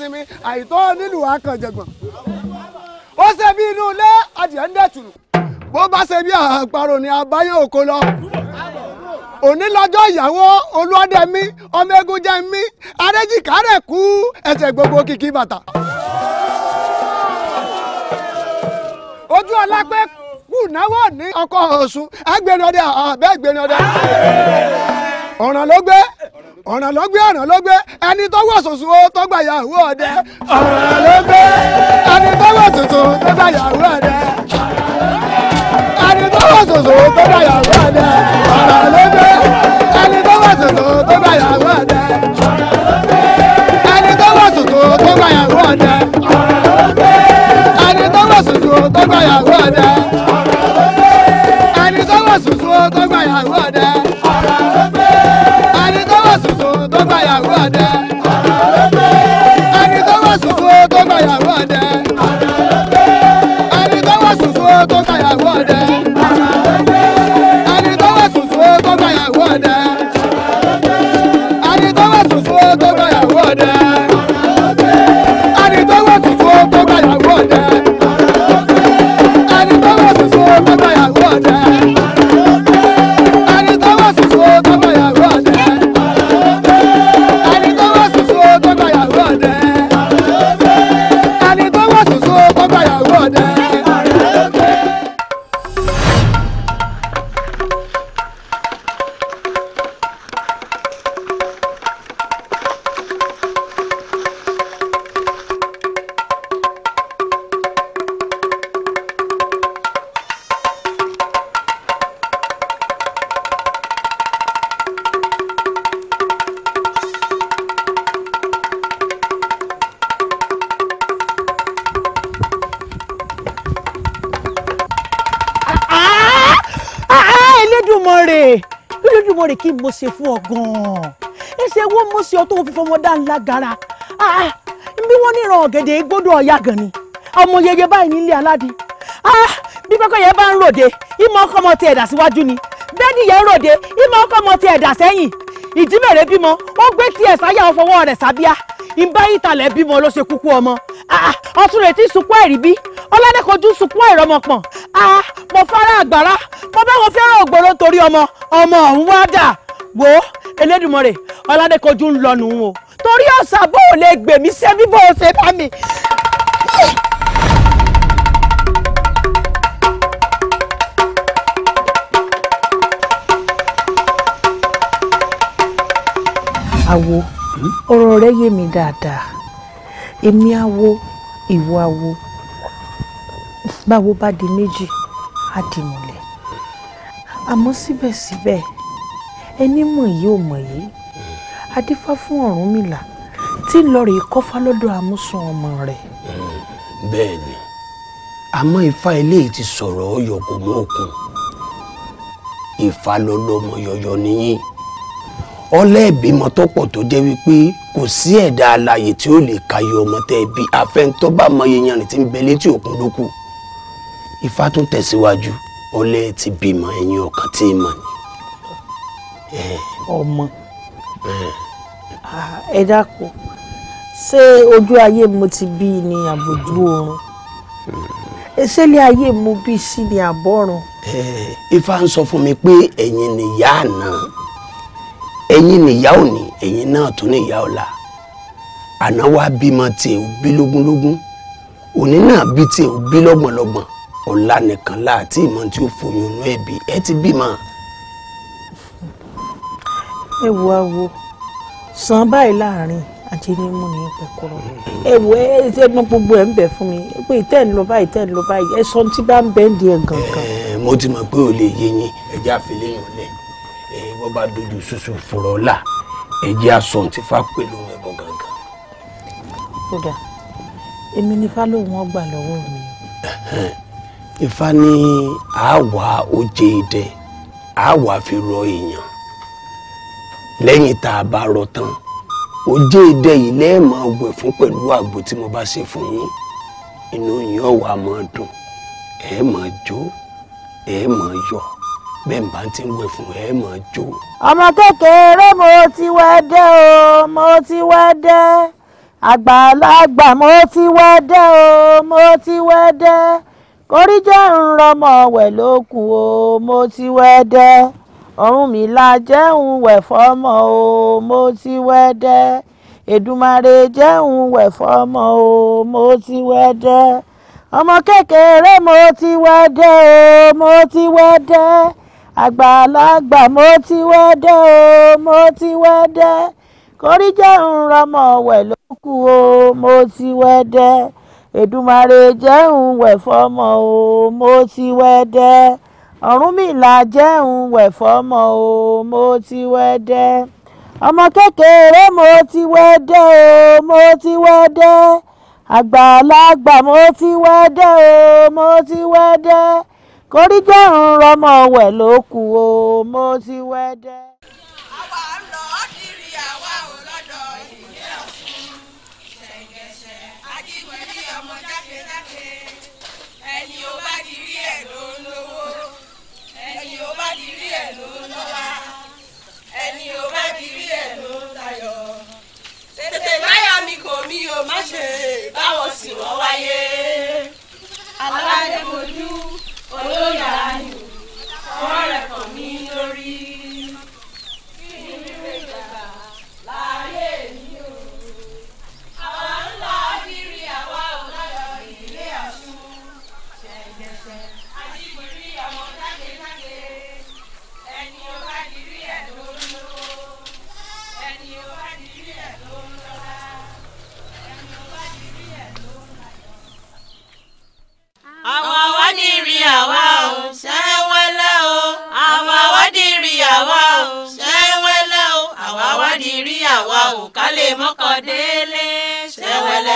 sinmi àìtọ́ nílùú akànjẹ̀gbọ̀n ó ṣe bí inú ilé adìẹ ń dẹ̀tùnú bó bá ṣe bí àparò ní àbáyọ òkò lọ òní ìyàwó olúọdẹ mi ọmọ egun jẹ mi adéjìkárẹ kú ẹsẹ gbogbo kìkì bàtà. ojú pé ní ọkọ ọdẹ àbẹ ọdẹ ló gbé ló gbé ló gbé ẹni tó wọ̀ sòsò tó gbà yàwó ọ̀dẹ ọ̀rọ̀ ló gbé ẹni tó wọ̀ sòsò tó gbà yàwó ọ̀dẹ ẹni tó wọ̀ sòsò tó gbà yàwó ọ̀dẹ ọ̀rọ̀ ló gbé. Abada. àfọmọdá ńlá gara ah, bí wọ́n ní ìran ọ̀gẹ̀dẹ̀ gbọ́dọ̀ ọ̀yà gan ni ọmọ yeye báyìí nílé aládì ah, bí pẹ́pẹ́yẹ bá ń ròde ìmọ̀ ọkọ̀ ọmọ ti ẹ̀dà síwájú ni bẹ́ẹ̀ ni ìyẹn ròde ìmọ̀ ọkọ̀ ọmọ ti ẹ̀dà sẹ́yìn ìjímẹ̀rẹ̀ bímọ ó gbé tiẹ̀ sáyà ọfọwọ́ rẹ̀ sábíà ìbá ìtàlẹ̀ bímọ ló ṣe kúkú ọmọ ah, ọtún retí sunkún ẹ̀rí bí ọládẹ́kọ̀jú sunkún ẹ̀rọ ọmọ pọ̀n mo fara àgbàrá mo bá wọn fẹ́ràn ògbóró torí ọmọ ọmọ ọ̀hún wá dà wò ó Elédùmarè ọládẹ́kọ̀jú ń lọ nùún o torí ọ̀sà bó o lè gbèmí sẹ́bí bó o ṣe bá mi. awo ọ̀rọ̀ rẹ yé mi dáadáa èmi awo ìwọ awo báwo bá di méjì á di mọ̀lẹ́ àmọ́ síbẹ̀síbẹ̀. Si ẹni mọ̀ yìí ò mọ̀ yìí adífá fún Ọ̀rúnmìlà tí lọ́ọ̀rì kọ́fá lọ́dọ̀ àmúsùn ọmọ rẹ̀. bẹ́ẹ̀ ni àmọ́ ifá eléyìí ti sọ̀rọ̀ ọyọ̀ kò mọ́ òkun ifá lọ́lọ́mọ yọyọ nìyí ọlẹ́ẹ̀bímọ tó pọ̀ tó jẹ́ wípé kò sí ẹ̀dá alààyè tí ó lè kayọ ọmọ tẹ́ bí afẹ́ntọ́ bá mọ iye yanrìn tí ń bẹ létí òkun lókù ifá tún tẹ̀síwájú ọlẹ́ẹ̀ ti bímọ ẹ̀yìn ọkàn tí ì mọ̀ ni ọmọ ẹ dákun ṣé ojú ayé mo ti bí ni àbójú oorun ìṣẹ̀lẹ̀ ayé mo bí sí ni àbọ̀run. ifá ń sọ fún mi pé ẹ̀yin nìyá àná ẹ̀yin nìyá òní ẹ̀yin náà tún nìyá ọ̀la àná wa bímọ tiẹ̀ ò bí lógúnlógún òní náà bí tiẹ̀ ò bí lọ́gbọ̀nlọ́gbọ̀n ọ̀la nìkan láti ìmọ̀ tí ó foyún inú ẹ̀bí ẹ ti bímọ ẹwọ awo san báyìí láàrin ajínigbó ní pẹkọrọ ẹwọ ẹ ẹ mọ gbogbo ẹ ń bẹ fún mi pé ìtẹ́ ń lọ báyìí ìtẹ́ ń lọ báyìí ẹ sọ tí bá ń bẹ ń di ẹ gangan. mo ti mọ̀ pé ò lè yé yín ẹ̀jẹ̀ àfẹlẹ́yìn ọ̀lẹ́ wọ́n bá dojú ṣoṣo fọ̀rọ̀ ọ̀la ẹ̀jẹ̀ aṣọ ti fà pẹ̀lú ẹ̀bọ̀ gangan. kódà èmi ni ifá lòun ọgbà lọ́wọ́ mi. ifá ní àwa ó idẹ àwa fi rọ èèyàn lẹ́yìn tá a bá rọ tán òjé ìdẹ yìí lẹ́ẹ̀mọ́ wẹ̀ fún pẹ̀lú àgbo tí mo bá ṣe fún yín inú yín ọ̀wà máa dùn ẹ máa jó ẹ máa yọ̀ bẹ́ẹ̀ bá ti ń wẹ̀ fún ẹ máa jó. ọmọ kékeré mo ti wẹ́ dé o mo ti wẹ́ dé àgbàlagbà mo ti wẹ́ dé o mo ti wẹ́ dé koríjẹ́ ń rọmọ wẹ̀ lókun o mo ti wẹ́ dé ọ̀rúnmìlà jẹ́hùn wẹ̀fọ́ ọmọ o mo ti wẹ́dẹ́ èdùmàrè jẹ́hùn wẹ̀fọ́ ọmọ o mo ti wẹ́dẹ́ ọmọ kékeré mo ti wẹ́dẹ́ o mo ti wẹ́dẹ́ àgbàlagbà mo ti wẹ́dẹ́ o mo ti wẹ́dẹ́ kórí jẹ́hùn rọmọ wẹ̀ lókù o mo ti wẹ́dẹ́ èdùmàrè jẹ́hùn wẹ̀fọ́ ọmọ o mo ti wẹ́dẹ́ ọ̀rúnmìlà jẹ́hun wẹ̀fọ́ mọ́ o mo ti wẹ́dẹ́ ọmọ kékeré mo ti wẹ́dẹ́ o mo ti wẹ́dẹ́ àgbàlagbà mo ti wẹ́dẹ́ o mo ti wẹ́dẹ́ koríjọ́ ń rọmọ wẹ̀ lókù o mo ti wẹ́dẹ́. ṣe báwọn sì wọ́n wáyé aládé mo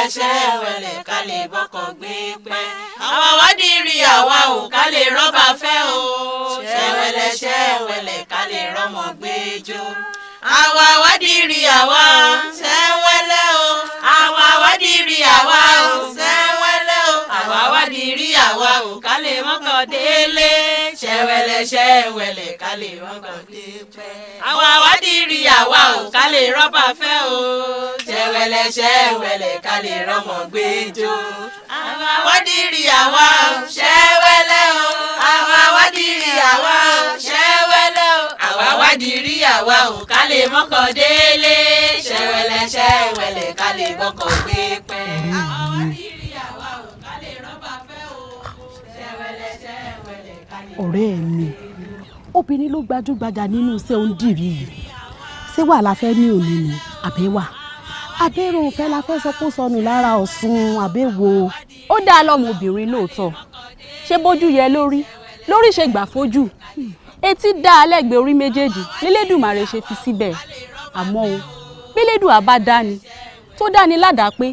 ẹsẹ̀ wẹ̀lẹ̀ ká lè bọ́kàn gbé pẹ́. àwa wádìí rí àwa ò ká lè rọ́bà fẹ́ o. ṣẹ̀wẹ̀lẹ̀ ṣẹ̀wẹ̀lẹ̀ ká lè rọ́mọ gbé jó. àwa wádìí rí àwa o. ṣẹ̀wẹ̀lẹ̀ o. àwa wádìí rí àwa o. ṣẹ̀wẹ̀lẹ̀ o. àwa wádìí rí àwa ò ká lè mọ́kàn délé ẹṣẹ́ wẹlẹ̀ ká lè rọ́bà gbé pẹ́. àwọn àwádìí rí àwa ò ká lè rọ́bà fẹ́ o. ṣẹ̀wẹ̀lẹ̀ ṣẹ̀wẹ̀lẹ̀ ká lè rọ́mọ gbé jó. àwọn àwádìí rí àwa ò ṣẹ̀wẹ̀lẹ̀ o. àwọn àwádìí rí àwa ò ṣẹ̀wẹ̀lẹ̀ o. àwa wádìí rí àwa ò ká lè mọ́kàn délé. ṣẹ̀wẹ̀lẹ̀ ṣẹ̀wẹ̀lẹ̀ ká lè mọ́kàn gbé pẹ́. ọ̀rẹ́ mi obìnrin ló gbajúgbajà nínú iṣẹ́ òǹdìrí yìí ṣé wà la fẹ́ ní òní ni àbẹ́wà abẹ́rò òfẹ́ la fẹ́ sọ pé sọnù lára ọ̀sùn àbẹ́wò. ó dáa lọ́mọbìnrin lóòótọ́ ṣé bójú yẹ lórí lórí ṣe gbà fojú etí dáa lẹ́gbẹ̀ẹ́ orí méjèèjì nílédùmarè ṣe fi síbẹ̀ àmọ́ o bílédùà bá dání tó dání ládàá pé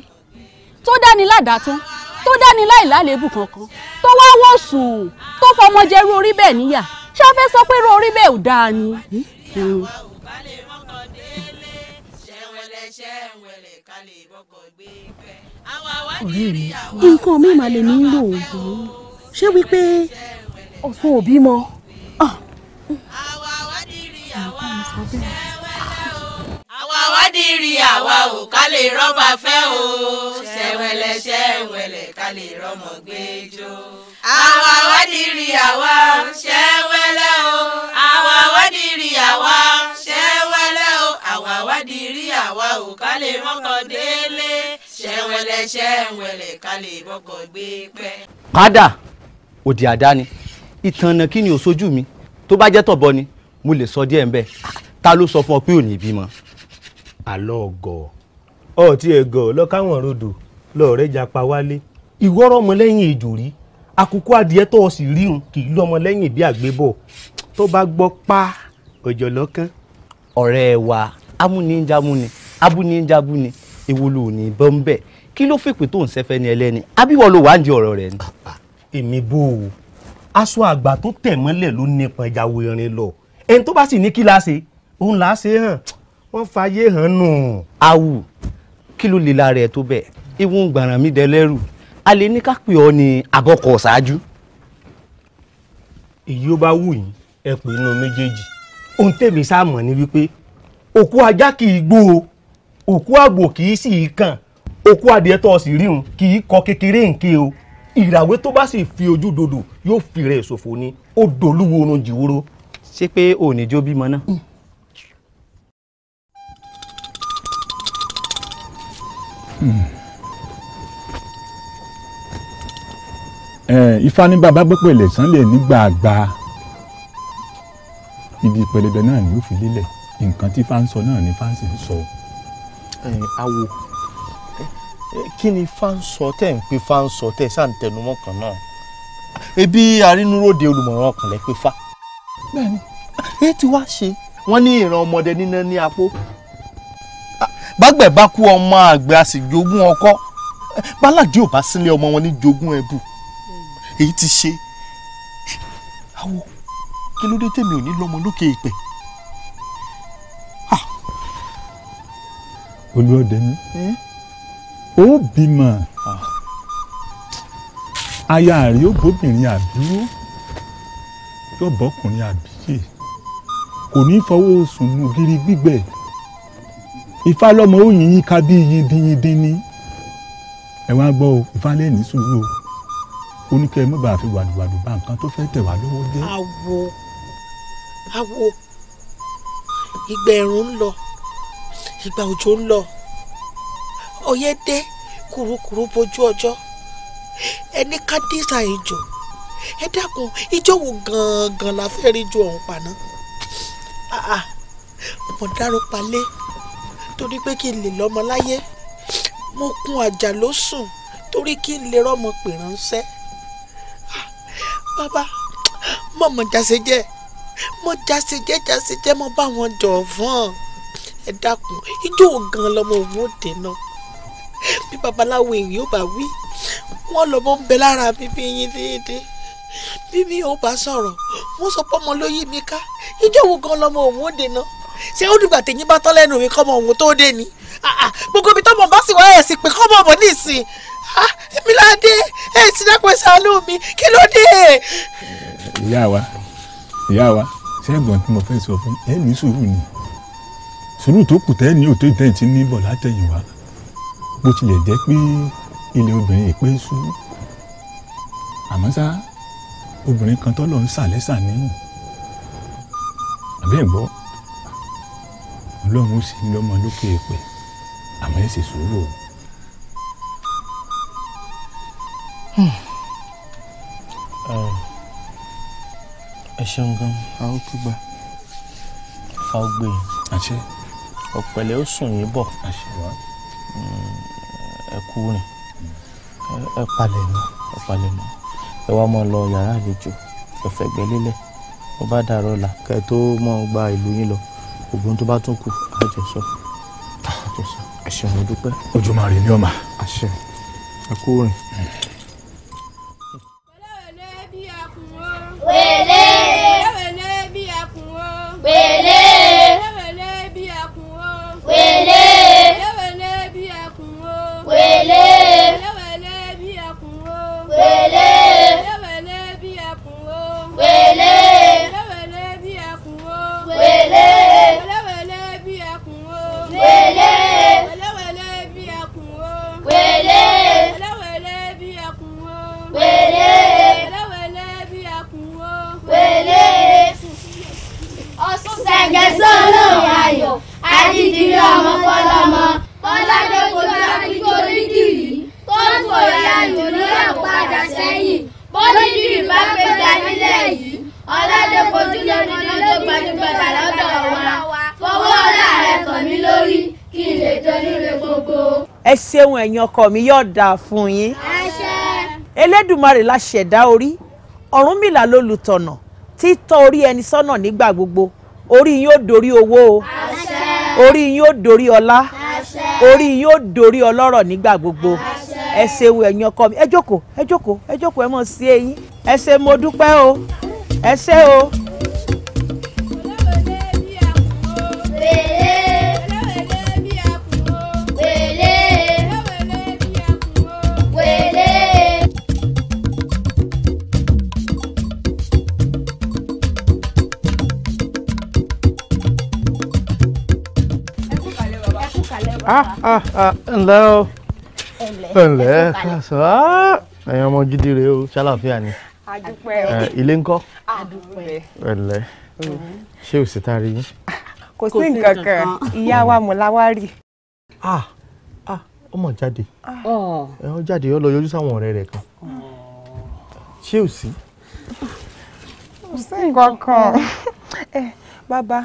tó dání ládàá tán tó dání láì lálébù kankan tó wá wò sùn tó fọmọ jẹ irú orí bẹ́ẹ̀ níyà ṣé wọ́n fẹ́ sọ pé irú orí bẹ́ẹ̀ ò dáa ni. ọ̀rẹ́ mi nǹkan mi mà lè ní í ó ṣé wípé ọ̀sán òbí mọ àwádìrí àwa ò ká lè rọ́bà fẹ́ o ṣẹ̀wẹ̀lẹ̀ ṣẹ̀wẹ̀lẹ̀ ká lè rọ́mọ gbé jó. àwa àwádìrí àwa ṣẹ̀wẹ̀lẹ̀ o àwa àwádìrí àwa ṣẹ̀wẹ̀lẹ̀ o àwa àwádìrí àwa ò ká lè mọ́kọ délé ṣẹ̀wẹ̀lẹ̀ ṣẹ̀wẹ̀lẹ̀ ká lè mọ́kọ gbé pẹ́. kádà òdì àdáni ìtànà kí ni òṣojú mi tó bá jẹ́ tọ̀bọ ni mo lè sọ díẹ̀ ń bẹ́ẹ̀ ta ló sọ fún ọ pé ò ní bímọ àlọ́ ọ̀gọ̀ ọtí ẹ̀gọ̀ lọ́kàwọn rodò lọ́ọ̀rẹ́ japa wálé ìwọ́rọ̀ ọmọlẹ́yìn èjò rí àkókò adìẹ tó o sì ríhun kì í lọ ọmọlẹ́yìn bí àgbébọ̀ tó bá gbọ́ pa ọjọ́ lọ́kàn. ọ̀rẹ́ wa amúnijàmúni abúnijàbúni èwo ló ní bọ́n bẹ́ẹ̀ kí ló fèpè tó ń sẹ́fẹ́ ní ẹlẹ́ni abíwọ̀ ló wà ń di ọ̀rọ̀ rẹ̀ ni. èmi bò ó aṣọ àgbà tó tẹ̀ mọ́lẹ̀ ló nípa ìyàwó irin lọ ẹni tó bá sì ní kí la ṣe òun là á ṣe hàn wọ́n fàyè hàn nù. awù kí ló lè lára ẹ tó bẹ́ẹ̀ ìwọ̀n gbàràn mi dẹ lẹ́rù a lè ní ká pè ọ́ ní àbọ̀kọ̀ ṣáájú. èyí ó bá wù yín ẹ pè inú méjèèjì ohun tèmi sáàmọ̀ ni wípé òkú ajá kì í gbó o òkú àgbò kì í sì í kàn òkú adìẹ tó o sì rí hun kì í kọ kékeré nké o ìràwé tó bá sì fi ojú dodo yóò fi rẹ̀ ṣòfò ni ó dolúwo orun jìwúrò. ṣé pé òní jó bímọ náà. Mm. ifá ní bàbá gbẹ́pẹ̀lẹ̀ sàn lè ní gbàgbà ibi pẹlẹbẹ náà ni ó fi lélẹ̀ nǹkan tí ifá ń sọ náà ni ifá ń sì ń sọ. awo kí ni ifá ń sọ tẹ̀ ń pe ifá ń sọ tẹ̀ sáà ń tẹnumọ́ kan náà ebi arínúròde olùmọ̀ràn ọkàn lẹ́ pé fa. bẹ́ẹ̀ni èyí ti wá ṣe wọ́n ní ìran ọmọdé níná ní apó bágbẹ̀ bá kú ọmọ àgbẹ̀ a sì jogún ọkọ́ bálàdé ò bá sílé ọmọ wọn ní jogún ẹbù èyí ti ṣe awo kí ló dé tèmi ò ní lọ́mọ lókè ìpẹ́. olúọdẹ mi ó bímọ ah. aya rẹ̀ ó gbóbìnrin àbúrò yóò bọkùnrin àbíyè kò ní fọwọ́ sùn nù gírí gbígbẹ ifá lọ́mọ ó yìn yín ká bí yindínyindín ní ẹ wá gbọ́ o ifá lẹ́ẹ̀ ní sùúrù o ó ní kẹ́ ẹ mọ̀bà àfi wàdùwàdù bá nǹkan tó fẹ́ tẹ̀ wá lọ́wọ́ jẹ́. àwo àwo ìgbà ẹ̀rùn ń lọ ìgbà òjò ń lọ ọyẹ́ dé kùrukùru bojú ọjọ́ ẹni ká dísà ìjò ẹ dákun ìjọ wo gangan la fẹ́ rí ju ọ̀hún pa náà mo dárò palẹ́ torí pé kí n lè lọ́mọ láyé mo kun àjà ló sùn torí kí n lè rọ́mọ pè ránṣẹ́ bàbá mọ̀mọ́ jàṣẹ́jẹ́ mo jàṣẹ́jẹ́ jàṣẹ́jẹ́ mo bá wọn jọ̀ fún ẹ dákun ijó gan lọmọ òun ò dènà bí babaláwo èyí ò bá wí wọn lọmọ ń bẹ lára mi bí yín déédéé bí mi ò bá sọ̀rọ̀ wọ́n sọ pé ọmọ ló yí mi ká ijó gan lọmọ òun ò dènà ṣé ó dìgbà tèyí bá tán lẹ́nu mi kọ́mọ òun tó dé ni ah, ah, gbogbo ibi tọ́mọ bá sì wá ẹ̀ sì pé kọ́mọ ọ̀bọ̀ nísìn èmi ah, láde ẹ̀ ti dákun ṣàánú mi kí ló dé. ìyá wa ìyá wa ṣé ẹ̀gbọ́n tí mo fẹ́ sọ fún ẹ ní sùúrù ni sùúrù tó kù tẹ́ẹ̀ ní òtó ìtẹ́yìn tí ń níbọ̀ látẹ̀yìnwá bó tilẹ̀ jẹ́ pé ilé obìnrin ìpé sú àmọ́ ṣá obìnrin kan tọ́lọ́ ń sàlẹ́sà nínú àbẹ́ẹ̀ gbọ́ ọlọ́run ó sì ń lọ́mọ lókè èpè àmọ́ ẹ ṣe sùúrù ẹ ṣeun gan. a ó tún gbà. fa ogbe. àṣẹ. ọ̀pẹ̀lẹ̀ ó sùn yín bọ̀. àṣẹ wa. Mm, ẹ kú rìn mm, ẹ palẹ̀ mọ́ ẹ palẹ̀ mọ́ ẹ wá mọ́ lọ yàrá àlejò ẹ fẹ̀gbẹ́ lélẹ̀ mo bá dàrọ́ la kẹ́ ẹ tó mọ́ gba ìlú yín lọ ògùn tó bá tún kù àjẹsọ àjẹsọ àṣẹ mo dúpẹ́. ojú máa rí ní ọmọ. àṣẹ àkó rìn. wẹ̀lẹ́ bí akùn ẹ ṣeun ẹ̀yin ọkọ mi yóò dáa fún yín. elédùmarè la ṣẹ̀dá orí ọ̀rúnmìlà lolùtọ̀nà títọ́ orí ẹni sọ́nà nígbà gbogbo orí yín ó dorí owó o orí yín ó dorí ọlá orí yín ó dorí ọlọ́rọ̀ nígbà gbogbo ẹ ṣeun ẹ̀yin ọkọ mi ẹ jókòó ẹ jókòó ẹ jókòó ẹ mọ̀ sí eyín ẹ ṣe mo dúpẹ́ o ẹ ṣé o. ǹlẹ́ o ǹlẹ́ ẹ̀yin ọmọ gidi rèé o ṣàlàáfíà ni ilé ńkọ́ ǹlẹ́ ṣé o sì ta rí yín. kò sí nǹkan kan ìyá wa mọ̀ láwárí. ọmọ ah, ah, jáde ọ ah. jáde ọ lọ yọjú sáwọn ọ̀rẹ́ rẹ kan ṣé o sí. kò sí nǹkan kan eh, bàbá.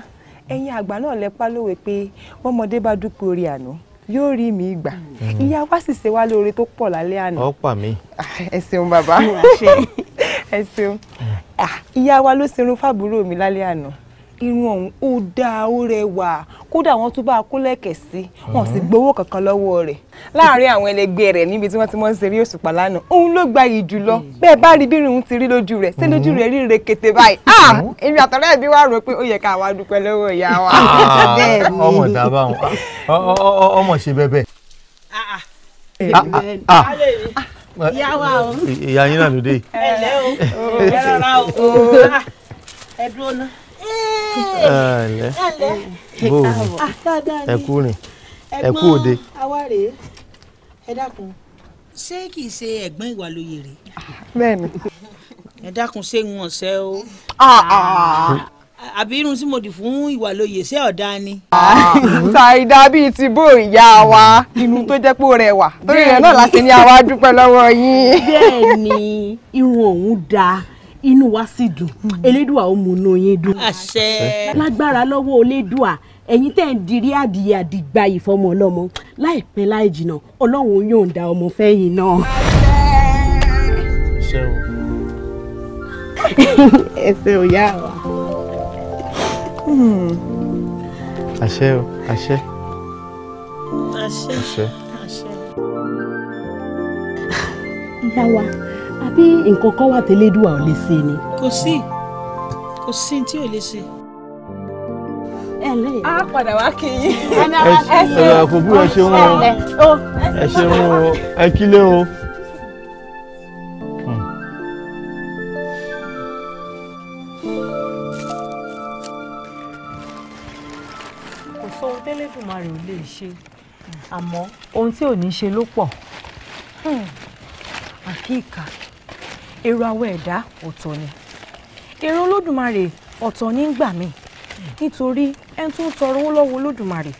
ẹ̀yin àgbà náà lẹ́pá lówe pé bọ́mọdé bá dúpẹ́ orí àná yóò rí mi gbà mm-hmm. ìyá wa sì ṣe wá lóore tó pọ̀ lálẹ́ àná. ọ̀pá mi. Ah, ẹ ṣeun bàbá ẹ ṣeun ah, ìyá wa ló ṣerun fàbúrò mi lálẹ́ àná irun ọ̀hún ó dáa ó rẹwà kódà wọ́n tún bá a kó lẹ̀kẹ̀ sí wọn sì gbowó kankan lọ́wọ́ rẹ̀ láàárín àwọn ẹlẹgbẹ́ rẹ̀ níbi tí wọ́n ti mọ́ ń ṣeré òṣùpá lánàá òun ló gba iyì jùlọ bẹ́ẹ̀ bá rí bí ti rí lójú rẹ̀ sí lójú rẹ̀ rí rẹ̀ kété báyìí ah èmi àtọ̀rẹ́ ẹ̀bí wà rò pé ó yẹ ká wá dúpẹ́ lọ́wọ́ ìyá wa. Ah! ọmọ dábàá ah! ọmọ ṣe bẹ́bẹ̀. Ah, ìyá wa o. ìyá yín náà ló dé. ẹ lẹ́ o ẹ rárá o ẹ dúró náà ẹ̀ẹ́lẹ́ bóòlù ẹ̀kú rìn ẹ̀kú òde. àwa rèé ẹ dákun ṣé kì í ṣe ẹ̀gbọ́n ìwà lóye rèé. bẹ́ẹ̀ni. ẹ dákun ṣé ń wọ̀n ṣẹ́ o. àbí irun tí mo dì fún ìwà lóye ṣé ọ̀dà ni. ṣàìdá bíi ti bó ìyá wa inú tó jẹ́ pé rẹwà torí rẹ̀ náà láti ní àwa dúpẹ́ lọ́wọ́ yín. bẹ́ẹ̀ ni irun òun dáa inú wa sì dùn hmm. elédùà ó mú inú yín dùn. àṣẹ. lágbára lọ́wọ́ elédùà ẹ̀yin tẹ̀ ń dirí adìyẹ àdìgbà yìí ọlọ́mọ láìpẹ́ láì jìnnà ọlọ́run ó yọ̀ǹda ọmọ fẹ́yìn náà. ẹsẹ̀ ò yá wa. Hmm. àṣẹ o àṣẹ. àṣẹ. àṣẹ. yá wa àbí nǹkan kan wà tẹ́lẹ́dùà ò lè ṣe ni. kò sí kò sí tí ò lè ṣe. ẹ lè. a padà wá kí yín. ẹ ṣe àfòbú ẹ ṣe wọn o ẹ ṣe wọn o ẹ kílé o. Hmm. kò sóhun tẹ́lẹ́dùmarè ò lè ṣe àmọ́ ohun tí ò ní ṣe ló pọ̀ hmm. àfi èrò àwọn ẹ̀dá ọ̀tọ̀ ni èrò olódùmarè ọ̀tọ̀ ní gbà mí nítorí ẹni tó ń tọrọ owó lọ́wọ́ olódùmarè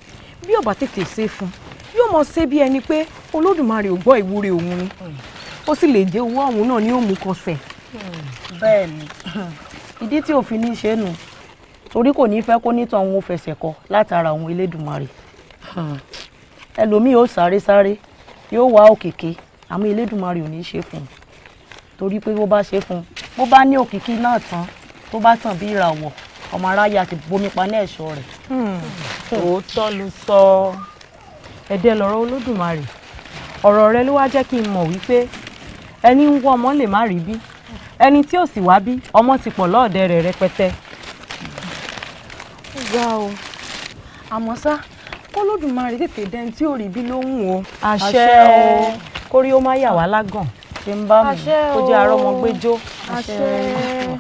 bí ó bá tètè ṣe fún yóò mọ̀ ṣe bí ẹni pé olódùmarè ò gbọ́ ìwúre òun ni ó sì lè jẹ́ owó ọ̀hún náà ní òun kọsẹ̀. bẹ́ẹ̀ ni ìdí tí òfin ní ṣe nù torí kò ní fẹ́ kó nítàn òun fẹsẹ̀ kọ látara òun elédùnmarè ẹlòmíì ó sáré sáré yóò wá òkèké àmọ́ elédùnmarè ò ní ṣe fún un torí pé bó bá ṣe fún un bó bá ní òkìkí náà tán tó bá tàn bí ìràwọ̀ ọmọ aráyà ti bomi pa ní ẹ̀ṣọ́ rẹ̀. Hmm. òótọ́ ló sọ ẹ̀dẹ́ lọ́rọ̀ olódùmarè ọ̀rọ̀ rẹ ló wá jẹ́ kí n mọ̀ wípé ẹni ń wọ́ ọmọ lè má rí bí ẹni tí ò sì wá bí ọmọ ti pọ̀ lọ́ọ̀dẹ rẹ̀ rẹpẹtẹ. ó ga o àmọ́ ṣá k'Olódùmarè tètè dẹ́ni tí ò rí bí lóhùn o. àṣẹ o kórí ó má yà wá lágàn ṣe ń bá mi kó jẹ́ àárọ̀ ọmọ gbẹjọ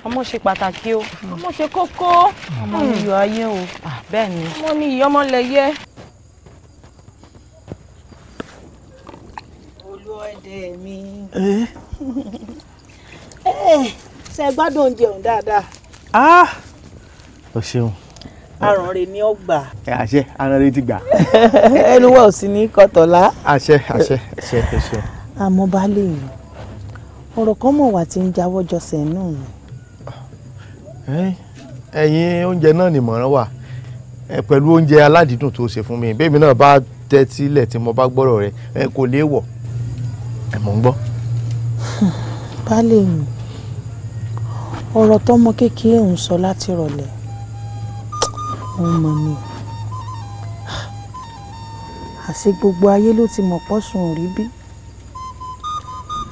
ọmọ ṣe pàtàkì o ọmọ ṣe kókó ọmọ ní iyọ̀ ayé o bẹ́ẹ̀ ni ọmọ ní iyọ̀ ọmọ lẹ yẹ. olú ọdẹ mi eh, ṣe gbádùn oúnjẹ òun dáadáa. o ṣeun arànre ni ó gbà. àṣẹ arànre ti gbà. ẹnu wa ò sí ní kọtọlá. àṣẹ àṣẹ àṣẹ àṣẹ. àmọ́ baálé yìí ọ̀rọ̀ kan mọ̀ wá tí ń jáwọ́ jọsẹ̀ náà nù. Eh, ẹ̀yin oúnjẹ náà ni mọ̀ràn wà eh, pẹ̀lú oúnjẹ aládìídùn tó ṣe fún mi bẹ́ẹ̀mi náà bá tẹ́tí lẹ̀ tí mo bá gbọ́rọ̀ rẹ eh, kò léèwọ̀ ẹ̀ mọ̀ ń gbọ́. baálé mi ọ̀rọ̀ tọmọ kékeré ń sọ láti rọ̀lẹ́ òun mọ̀ ni àṣé gbogbo ayé ló ti mọ̀ pọ́sùn òrí bí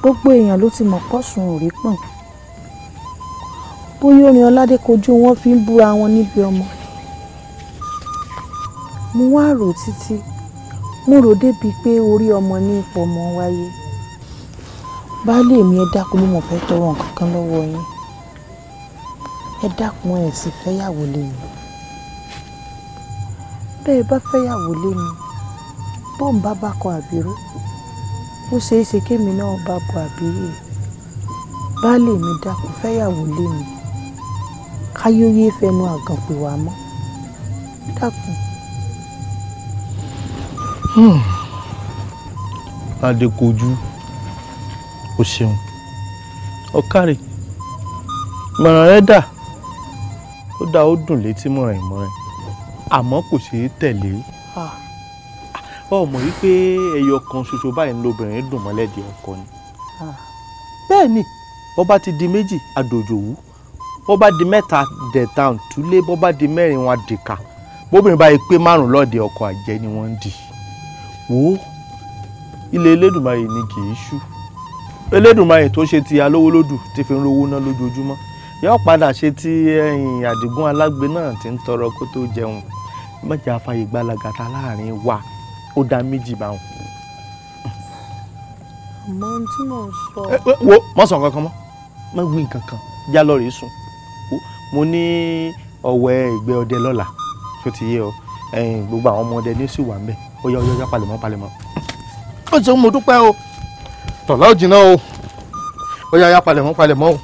gbogbo èèyàn ló ti mọ̀ pọ̀sùn òrí pọ̀n bóyá orin ọládé kojú wọn fi ń búra wọn níbi ọmọ mo wá rò títí mo rò débi pé orí ọmọ ní ipò ọmọ wáyé baálé mi ẹ dákun ló mọ̀ fẹ́ tọrọ nǹkan kan lọ́wọ́ yín ẹ dákun ẹ sì fẹ́yàwó lé mi bẹ́ẹ̀ bá fẹ́yàwó lé mi bóun bá bá kọ àbírú ó ṣeé ṣe kémi náà bá bọ àbíyè baálé mi dákun fẹ́yàwó lé mi káyóyé fẹnu àgàn pè wá mọ́ dákun. Hmm. Adékojú o ṣeun ọ̀kárẹ̀ mọ̀ràn rẹ dà ó dá ó dùn létí mọ̀ràn ìmọ̀ràn àmọ́ kò ṣeé tẹ̀lé. Ah ọ mọ̀ wípé ẹyọ kan ṣoṣo báyìí lobìnrin dùn mọ́lẹ́dì ọkọ ni. Ah. bẹ́ẹ̀ ni bọ́ba ti di méjì àdòjòwú bọ́ba di mẹ́ta dẹ̀ta ntúlé bọ́ba di mẹ́rin wọn àdìkà bóbìnrin báyìí pé márùn lọ́ọ̀dẹ ọkọ àjẹ́ ni wọ́n ń di. wò ó ilé Elédùmarè ni kì í ṣú Elédùmarè tó ṣe ti alówó lódù ti fi ń rówó ná lójoojúmọ́ yóò padà ṣe ti àdìgún alágbe náà ti ń tọrọ kó tó jẹun mọ̀jà fàyè láàrin wa ó da méjì báwọn. àmọ́ ohun tí mò ń sọ. wo mọ sọ kankan mọ má wí nǹkan kan já lọ rèé sùn mo ní ọ̀wẹ́ ìgbẹ́ ọdẹ lọ́la tó ti yé ọ gbogbo àwọn ọmọ ọdẹ ní sì wà ń bẹ ó yá ó yá ó yá palẹ̀mọ́ palẹ̀mọ́ ó ṣeun mo dúpẹ́ o tọ̀lá ò jìnnà o ó yá ó yá palẹ̀mọ́ palẹ̀mọ́ o.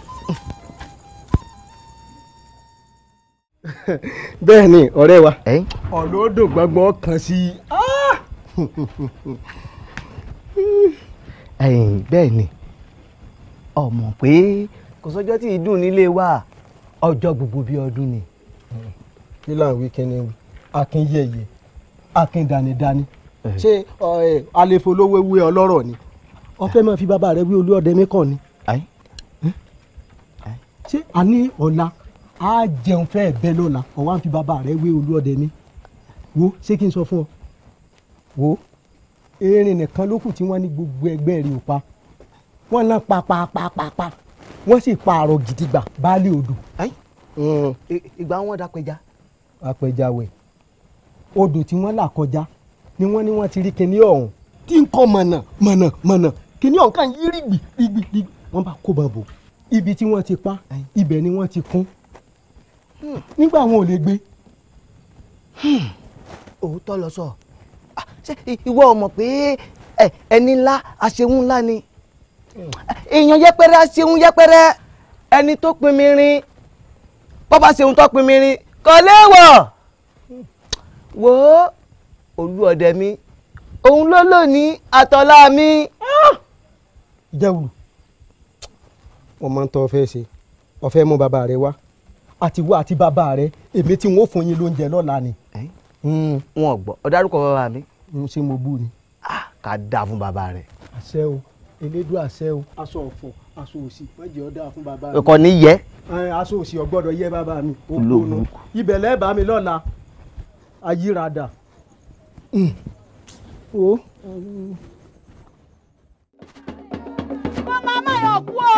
bẹ́ẹ̀ ni ọ̀rẹ́ wa ọ̀rọ̀ gbọ́ngbọ́n kan sí i. ẹ̀yìn bẹ́ẹ̀ ni ọmọ pé kò sọ́jọ́ tí ìdùn nílé wa ọjọ́ gbogbo bíi ọdún ni. kí là ń wí kíni wí akin yẹyẹ akin danidani ṣé àlefo lówó ewé ọlọ́rọ̀ ni ọfẹ́ máa fi bàbá rẹ wí olú ọdẹ mi kàn ni hm? ṣé a ní ọ̀la á jẹun fẹ́ẹ̀ bẹ́ẹ̀ lọ́la ọ̀wá ń fi bàbá rẹ wé olú ọdẹ mi wo ṣé kí n sọ fún ọ wo erin nìkan ló kù tí wọ́n ní gbogbo ẹgbẹ́ rí o pa wọ́n náà pa pa pa pa pa wọ́n sì pa àrọ̀ gidigba baálé odò. ìgbà wọn da pẹja. apẹja wẹ̀ odò tí wọ́n là kọjá ni wọ́n ní wọ́n ti rí kinní ọ̀hún tí ń kọ́ mọ̀nà mọ̀nà mọ̀nà kinní ọ̀hún kàn yí rígbì rígbì rígbì wọ́n bá kó bọ̀ ibi tí wọ́n ti pa ibẹ̀ ni wọ́n ti kún hmm. nígbà wọn ò lè gbé. Hmm. òótọ́ lọ sọ. So. Ah, ṣé ìwọ ò mọ̀ pé ẹni ńlá aṣeun ńlá ni èèyàn yẹpẹrẹ aṣeun yẹpẹrẹ ẹni tó pin mi rin bọ́bá ṣeun tó pin mi rin kò léèwọ̀ wò ó olú ọ̀dẹ mi òun ló lò ní àtọ́lá mi. jẹ́wùrù wọ́n máa ń tọ́ ọ fẹ́ ṣe ọ fẹ́ mú bàbá rẹ wá àti wá àti bàbá rẹ èmi tí wọn ò fún yín lóúnjẹ lọ́la ni. Hmm, wọn ò gbọ́ ọ dárúkọ bàbá mi ṣé mo bú ni. Ah, ká dáa fún bàbá rẹ. àṣẹ o elédùn àṣẹ o. aṣọ ọ̀fọ̀ aṣọ òsì má jẹ́ ọ dáa fún bàbá mi. ọkọ ní yẹ. aṣọ òsì ọgbọ́dọ̀ yẹ bàbá mi. olóògùn ibẹ̀ lẹ́ẹ̀bà mi lọ́la ayírada. Eh. o. Oh. kó máa má yọ̀ kú o.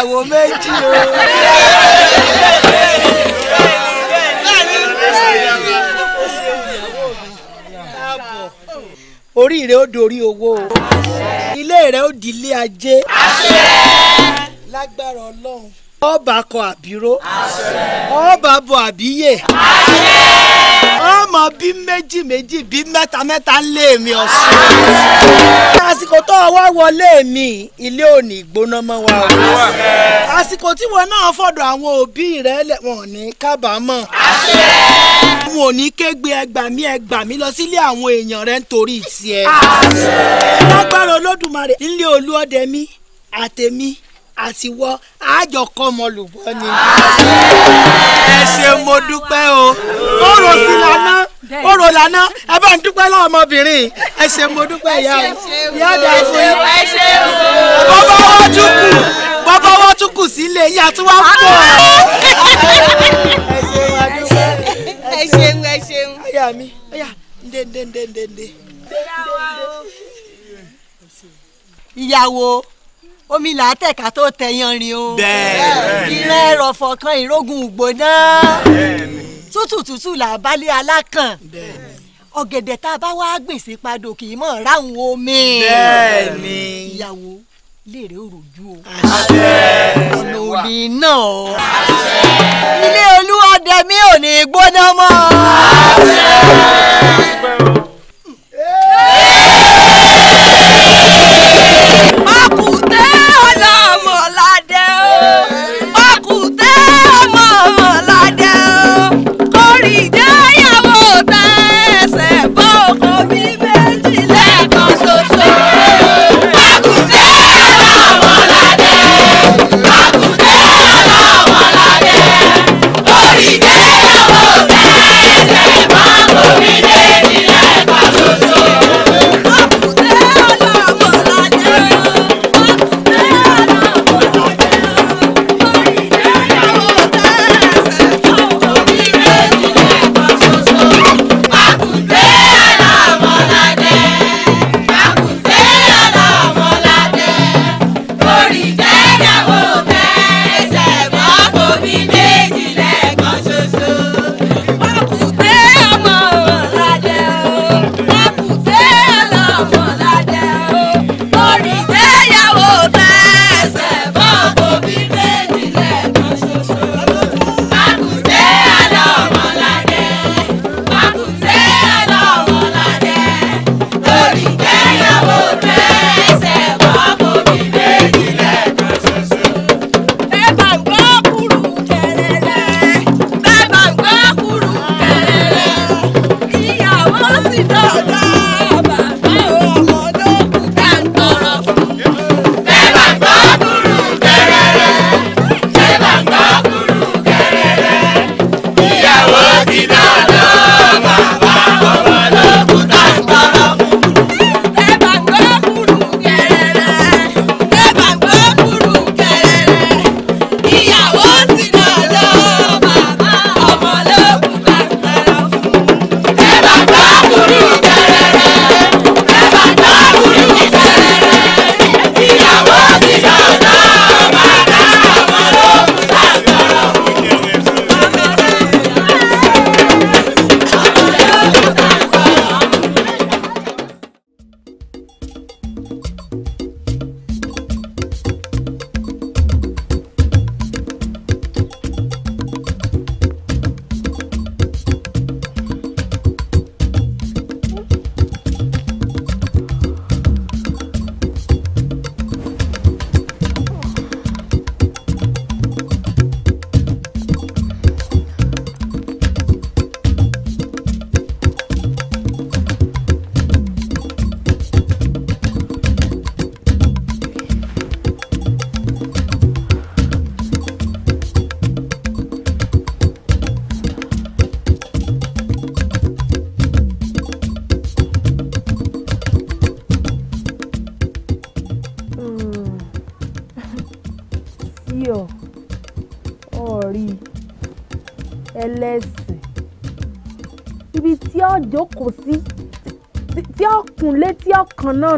ìyàwó méjì o. orí rẹ ó dorí owó o ilé rẹ ó di ilé ajé lágbára ọlọ́run ọba kọ àbíró ọba bọ àbíyè ọmọ bí méjì méjì bí mẹ́ta mẹ́ta ń lé mi ọ̀sán. àsìkò tó ọwọ́ wọlé mi gbóná mọ́ wa o. àsìkò tí wọn náà fọ̀dọ̀ àwọn òbí rẹ̀ lẹ̀ wọn ò ní kábàámọ̀. wọn ò ní kégbe ẹgbà mí ẹgbà mí lọ sílé àwọn èèyàn rẹ̀ nítorí tiẹ̀. lágbára olódùmarè nílé olú ọdẹ mi àtẹ̀mí àtiwọ́ àjọ kọ́mọ ni. ẹ ṣé mo dúpẹ́ o. ó rò sí lánàá orò lànà ẹ bá ń dúpẹ́ lọ́wọ́ ọmọbìnrin ẹ ṣe mo dúpẹ́ ìyá o ìyá dà fún yín bọ́bá wọ́n tún kù bọ́bá wọ́n tún kù sílé yín àti wọ́n pọ̀ ẹ ṣeun adúpẹ́ ẹ ṣeun ẹ ṣeun. ọyà mi ọyà ndéndéndéndé. ìyàwó omi là á tẹ̀ka tó tẹ̀yàn rìn o. bẹ́ẹ̀ bẹ́ẹ̀ ni. ìrẹ́ ẹ̀rọ̀fọ̀ kan ìrógun ògbó náà. bẹ́ẹ̀ ni tútù tútù là bálé alákàn ọ̀gẹ̀dẹ̀ tá a bá wá gbèsè padò kì í mọ̀ ráhùn omi. bẹ́ẹ̀ni. ìyàwó léèrè òròjú o. àṣẹ. ọ̀nà òní náà. àṣẹ. ilé olúwa dẹ̀mí ò ní gbóná mọ́. àṣẹ.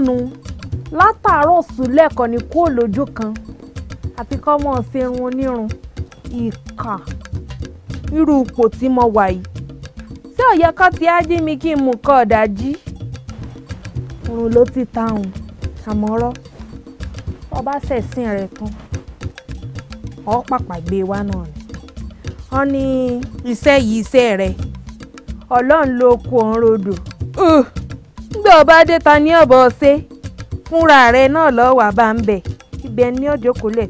nu látàárọ̀ sùlẹ̀ kọ́ ni kúrò lójú kan àfi kọ́ mọ̀ ṣe irun onírun ìkà irú ipò tí mo wà yìí tí ò yẹ kó ti á jí mi kí n mú kọ́ ọ̀dà jí òrùn ló ti ta òun àmọ́rọ́ ọba ṣẹ̀sìn rẹ̀ tán ọ́ pàpà gbé e wa náà ni wọ́n ní iṣẹ́ yìí iṣẹ́ rẹ̀ ọlọ́run ló kó òun rodò. Uh tọ́rọ̀ bá dé ta ní ọ̀bọ̀ ṣe fúnra rẹ náà lọ́ọ́ wà bá ń bẹ̀ ibẹ̀ ní ọjọ́ kólẹ̀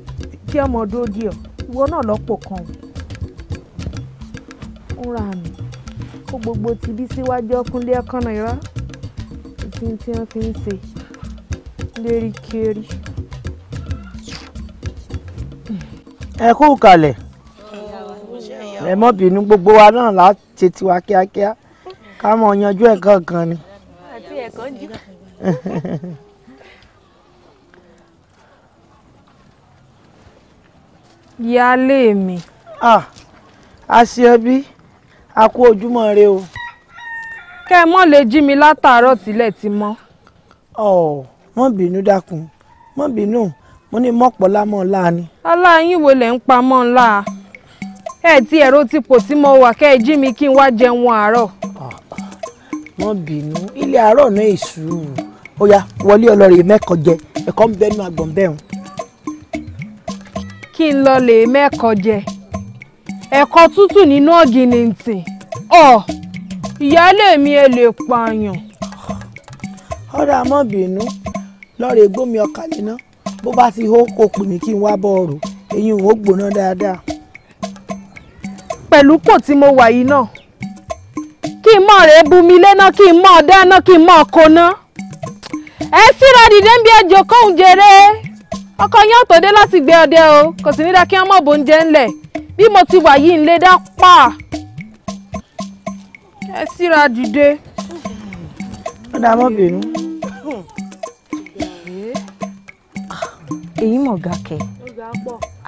tí ọmọ dúró di ọ ìwọ náà lọ́pọ̀ kan ò fúnra mi kó gbogbo ti bí síwájú ọkùnlé ọkànnà irọ́ ìsìn tí wọ́n fi ń ṣe léríkéré. ẹ kú kalẹ̀ ẹ mọ́ bínú gbogbo wa náà láti tiwa kíákíá ká mọ̀ yanjú ẹ̀ kankan ni. Concha. Ìyáálé mi. Ah, Aṣeọbí, a kú ojúmọ́ rẹ o. Kẹ́ ẹ mọ́ lè jí mi látàárọ̀ tílẹ̀ ti mọ́. Ọ̀ mọ́ bínú dákun, mọ́ bínú, mo ní mọ́pọ̀lá mọ́ ńlá ni. Ọlá yín wo lẹ̀ ń pa mọ́ ńlá? Ẹ ti ẹ̀rọ ti pò tí mo wà kẹ́ ẹ mi kí n wá jẹun Ah wọ́n bínú ilé àárọ̀ náà èṣù ó yá wọlé ọlọ́rẹ̀ mẹ́kọ jẹ ẹ̀kọ́ ń bẹnu àgbọ̀n bẹ́hùn. kí n lọ lè mẹ́kọ jẹ ẹ̀kọ́ tútù nínú ọ̀gìnìntìn ọ̀ ìyáálé mi ẹ lè pààyàn. ọ̀rọ̀ àmọ́ bínú lọ́ọ̀rẹ̀ gbómi ọkà lẹ́nà bó bá ti hó kó pè kí n wá bọ́ ọ̀rọ̀ eyín ò gbóná dáadáa. pẹ̀lú pò tí mo wà yìí náà kí n mọ̀ rẹ̀ bumi léná kí n mọ̀ dáná kí n mọ̀ kóná. ẹ síra dìde ń bí ẹjọ kóhùn jèrè ọkọ yín ọ̀tọ̀dé láti gbé ọdẹ o kò sì ní dá kí wọ́n mọ̀ bó ń jẹ́ ńlẹ̀ bí mo ti wà yìí ń lé dá pa. ẹ síra dìde. ó dáa mọ́ bínú. èyí mọ̀ ga kẹ́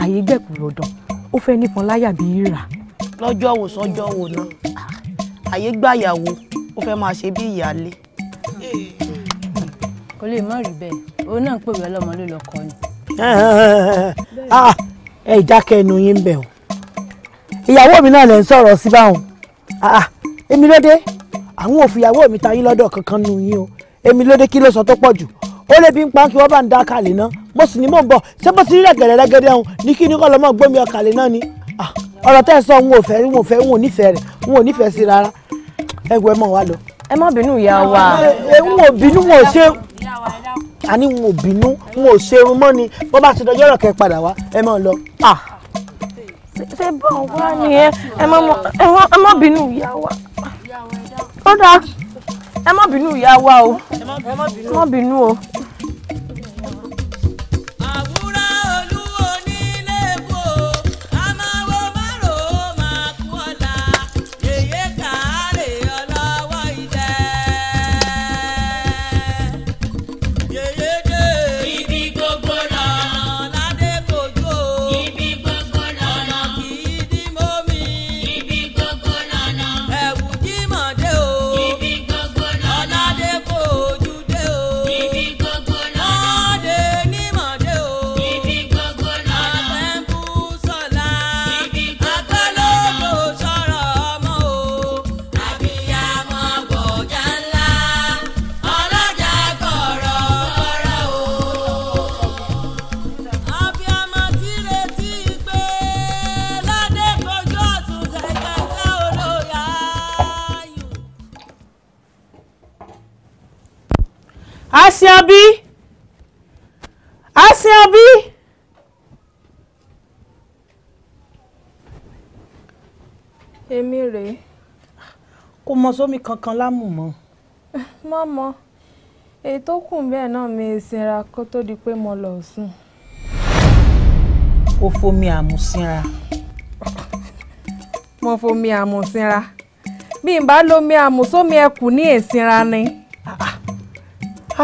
àyè gbẹ̀kú lọ́dọ̀ ó fẹ́ nípọn láyà bí rà. lọ́jọ́ wo sọ́jọ́ wo náà ayé gbàyàwó ó fẹ́ máa ṣe bí ìyáálé. kò lè má rí bẹ́ẹ̀ òun náà ń pè wẹ́ lọ́mọ ló lọ́kọ ni. Ah, ẹ ìdákẹ́ ẹnu yín ń bẹ̀ o ìyàwó mi náà lè ń sọ̀rọ̀ sí báwọn ah, ah, èmi ló dé àwọn òfin ìyàwó mi ta yín lọ́dọ̀ kankan nù yín o èmi ló dé kí ló sọ tó pọ̀ jù ó lè bí ń pa kí wọ́n bá ń dá kalẹ̀ náà mo sì ní mò ń bọ̀ ṣé bó ti rí rẹ̀gẹ̀rẹ̀ rẹ́gẹ́dẹ́ ọ̀hún ní kí ni kọ́ lọ́mọ gbómi ọkàlẹ̀ náà ni ọ̀rọ̀ tẹ́ ẹ sọ n ò fẹ́ n ò fẹ́ n ò nífẹ̀ẹ́ rẹ̀ n ò nífẹ̀ẹ́ sí rárá ẹ ẹ mọ̀ wá lọ. ẹ má bínú ìyá wa. ẹ n ò bínú n ṣe àní n ò bínú n ò ṣerun mọ́ ni bó bá ti dọjọ́ ọ̀rọ̀ kẹ padà wá ẹ mọ̀ lọ. ṣe bọ́ wá ni ẹ ẹ má bínú ìyá wa. ó dáa ẹ má bínú ìyá wa o ẹ má bínú o. mọ sómi kankan lámù mọ́. mọ́mọ́ èyí tó kù bẹ́ẹ̀ náà mi ìsinra kó tó di pé mo lọ sùn. o fomi àmùsínra. mo fomi àmùsínra bí n bá lomi àmùsómi ẹkù ní ìsinra ni.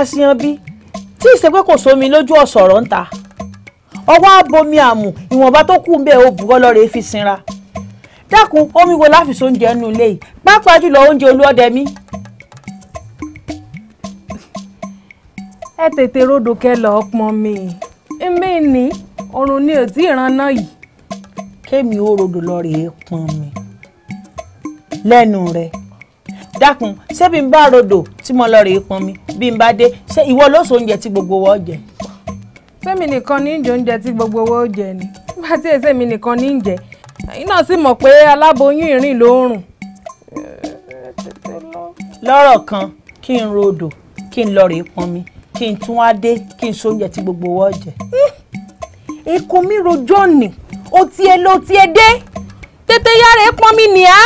àṣìyàn bí tí ìṣègbè kò sómi lójú ọ̀sọ̀rọ̀ ń ta ọwọ́ abomi àmù ìwọ̀nba tó kù ń bẹ́ẹ̀ ó bùkọ́ lọ́ọ́ rẹ̀ fi sinra dákun omi wo láfi sóúnjẹ nínú ilé yìí pàápàá jùlọ oúnjẹ olúọdẹ mi. ẹ tètè rodò kẹlọ ọpọn mi èmi ní oorun ni ò tí ì rànnà yìí. kémi ó rodò lọ rèé pọn mi lẹ́nu rẹ̀ dákun ṣé bí n bá rodò tí mo lọ rèé pọn mi bí n bá dé ṣé ìwọ ló so oúnjẹ tí gbogbo wọ́n jẹ. sẹ́mi nìkan ní ìjọ oúnjẹ tí gbogbo wọ́n jẹ ni nígbà tí èsè mi nìkan ní ìjẹ́ ẹ̀yin náà sì mọ̀ pé aláboyún ìrìn ló ń rùn. lọ́rọ̀ kan kí n ro odò kí n lọ rèé pọnmi kí n tún wá dé kí n sóúnjẹ tí gbogbo wọ́n jẹ. ikú mi rojọ́ ni o tiẹ̀ lo tiẹ̀ dé tètè yára pọnmi nìyà.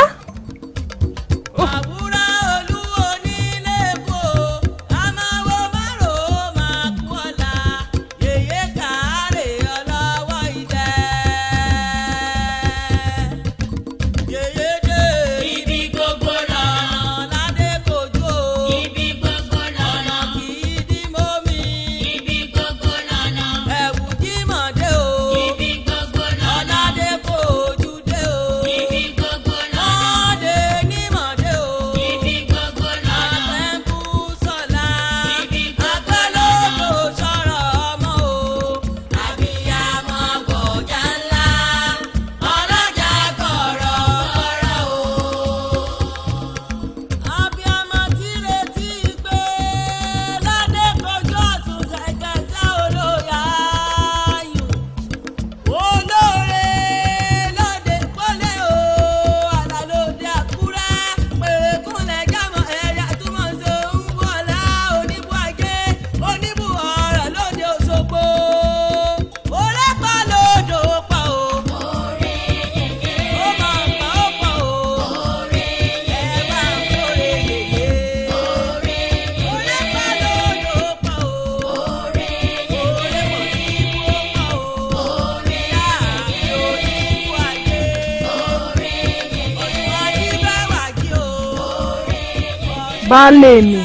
lè mì.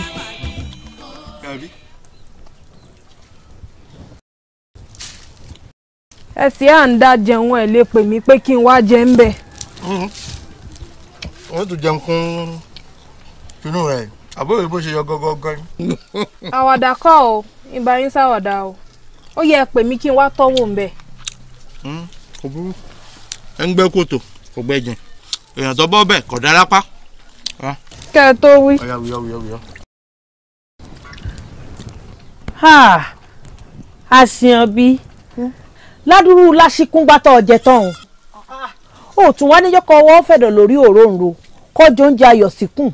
ẹsẹ̀ à ń dá jẹun ẹ̀ lè pè mí pé kí n wá jẹ ń bẹ̀. Mhm. wọ́n tún jẹun kún inú rẹ̀ àbúrò bó ṣe yọ gọ́gọ́gọ́. àwàdà kọ́ o ìbá yín ṣàwàdà o ó yẹ pè mí kí n wá tọ́wọ́ ń bẹ̀. Mhm. kò burú ẹ ń gbẹ́ kòtò kò gbẹ́jìn èèyàn tó bọ́ bẹ́ẹ̀ kò dára pa kẹ́ ẹ tó wí. ọ̀yá wíyọ́ lá wíyọ́. àṣìyàn bí ládùúrú lásìkúngbàtọ̀ ọ̀jẹ̀ tọ̀hún òtún wá níjọ́ kọ́ ọwọ́ fẹ̀dọ̀ lórí òróǹro kọjọ oúnjẹ ayọ̀ síkùn.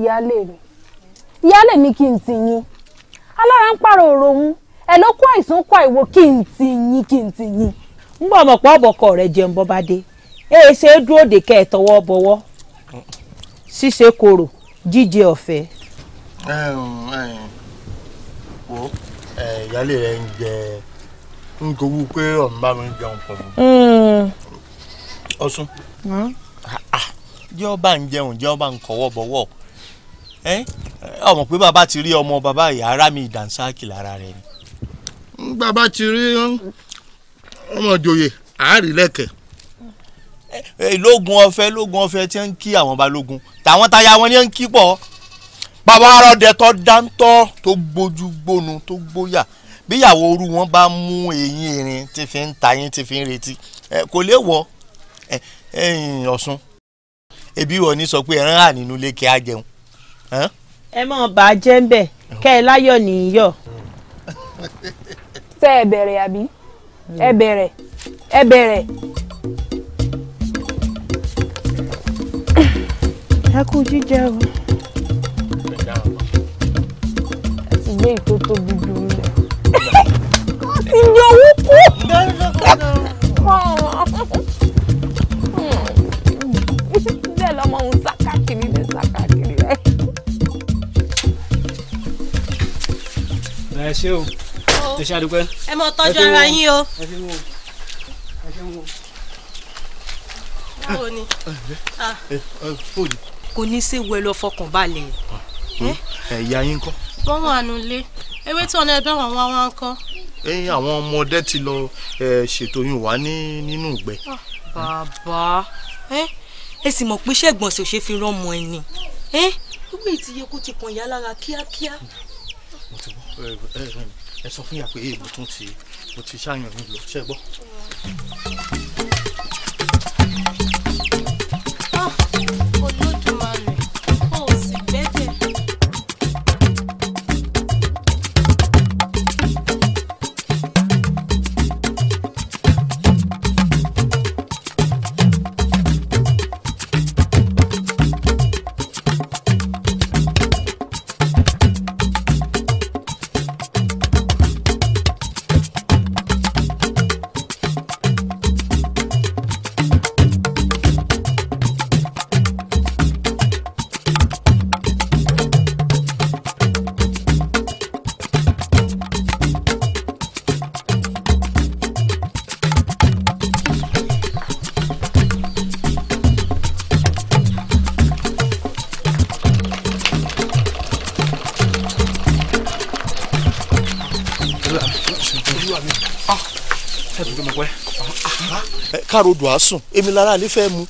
ìyáálé mi ìyáálé mi kí n ti yín alára ń pààrọ̀ òrò òun ẹ̀ ló kó àìsàn kó àìwo kí n ti yín kí n ti yín. ń bọ̀ ọmọ pa ọ̀bọ̀kọ rẹ̀ jẹun bọ́ bá dé ese dúró de kẹ́ ẹ̀ tọwọ́ bọwọ́ ṣíṣe korò jíjẹ ọ̀fẹ́. wo ìyáálé rẹ ń jẹ ń gbowó pé ọ̀n bá mi jẹun pọ̀ mọ́. Hmm. ọ̀sùn hmm. ah, ah, jẹ́ ọba ń jẹun jẹ́ pé bàbá ti ri ọmọ bàbá ìyá ara mi ìdànsákì lára rẹ ni. bàbá ti rí ọmọ ìjòyè àárí lẹ́kẹ̀ẹ́. Eh, lógun ọ̀fẹ́ lógun ọ̀fẹ́ tí ń kí àwọn balógun tàwọn táyà wọn ni ń kí pọ̀ bàbá arọdẹ tó dáńtọ́ tó gbójú gbónu tó gbóyà bíyàwó orú wọn bá mú eyín erin tí fi ń ta yín tí fi ń retí eh, kò lè wọ ẹ̀yìn eh, ọ̀sùn ẹbí wọn ní sọ pé ẹran hà nínú ilé kí á jẹun. ẹ mọ̀ bá a jẹ́ ń bẹ̀ kẹ́ ẹ láyọ̀ nìyọ̀. tẹ́ ẹ bẹ̀rẹ̀ àbí ẹ bẹ̀rẹ̀ ẹ bẹ̀rẹ̀. ẹ kú jíjẹ o. ẹ ti gbé ìtò tóbi dùn lẹ. wọ́n ti yọ owó kú. bẹ́ẹ̀ lọ́mọ òun sá káàkiri ní sá káàkiri rẹ̀. ẹ ṣé o ẹ ṣe àdúpẹ́. ẹ mọ tọ́jú ara yín o. ẹ ṣe wo ẹ ṣe wo. báwo ni. Ah. fóònù kò ní í ṣe wọ ẹ lọ fọkàn balẹ̀. ẹ̀yà yín kọ́. wọ́n wà nílé ewé tí wọn náà bẹ́ẹ̀ wọ́n wá wọn kọ́. ẹyin àwọn ọmọdé ti lọ ṣètò yín wá ní nínú ìgbẹ́. Ah, bàbá ẹ sì mọ̀ pé iṣẹ́ ìgbọ̀nsẹ̀ ò ṣe fi rán ọmọ ẹ ni gbogbo èyí ti yẹ kó ti kàn yá lára kíákíá. ẹ sọ fún yà pé èèmọ̀ tún ti ṣàyàn mi lọ ṣẹ́ károdò á sùn èmi lára àlè fẹ́ mu.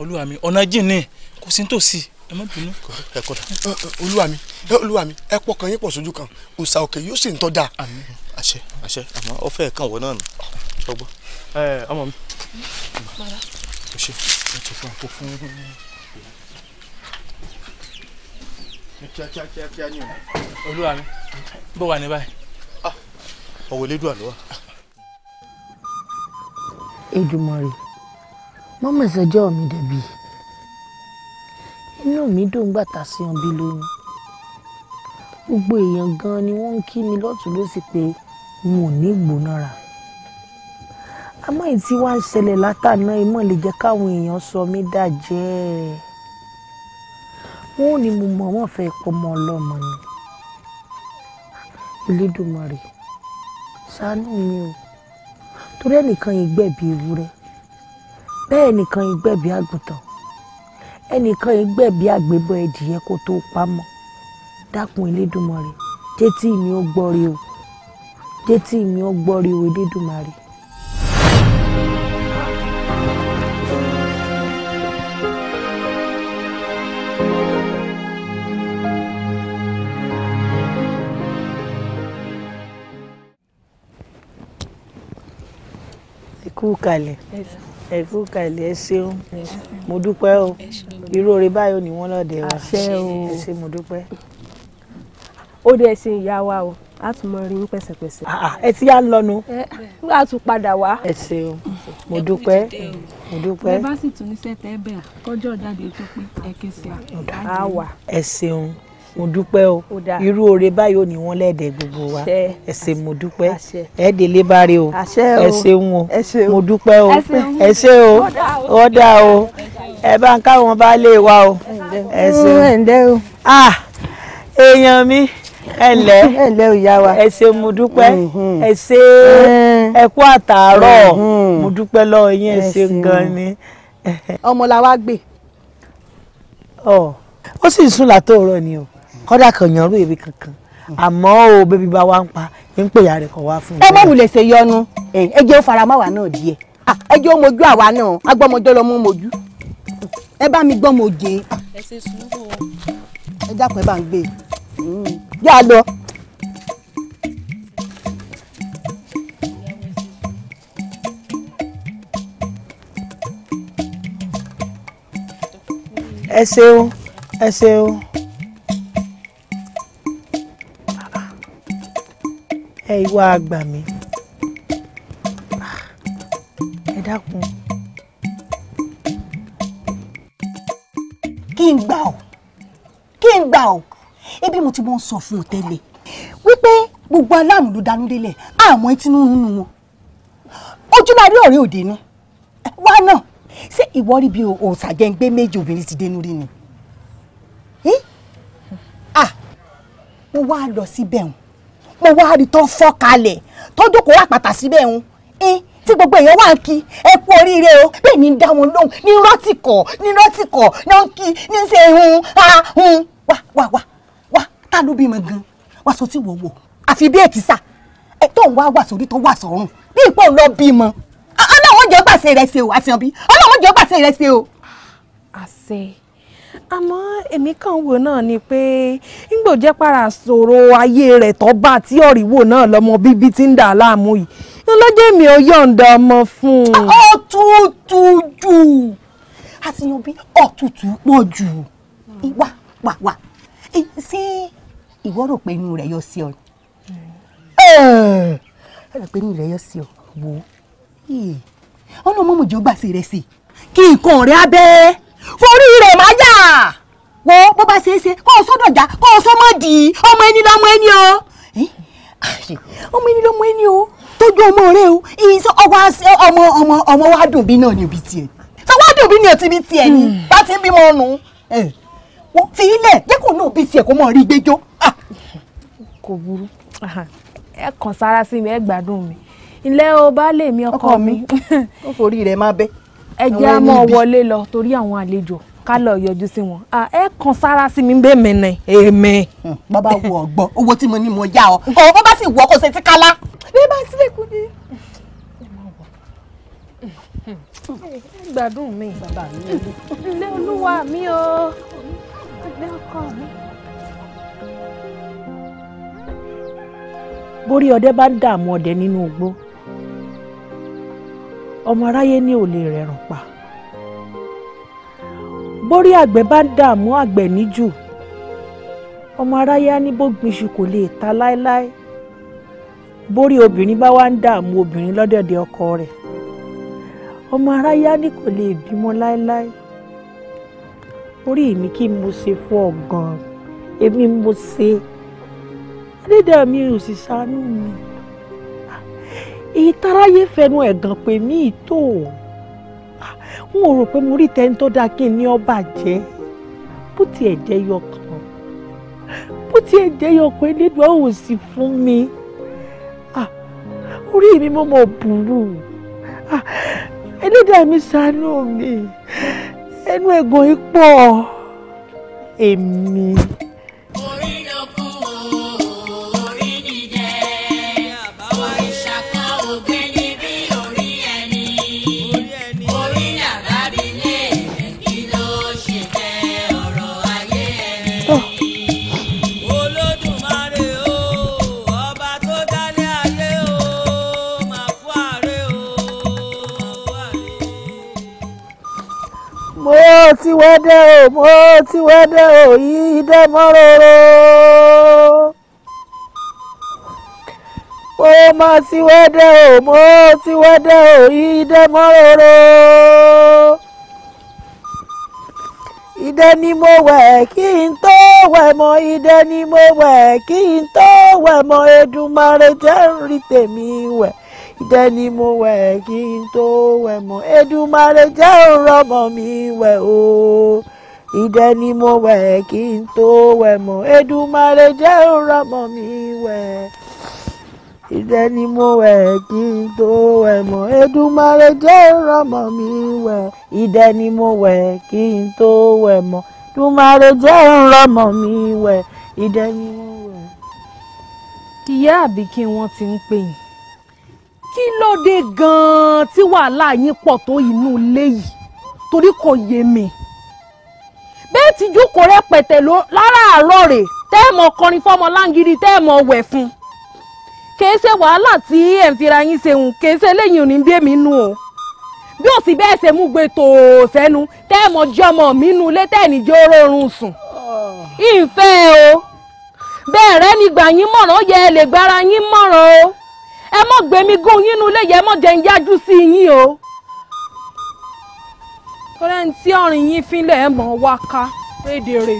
olúwa mi ọ̀nà jìn ní kò sí nítòsí ẹ má bínú. ẹ kọ́ da olúwa mi olúwa mi ẹ pọ̀ kan yín pọ̀ sójú kan òòsà òkè yóò sì ń tọ́ da. àṣẹ àṣẹ àmọ́ ọfẹ́ kan wọ náà nù ọgbọ́n. ẹ ọmọ mi. o ṣe o ti fún àpò fún kíákíákíá ni o. olúwa mi bó wà ní báyìí. Ah, ọ̀wọ̀ elédùn àlọ́ wa. Èdùmàrè má mẹ̀sẹ̀jọ́ mi dẹ̀bi inú mi dùn gbàtà sí ọbí lóyún gbogbo èèyàn gan ni wọ́n ń kí mi lọ́tún ló sì pé n ò ní ìgbónára àmọ́ èyí tí wàá ń ṣẹlẹ̀ látàná ìmọ̀ lè jẹ́ káwọn èèyàn sọ mí dàjẹ́ wọn ò ní mo mọ̀ wọ́n fẹ́ pọmọ ọlọ́mọ ni Elédùmarè ṣàánú mi o torí ẹnìkan yìí gbẹ̀bí ewúrẹ́ bẹ́ẹ̀ nìkan yìí gbẹ̀bí àgùntàn ẹnìkan yìí gbẹ̀bí àgbébọ̀ ẹdìyẹ kó tó pamọ́ dákun Elédùmarè jẹ́tí mi ó gbọ́ rí o jẹ́tí mi ó gbọ́ rí o Elédùmarè. kú kalẹ̀ ẹ kú kalẹ̀ ẹ ṣeun mo dúpẹ́ o irú oore báyọ̀ ni wọ́n lọ́dẹ wa ẹ ṣe mo dúpẹ́. ó dé ẹ ṣe ìyá wa o a tún mọ rí pẹ̀sẹ̀pẹ̀sẹ̀. Ah, ah, ẹ ti yá ń lọnu. a tún padà wá. ẹ ṣeun mo dúpẹ́ mo dúpẹ́. ẹ bá sì tún ní sẹ́tẹ̀ẹ́ bẹ́ẹ̀ kọjọ́ jáde tó pé ẹ ké sí wà ẹ ṣeun mo dúpẹ́ o irú oore báyìí ò ní wọ́n lẹ́ẹ̀dẹ̀ gbogbo wa ẹ mo dúpẹ́ ẹ délé báre o ẹ o mo dúpẹ́ o ẹ o ọ̀dà o ẹ bá ń káwọn bá lè wa o ẹ ṣeun ah èèyàn mi ẹ ǹlẹ́ ẹ ǹlẹ́ ìyá wa ẹ ṣé mo dúpẹ́ mm-hmm. ẹ ṣé mm-hmm. ẹ kú àtàárọ̀ mm-hmm. mo dúpẹ́ lọ́wọ́ yín ẹ gan ni. ọmọ la wá ó sì ń sùn látòórọ ni o. kọ́dà kan iri kankan àmọ́ o bébí bá wá ń pa ń pè ya rẹ̀ fún mi. ẹ má wulẹ̀ ṣe yọnu fara náà ẹ mojú àwa náà agbọ́mọjọ́ lọ mú mojú ẹ bá mi gbọ́mọ òjè. ẹ o. ẹ olúwa gbà mí ẹ dákun kí n gbà ọ́ kí n gbà ọ́ ebi mo ti mọ sọ fún ọ tẹ́lẹ̀ wípé gbogbo aláàmú ló danú délẹ̀ àmọ́ etí nínú wọn ojúlárí ọ̀rẹ́ òde ni wá náà ṣé ìwọ rí bí òòsàjẹ́ngbé méjì obìnrin ti dénú rí ni mo wá lọ síbẹ̀ hàn mo wá rí tó fọ́ kalẹ̀ tó jókòó wà pàtà síbẹ̀ ń tí gbogbo èèyàn wà ń kí ẹ kú oríire o bẹ́ẹ̀ ni dá wọn lóhùn ní rọ́tìkọ̀ ní rọ́tìkọ̀ ní ń kí ní ń ṣe hun ha hun wá wá wá wá tá ló bímọ gan wá sọ tí wò wò àfi bí èkìsà ẹ tó ń wá wà sórí tó wà sọ́run bí ìpò ń lọ bímọ ọlọ́run jẹ́ gbàṣẹ rẹ̀ ṣe o àṣẹ ọbí ọlọ́run jẹ́ gbàṣẹ rẹ̀ ṣe o. àṣẹ àmọ́ èmi kàn wò náà ni pé ńgbò jẹ́ para sòro ayé rẹ̀ tó bá tí ọ̀rìwò náà lọ́mọ bíbí ti ń dà láàmú yìí ńlọ́jẹ́ mi ò yọ̀ǹda ọmọ fún un. ọ̀tútù jù àti yan bí ọ̀tútù pọ̀ jù wà wà wà ṣé ìwọ rò pé inú rẹ̀ yọ sí ọ hmm. ẹ rò pé inú rẹ̀ yọ sí ọ wò ó ọ̀nà mọ́mọ́jọ́ gbàsè rẹ̀ sí kí nǹkan rẹ̀ abẹ́ forí rẹ̀ má jà wo bó bá ṣeé ṣe kó o sọ́dọ̀ já kó o sọ́mọ́ dì í ọmọ ẹni lọ́mọ ẹni o ọmọ ẹni lọ́mọ ẹni o tójú ọmọ rẹ o ìṣe ọmọ ọmọ ọmọ wa dùn bí náà ní ibi tiẹ̀ sọ wá dùn bí ní ọtí bí tiẹ̀ ni hmm. bá ti ń bímọ ọ̀nù wọ́n fi ilẹ̀ jẹ́ kó náà bí tiẹ̀ kó mọ̀ rí gbẹ́jọ́. Ah. kò burú ẹ kàn sára sí mi ẹ gbádùn mi ilé o bá lè mi ọkọ mi. ọkọ mi ó forí rẹ máa bẹ́ẹ̀ ẹ jẹ́ á mọ̀ wọlé lọ torí àwọn àlejò ká lọ yọjú sí wọn ẹ kàn sára sí mi bẹ́ẹ̀ mẹ́nẹ̀ èèmẹ́. Hmm, bàbá wọ ọgbọ́n owó tí mo ní mo yá ọ ọwọ́ bó bá sì wọ kó ṣe sí kálá. bí bá sílẹ̀ kú ni. gbádùn mi bàbá mi ilé olúwa mi o ilé ọkọ mi. borí ọdẹ bá ń dààmú ọdẹ nínú igbó ọmọ aráyé ní ò lè rẹ̀rùn pa bórí àgbẹ̀ bá ń dààmú àgbẹ̀ níjù ọmọ aráyé á ní bó gbìnṣu kò lè ta láéláé bórí obìnrin bá wá ń dààmú obìnrin lọ́dọ̀dẹ̀ ọkọ rẹ̀ ọmọ aráyé á ní kò lè bímọ láéláé orí mi kí mo ṣe fún ọ gan-an èmi mo ṣe ẹlẹ́dàá mi ò mi èyí táráyé fẹnu ẹ̀gàn pè mí ìtò n ò rò pé mo rí tẹni tó dáa kí n ní ọba jẹ́ bó tiẹ̀ jẹ́ yọkàn bó tiẹ̀ jẹ́ yọkàn elédùn àwọn òsì fún mi ah, orí mi mo mọ̀ burú ah, elédàá mi ṣàánú mi ẹnu ẹ̀gàn yìí pọ̀ èmi. ti wẹ́dẹ́ o mo ti wẹ́dẹ́ o idẹ mọ́rọ́rọ́ mo ma ti wẹ́dẹ́ o mo ti wẹ́dẹ́ o idẹ mọ́rọ́rọ́ idẹ ni mo wẹ̀ kí n tó wẹ̀ mọ́ idẹ ni mo wẹ̀ kí n tó wẹ̀ mọ́ Èdùmàrè jẹ́ n tèmi wẹ̀ jẹ́ ni mo wẹ̀ kí n tó wẹ̀ mọ́ Èdùmàrè jẹ́ òrọ́mọ mi wẹ̀ o ìdẹ ni mo wẹ̀ kí n tó wẹ̀ mọ́ Èdùmàrè jẹ́ òrọ́mọ mi wẹ̀ ìdẹ ni mo wẹ̀ kí n tó wẹ̀ mọ́ Èdùmàrè jẹ́ òrọ́mọ mi wẹ̀ ìdẹ ni mo wẹ̀ kí n tó wẹ̀ mọ́ Èdùmàrè jẹ́ òrọ́mọ mi wẹ̀ ìdẹ ni mo wẹ̀. ìyá àbíkí wọn ti ń pè yín kí ló dé gan-an tí wàhálà yín pọ̀ tó inú ilé yìí torí kò yé mi bẹ́ẹ̀ tí jókòó rẹpẹtẹ láràárọ̀ rẹ̀ tẹ́ẹ̀mọ̀ kọrin fọ́mọ láǹgìrì tẹ́ẹ̀mọ̀ wẹ̀ fún kìí ṣe wàhálà tí ẹ̀ ń fira yín ṣeun kìí ṣe lẹ́yìn òní bí èmi nù o bí ó sì bẹ́ẹ̀ ṣe mú gbé tòó sẹ́nu tẹ́ẹ̀mọ̀ jọmọ mi nù lé tẹ́ẹ̀nì jẹ́ orórun sùn ìfẹ́ o bẹ́ẹ̀ rẹ́ ni gbà yín mọ̀ràn yẹ ẹ lè gbára yín mọ̀ràn o ẹ mọ̀ gbẹ̀mí gún yín nu léyìí ẹ mọ̀ jẹ́ ń yájú sí yín o. tọ́lá ń tí ọ̀rìn yín fínlẹ̀ ẹ wá ká rédèrèdè.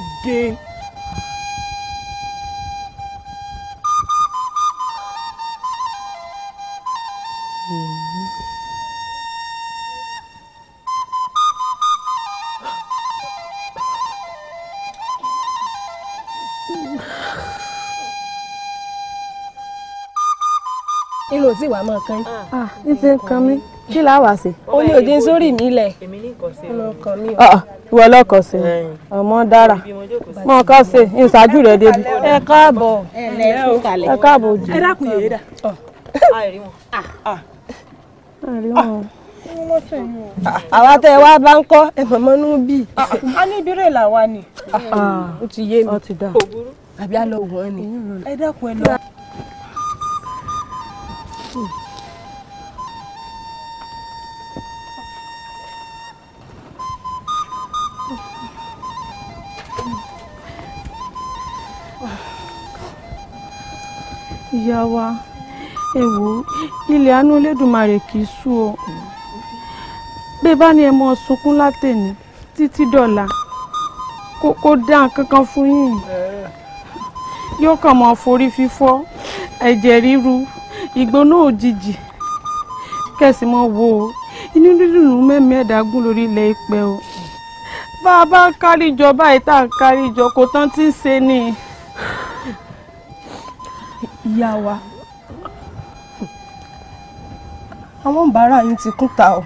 sì wà mọ́ kán. Ah, ah, ní ti ń kan mí kí là á wà sí. ó ní òde sórí mi lẹ̀. èmi ní nǹkan sí i. Ah, ìwọ lọkọ sí i ọmọ dára mọ ọkọ sí i ìṣáájú rẹ débi. ẹ káàbọ̀ ẹ káàbọ̀ ojú. ẹ dákun yèyé dà. àwa tẹ wá bá ń kọ ẹ mọ̀mọ́ nú bí. a ní bírè làwa ni. ó ti yé mi àbí a lọ wọ́n ni. ẹ dákun ẹ lọ sùn. ìyá wa ẹ wò ó ilẹ̀ àánú Elédùmarè kì í sú o bẹ́ẹ̀ bá ní ẹ mọ sunkún látẹ̀ni títí dọ̀la kó dá kankan fún yín yóò kàn mọ́ forí fífọ́ ẹ̀jẹ̀ ríru ìgbóná òjijì kẹ̀sì mọ́ wo inú dídùn mẹ́mí ẹ̀dágún lórí ilẹ̀ ìpẹ́ o bá a bá ń kárí jọ báyìí tá à ń kárí jọ kò tán tí ń ṣe ni. ìyá wa àwọn bàárà yín ti kún ta o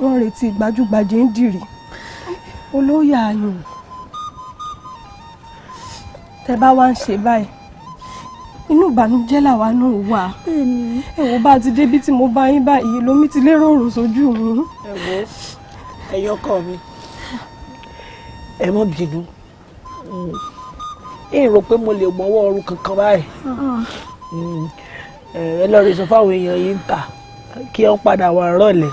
wọ́n retí gbajúgbajù ń dìrì olóyè ayò tẹ́ bá wá ń ṣe báyìí inú ìbànújẹ́ làwa náà wà ẹ wò bá ti débi tí mo bá yín báyìí lómi ti lérò òrò sójú mi. ẹ wo ẹyọ kọ mi ẹ mọ bínú ẹ rò pé mo lè mọwọ́ ọrùn kankan báyìí uh-uh. ẹ lọ sọ fáwọn èèyàn yìí ń ta kí wọn padà wà rọ̀lẹ́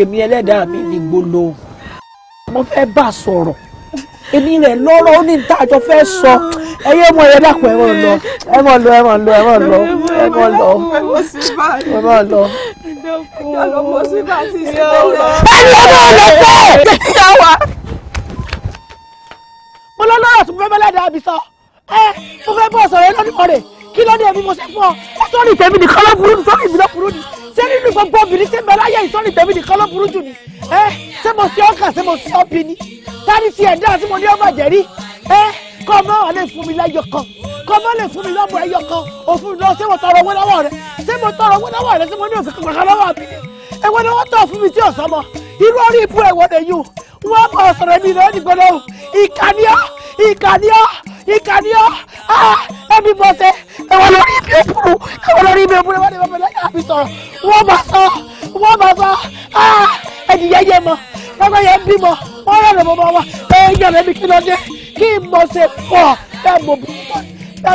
èmi ẹlẹ́dàá mi ní gbolo mo fẹ́ bá sọ̀rọ̀ èmi rẹ̀ lọ́rọ̀ ó ní tá a jọ fẹ́ sọ. So ẹyẹ mọ ẹyẹ dàpọ̀ ẹ mọ lọ ẹ mọ lọ ẹ mọ lọ ẹ mọ lọ ẹ mọ lọ ẹ mọ lọ. ẹni ọmọ lọ fẹ́. mo lọ lọ́rọ̀ tó fẹ́ bẹ́lẹ̀ dà bí sọ ẹ mo fẹ́ bọ̀ sọ̀rọ̀ lọ́dún ọ̀rẹ́ kí ló dé ẹbí mo ṣe fún ọ sọ́ọ̀rì tèmi nìkan ló burú sọ́ọ̀rì mi ló burú ni ṣé nínú gbogbo obìnrin ṣé bẹ̀rẹ̀ ayé ìsọ́ọ̀rì tèmi nìkan ló burú jù ni ẹ ṣé mo ṣe ọkàn ṣé mo ṣe ọ́ bí ni táyì ti ẹ̀dá tí mo ní ọmọ jẹ̀rí ẹ kọ́ mọ́ lè fún mi láyọ̀ kan kọ́ mọ́ lè fún mi lọ́bọ̀ ẹyọ kan òfin lọ sí mo tọrọ owó lọ́wọ́ rẹ sí mo tọrọ owó lọ́wọ́ rẹ sí mo ní òfin kankan lọ́wọ́ mi ẹ̀wọ́n ni wọ́n tọ̀ fún mi tí ọ̀sán mọ́ irú orí ibú ẹ̀wọ̀n lè yùn wọ́n mọ̀ sọ̀rọ̀ mi lọ́wọ́ ní gbọ́dọ̀ ìkànnìyà ìkànnìyà ìkànnìyà ẹ̀mí bọ́sẹ̀ ẹ̀wọ̀n lórí ibi èbúrú ẹ̀wọ̀n lórí ibi èbúrú ẹ̀wọ̀n lórí ibi èbúrú ẹ̀wọ̀n sọ̀rọ̀ wọ́n bá sọ wọ́n bá sọ ẹ̀dìyẹ yẹ mọ̀ lọ́gbẹ̀yẹ bímọ wọ́n rẹ̀ kí n mọ̀ ṣe pọ̀ bẹ́ẹ̀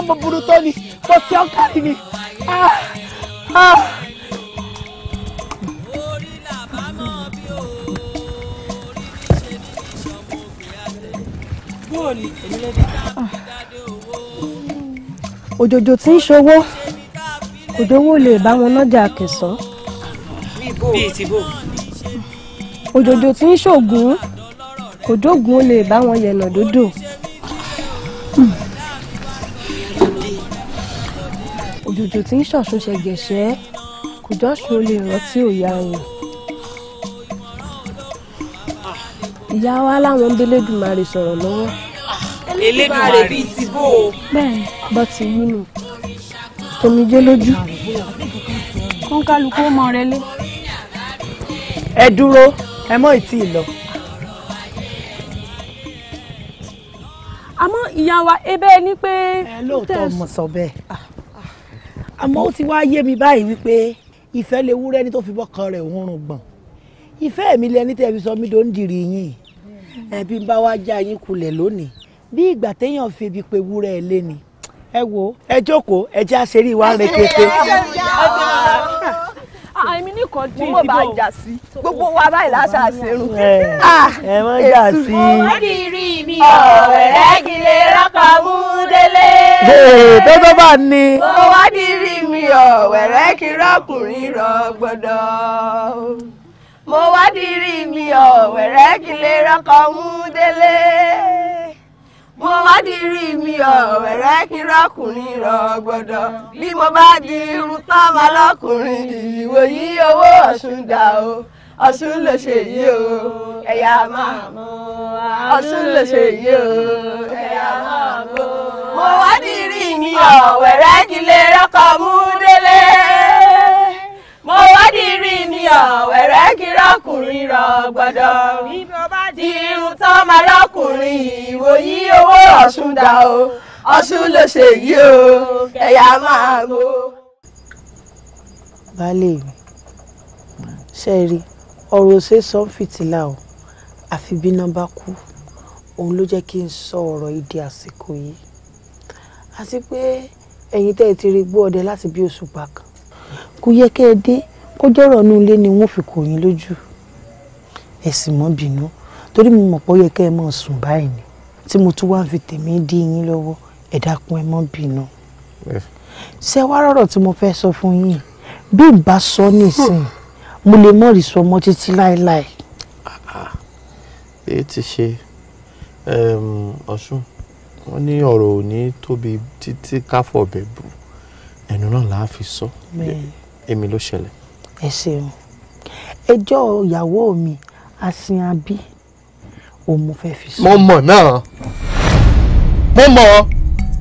mo burú tó ni mo ti ọ́ kárí ni. Ah, ah. Ah. òjòjò tí ń ṣòwò òjòwò lè bá wọn nájà kẹsàn-án. òjòjò tí ń ṣògùn kò dógun ó lè bá wọn yẹ̀nà dódò. Hmm. òjòjò tí ń ṣọ̀ṣun ṣe gẹ̀ṣẹ́ kò jọ́sùn ó lè rántí òyà rẹ̀. ìyá wa láwọn ń bẹ́lẹ́dùmarè sọ̀rọ̀ lọ́wọ́. elédùmarè bíi ti bó o. bẹ́ẹ̀ bá ti wí tomijé lójú. kọ́ńkálukú ó mọ rẹ lé. ẹ dúró ẹ mọ ìtì lọ. ìyá wa ebe ni pé. ẹ lóòótọ́ mo sọ bẹ́ẹ̀ àmọ́ ó ti wá yé mi báyìí wípé ìfẹ́ lè wúrẹ́ ní tó fi bọ́kàn rẹ̀ òórùn gbọ̀n ìfẹ́ mi lẹni tẹ́ fi sọ mí ló ń dìrì yín ẹbí bá wá já yín kulẹ̀ lónìí bí ìgbà téèyàn fi ibi pe wúrẹ́ ẹ lé ni ẹ wo ẹ jókòó ẹ já seré wa rẹ kété. àmì nìkan dín ìdìbò gbogbo wa báyìí láṣà ṣerun. ẹ má jà sí i mi ọ̀rẹ́ kí lè rọ́kọ̀ mú délé. tó tó bá ní. mo wá di rí mi ọ̀wẹ̀rẹ́ kí rọ́kùnrin rọ gbọ́dọ̀. mo wá di rí mi ọ̀wẹ̀rẹ́ kí lè rọ́kọ̀ mú délé. mo wá di rí mi ọ̀wẹ̀rẹ́ kí rọ́kùnrin rọ gbọ́dọ̀. bí mo bá di irun tán ma lọ́kùnrin ìwòyí owó ọ̀ṣun dà o. Ọ̀ṣun ló ṣe yìí o ẹ̀yà máa mú Ọ̀ṣun ló ṣe yìí o ẹ̀yà máa mú. mo wá dìrì ní ọ̀wẹ̀rẹ̀ kí lè rọ́kọ̀ mú délé. mo wá dìrì ní ọ̀wẹ̀rẹ̀ kí rọ́kùnrin rọ̀ gbọ́dọ̀. bí di irun tán máa rọ́kùnrin ìwòyí owó Ọ̀ṣun dà o Ọ̀ṣun ló ṣe yìí o ẹ̀yà máa mú. baálé mi ṣe rí i ọ̀rọ̀ ṣe sọ ń fìtílà o àfi bí iná bá kú òun ló jẹ́ kí n sọ ọ̀rọ̀ yìí di àsìkò yìí àti pé ẹ̀yin tẹ́ ẹ ti rí gbọ́ ọdẹ láti bí òṣùpá kan kò yẹ kẹ́ ẹ dé kójọ́rọ̀ inú ilé ni wọ́n fi kò yín lójú ẹ mọ́ bínú torí mo mọ̀ pé yẹ kẹ́ ẹ mọ̀ sùn báyìí ni tí mo tún wá ń fi tèmi dí yín lọ́wọ́ ẹ dákun ẹ mọ́ bínú. ṣé wàá rọ̀rọ̀ tí mo fẹ́ sọ fún yín bí n bá sọ nísìnyí mo lè mọ̀ rí sọ ọmọ títí láéláé. Ah, ah. èyí ti ṣe ọ̀ṣun wọ́n ní ọ̀rọ̀ ò ní tóbi títí káfọ̀ ọ̀bẹ bù ẹnu náà là á fi sọ èmi ló ṣẹlẹ̀. ẹ ṣeun ẹjọ́ ìyàwó mi asin abi òun mo fẹ́ fi sọ. mo mọ̀ náà mo mọ̀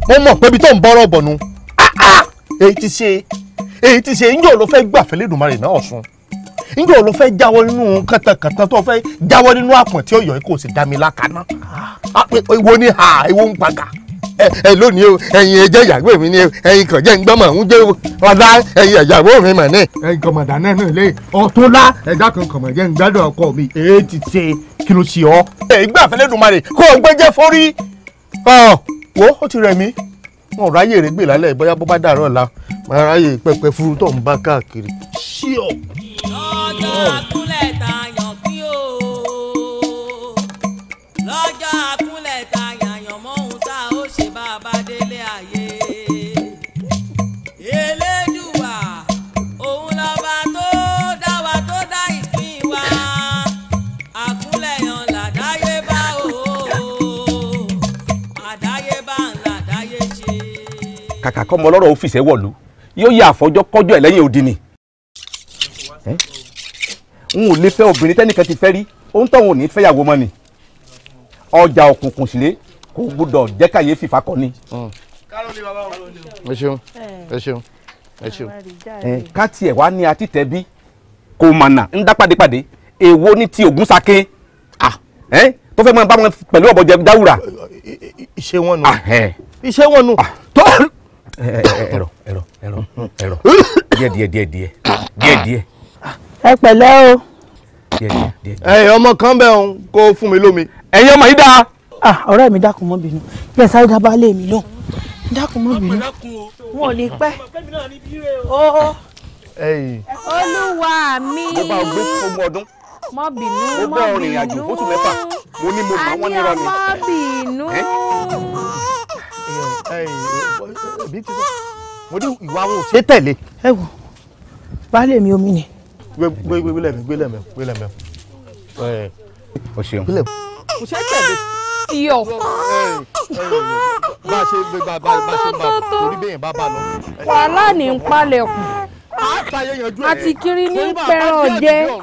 mo mọ̀ pé ibi tó ń bọ́rọ̀ bọ̀ nu ah, èyí ti ṣe èyí ti ṣe ń yọ̀ ló fẹ́ gbà fẹ́lẹ́dùnmarè náà ọ̀ṣun njẹ́ òun fẹ́ jáwọ́ nínú kàtàkàtà tó fẹ́ jáwọ́ nínú àpọ̀n tí ọ̀yọ́ kò sì dá lákàná. Ah, ah, ìwo ni ha ìwo ń pàkà ẹ lónìí o ẹ̀yin ẹjẹ ìyàwó mi ni ẹ̀yin kan jẹ ń gbọmọ ń jẹ ọlá ẹ̀yin ìyàwó mi mọ ní. ẹ̀yin kan mọ̀dà náà náà lé ọtún lá kan kan mọ̀ jẹ́ ń gbádùn ọkọ mi èé ti ṣe kí ló ṣe ọ́. ìgbà àfẹlẹ́dùnmarè kó o gbẹ́jẹ́ forí. wo ó ti rẹ̀ mí wọn ò ráyè rẹ̀ gbè lálẹ́ bóyá bó bá dàrọ̀ ọ̀la máa ráyè pẹpẹ furu tó ń bá káàkiri. ṣíọ̀ akúnlẹ̀ tààyàn pín o lọ́jọ́ akúnlẹ̀ tààyàn yàn mọ́ ohun tá kàkà kọ́ ọmọ ọlọ́rọ̀ ó wọ̀lú yóò yẹ àfọjọ́ kọjọ́ ẹ̀ lẹ́yìn òdì ni n ò lè fẹ́ obìnrin tẹ́nìkan ti fẹ́ rí òun tó òun ní fẹ́yàwó mọ́ ni ọjà òkùnkùn sílé kò gbúdọ̀ jẹ́ kàyéfì fakọni. Mm. Eh. ẹ ṣeun ẹ ṣeun ẹ ṣeun. Eh, ká tiẹ̀ wá ní atítẹ́ bí kò mànà ń dá pàdépàdé èwo ní ti ògún sake eh, tó fẹ́ máa bá wọn pẹ̀lú ọ̀bọ jẹ dáwùrà. iṣẹ́ wọn nù ah, iṣẹ́ wọn nù ah, tó. ẹ̀rọ ẹ̀rọ ẹ̀rọ ẹ̀rọ díẹ̀ díẹ̀ díẹ̀ díẹ̀ díẹ̀ díẹ̀ ẹ pẹ̀lẹ́ o. ẹyin ọmọ kan bẹ òun kó fún mi lómi. ẹyin ọmọ yìí dáa. ọ̀rẹ́ mi dákun mọ́ bínú bẹ́ẹ̀ sáré dábàá lé mi náà dákun mọ́ bínú wọn ò ní pẹ́. olúwa mi mọ́ bínú mọ́ bínú àní ọmọ bínú. mo ní ìwà wọn ò ṣe tẹ̀lé. ẹ wò baálé mi omi ni gbélé mi gbélé mi gbélé mi. o ṣeun. kò ṣe tẹ̀lé. ti ọ. bá a ṣe bá a ṣe bá a torí bẹ́yẹn bá a bá a lọ. wàhálà ní ń palẹ̀kùn àti kiri ní pẹran ọdẹ.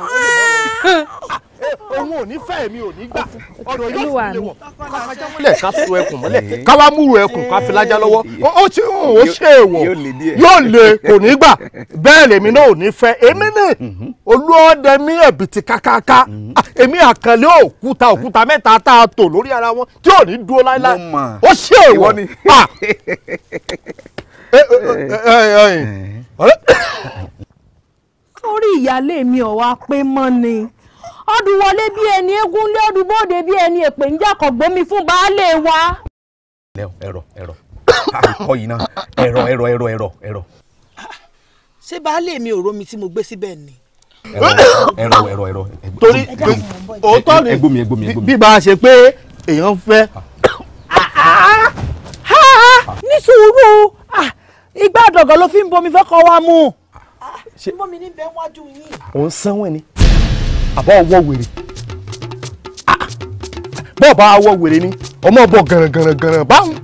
òun ò ní fẹ́ mi ò ní gbà ọ̀rọ̀ yóò fi lè wọ̀ mọ́lẹ̀ ká so ẹkùn mọ́lẹ̀ ká wá múru ẹkùn ká fi lájá lọ́wọ́ ó ṣe ó ṣe èèwọ̀ yóò lè kò ní gbà bẹ́ẹ̀ lèmi náà ò ní fẹ́ èmi ní mhm. olóòdẹ mi ẹ̀bìtì kákáká mhm. ah, èmi àkànlé òkúta òkúta mẹ́ta tá a tò lórí ara wọn tí ò ní dúró láéláé ó ṣe èèwọ̀ orí ìyáálé mi ọ̀wá pé mọ́ ni ọdún wọlé bí ẹni eégún lé ọdún bóde bí ẹni èpè ń jàkọ̀ gbómi fún baálé wa. ẹ̀rọ ẹ̀rọ àkọ́ yìí náà ẹ̀rọ ṣé baálé mi ò tí mo gbé síbẹ̀ ni torí òótọ́ ni bí bá a ṣe pé èèyàn fẹ́. Ah, ah. Ah, ní sùúrù igbá àdọ̀gọ̀ ló fi ń bomi fẹ́ kọ́ wa mu. ṣé bomi ní bẹ́ẹ̀ wájú yín. ò ń sanwó ni àbá ọwọ́ wèrè ah, ah. bọ́ọ̀ bá awọ wèrè ni ọmọ bọ̀ gànàgànàgànà báwọn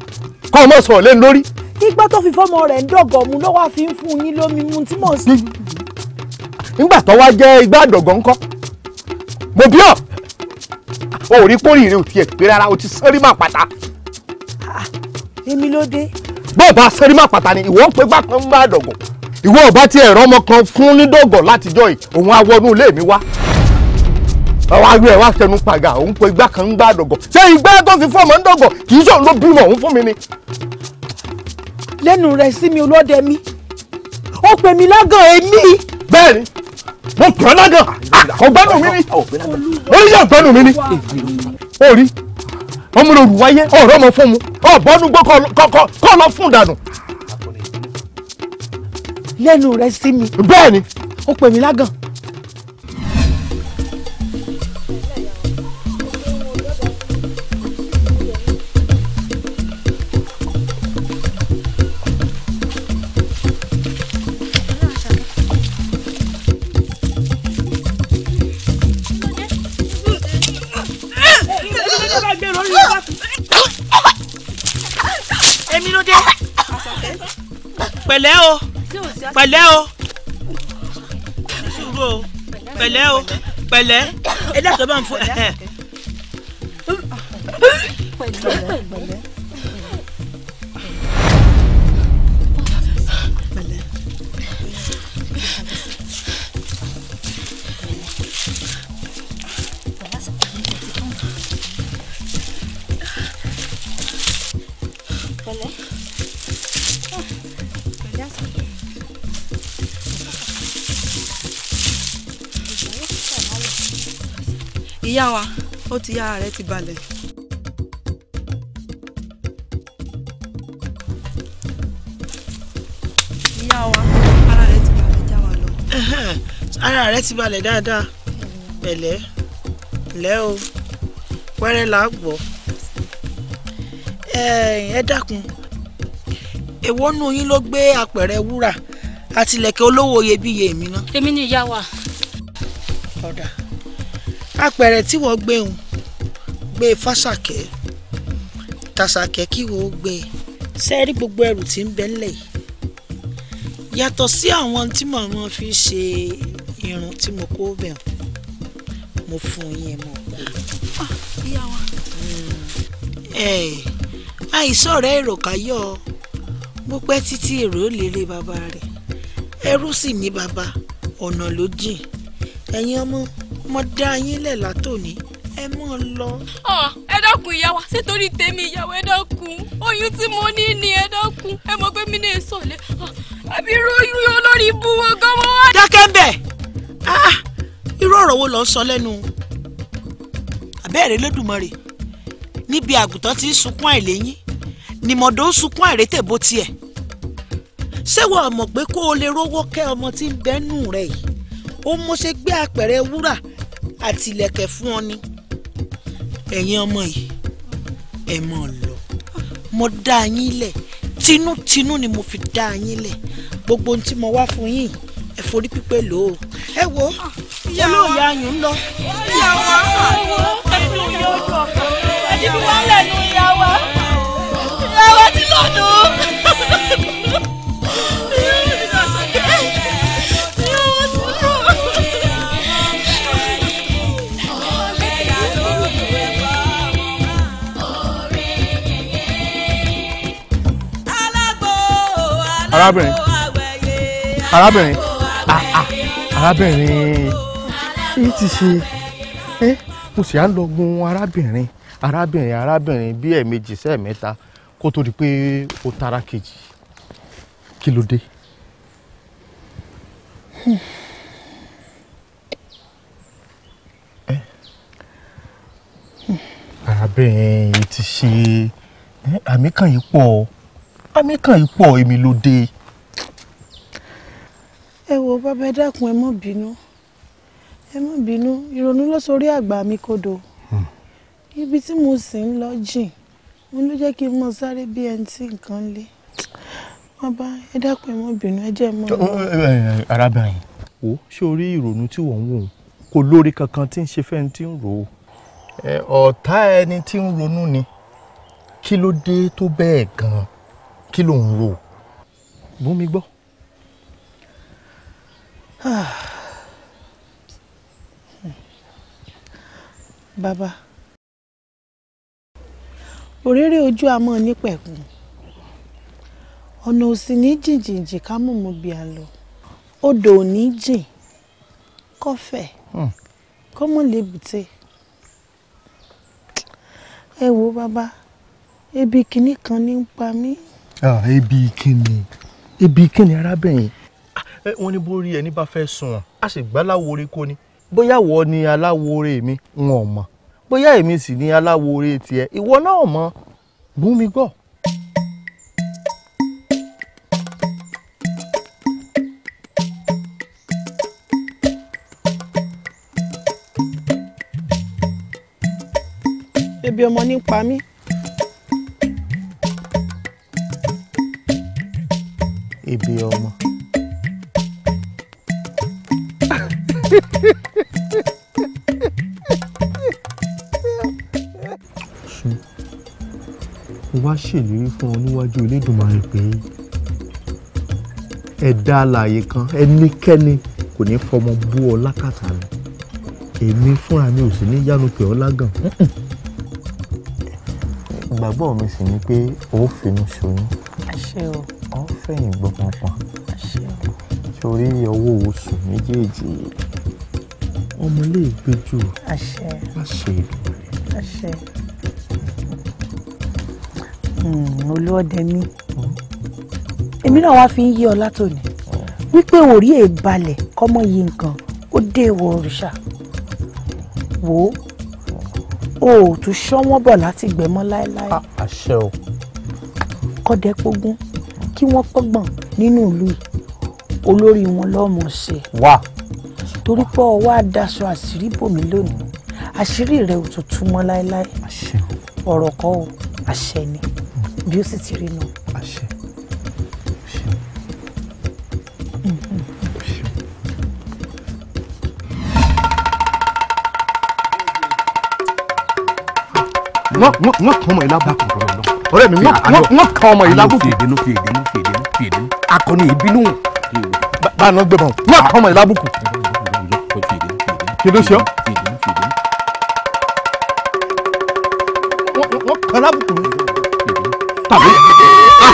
kọ́ ọmọ sọ̀rọ̀ lẹ́nu lórí. igbá tó fi fọ́mọ rẹ̀ ń dọ̀gọ̀ mu ló wá fi ń fún yín lómi mu tí mò ń sìn. nígbà tó wá jẹ́ igbá àdọ̀gọ̀ ńkọ́ mo bí ọ̀ o ò rí pórì rẹ ò tiẹ̀ pé rárá o ti sọ́rí máa pàtà. Ah, èmi ló dé bọ́ọ̀ bá sẹ́rí má pàtà ni ìwọ pé bákan ń bá dọ̀gọ̀ ìwọ ọba tí ẹ̀rọ ọmọ kan fún nídọ̀gọ̀ látijọ́ yìí òun á wọnú ilé mi wá àwọn agbé wá tẹnu pàgà òun pé igbá kan ń gbá dọ̀gọ̀ ṣé igbá tó fi fún ọmọ ń dọ̀gọ̀ kì í ṣòun ló bímọ òun fún mi ni. lẹ́nu rẹ̀ sí mi olóde mi ó pè mí lágàn èmi. bẹ́ẹ̀ni mo pè ọ́ lágàn ọgbẹ́nu mi ni oríṣi ọgbẹ́nu mi ni orí ọmọ rẹ olùwáyé ọ̀rọ̀ ọmọ fún mu ọ̀bọ́nú gbọ́ kọ́ lọ fún dànù. lẹ́nu rẹ sí mi. bẹ́ẹ̀ ni. ó pè mí lágàn pẹ̀lẹ́ o sùúrù o pẹ̀lẹ́ o pẹ̀lẹ́ ẹ̀dá tó bá ń fún ẹ̀ ó ti yá rẹ̀ ti balẹ̀. ìyá wa ara rẹ̀ ti balẹ̀ ara rẹ ti balẹ̀ dáadáa pẹ̀lẹ́ pẹ̀lẹ́ o wẹ́rẹ́ là gbọ́. ẹ dákun èwo ló gbé apẹ̀rẹ̀ wúrà àtìlẹ̀kẹ̀ olówó iyebíye mi ná. èmi ni ọ̀dà apẹ̀rẹ̀ tí wọ́n gbé gbé fásàkẹ́ tàṣàkẹ́ kí wo gbé sẹ́rí gbogbo ẹrù tí ń bẹ ńlẹ̀ yìí yàtọ̀ sí àwọn tí mo máa fi ṣe irun tí mo kó bẹ̀ mo fún yín mọ́ kó lọ. àìsàn rẹ̀ èrò káyọ̀ bó pẹ́ títí èrò lérè bàbá rẹ̀ ẹrú sì ní bàbá ọ̀nà ló jìn ẹ̀yin ọmọ mo dá yín lẹ̀ látòní ẹ mọ̀ lọ. ọ ẹ dákun ìyá wa ṣé torí tèmi ìyàwó ẹ dákun oyún tí mo ní ni ẹ dákun ẹ mọ̀ pé mi ní èso lẹ àbí irú oyún olórí ibú wọn gan mọ́ wá. dákẹ́ ń bẹ̀ ah, irú ọ̀rọ̀ wo lọ sọ lẹ́nu àbẹ́ẹ̀rẹ́ lódùmarè níbi àgùntàn ti ń sunkún àìlẹ́yìn nìmọ̀dọ́ ń sunkún àìrètè bó tiẹ̀ ṣé wàá mọ̀ pé kó o lè rówó kẹ́ ọmọ tí ń bẹ́nu rẹ̀ yìí ó mọ̀ ṣe gbé apẹ̀rẹ̀ wúrà àtìlẹ̀kẹ̀ fún ọ ni ẹ̀yin ọmọ yìí ẹ mọ̀ lọ mo dá yín lẹ̀ tinútinú ni mo fi dá yín lẹ̀ gbogbo ohun tí mo wá fún yín ẹ forí pípé lò ó ẹ wo olóòyà ayùn ń lọ. ìyàwó àwọn ẹnu yóò kọ̀ọ̀kan ẹni bí wọ́n lẹ̀ nu ìyàwó ìyàwó tí lọ́dún. arábìnrin arábìnrin ah ah arábìnrin èyí ti ṣe ẹ mo sì á lọ gun arábìnrin arábìnrin arábìnrin bíi ẹ̀ẹ̀mejì sẹ́ẹ̀mẹ́ta kó tó di pé ó tara kejì kí ló dé. arábìnrin yìí ti ṣe àmì kan yìí pọ̀ ọ́ amẹ́kàn ipò èmi ló dé. ẹ wo bàbá ẹ dákun ẹ má bínú ẹ má bínú ìrònú ló sorí àgbà mi kodò hmm. ibi tí mo sì ń lọ jìn mo ló jẹ́ kí n mọ sáré bí ẹni tí nǹkan lé bàbá ẹ dákun ẹ má bínú ẹ jẹ́ ẹ mọ́. arábìnrin wo ṣé o rí ìrònú tí wọ́n ń wò kò lórí kankan tí ń ṣe fẹ́ni tí ń rò ó ọ̀tá ẹni tí ń ronú ni kí ló dé tó bẹ́ẹ̀ gan-an kí ló ń rò. bú mi gbọ́. bàbá òréré ojú amọ̀ nípẹ̀kùn ọ̀nà òsì ní jìnjìnjìn ká mú mu bí a lọ odò ò ní jìn kọfẹ̀ hmm. kọ́mọ lè bùtẹ́ ẹ wo bàbá ebi kìíní kan ní pa mí. Ah, ebi kíni ebi kíni arábìnrin. Ah, wọ́n ní bórí ẹni bá fẹ́ sùn wọn a sì gbá láwo orí kó ni bóyá wọ́ ni aláwo orí mi wọn ò mọ̀ bóyá èmi sì ni aláwo orí tiẹ̀ ìwọ náà mọ̀ bú mi gbọ́. ebi ọmọ ní pa ibi ọmọ. ṣùn mo wá ṣèlérí fún ọ níwájú Elédùmarè pé ẹ̀dá alààyè kan ẹnikẹ́ni kò ní fọmọ bú ọ lákàtà rẹ̀ èmi fúnra mi ò sì ní yánu pè ọ́ lágàn. ìgbàgbọ́ mi sì ni pé ó fẹnu ṣoyún. àṣẹ o fẹ̀yìn gbọ́ pọ̀npọ̀n sórí ọwọ́ oṣù méjèèjì ọmọ ilé ìgbé jù má ṣe ìlú rẹ̀. olúọdẹ mi èmi náà wáá fi ń yí ọ látòní hmm. wípé òrí èèbalẹ̀ kọ́mọ yìí nǹkan ó dé ìwọ òrìṣà wò ó o ò tún ṣọ́ wọ́n bọ̀ láti gbẹ̀mọ́ láéláé. Ah, àṣẹ o. kọ́dẹ kí wọ́n kọ́gbọ̀n nínú ìlú yìí olórí wọn lọ́mọ ṣe. wá. torí pé ọwọ́ àdáṣọ àṣírí bòmí lónìí àṣírí rẹ̀ ò tún tú mọ́ láéláé ọ̀rọ̀ kọ́ o àṣẹ ni hmm. bí ó sì ti rí nù. àṣẹ. wọ́n wọ́n wọ́n kàn mọ́ ẹ ọ̀rẹ́ mi wọ́n kan ọmọ yìí lágùn. fi ìdínú fi ìdínú fi ìdínú fi ìdínú. akọni ìbínú báyìí náà gbẹ̀bọ̀n wọ́n kan ọmọ yìí lágùn kù. kí ló ṣe ọ́. wọ́n kan lágùn kù. tàbí. Ah!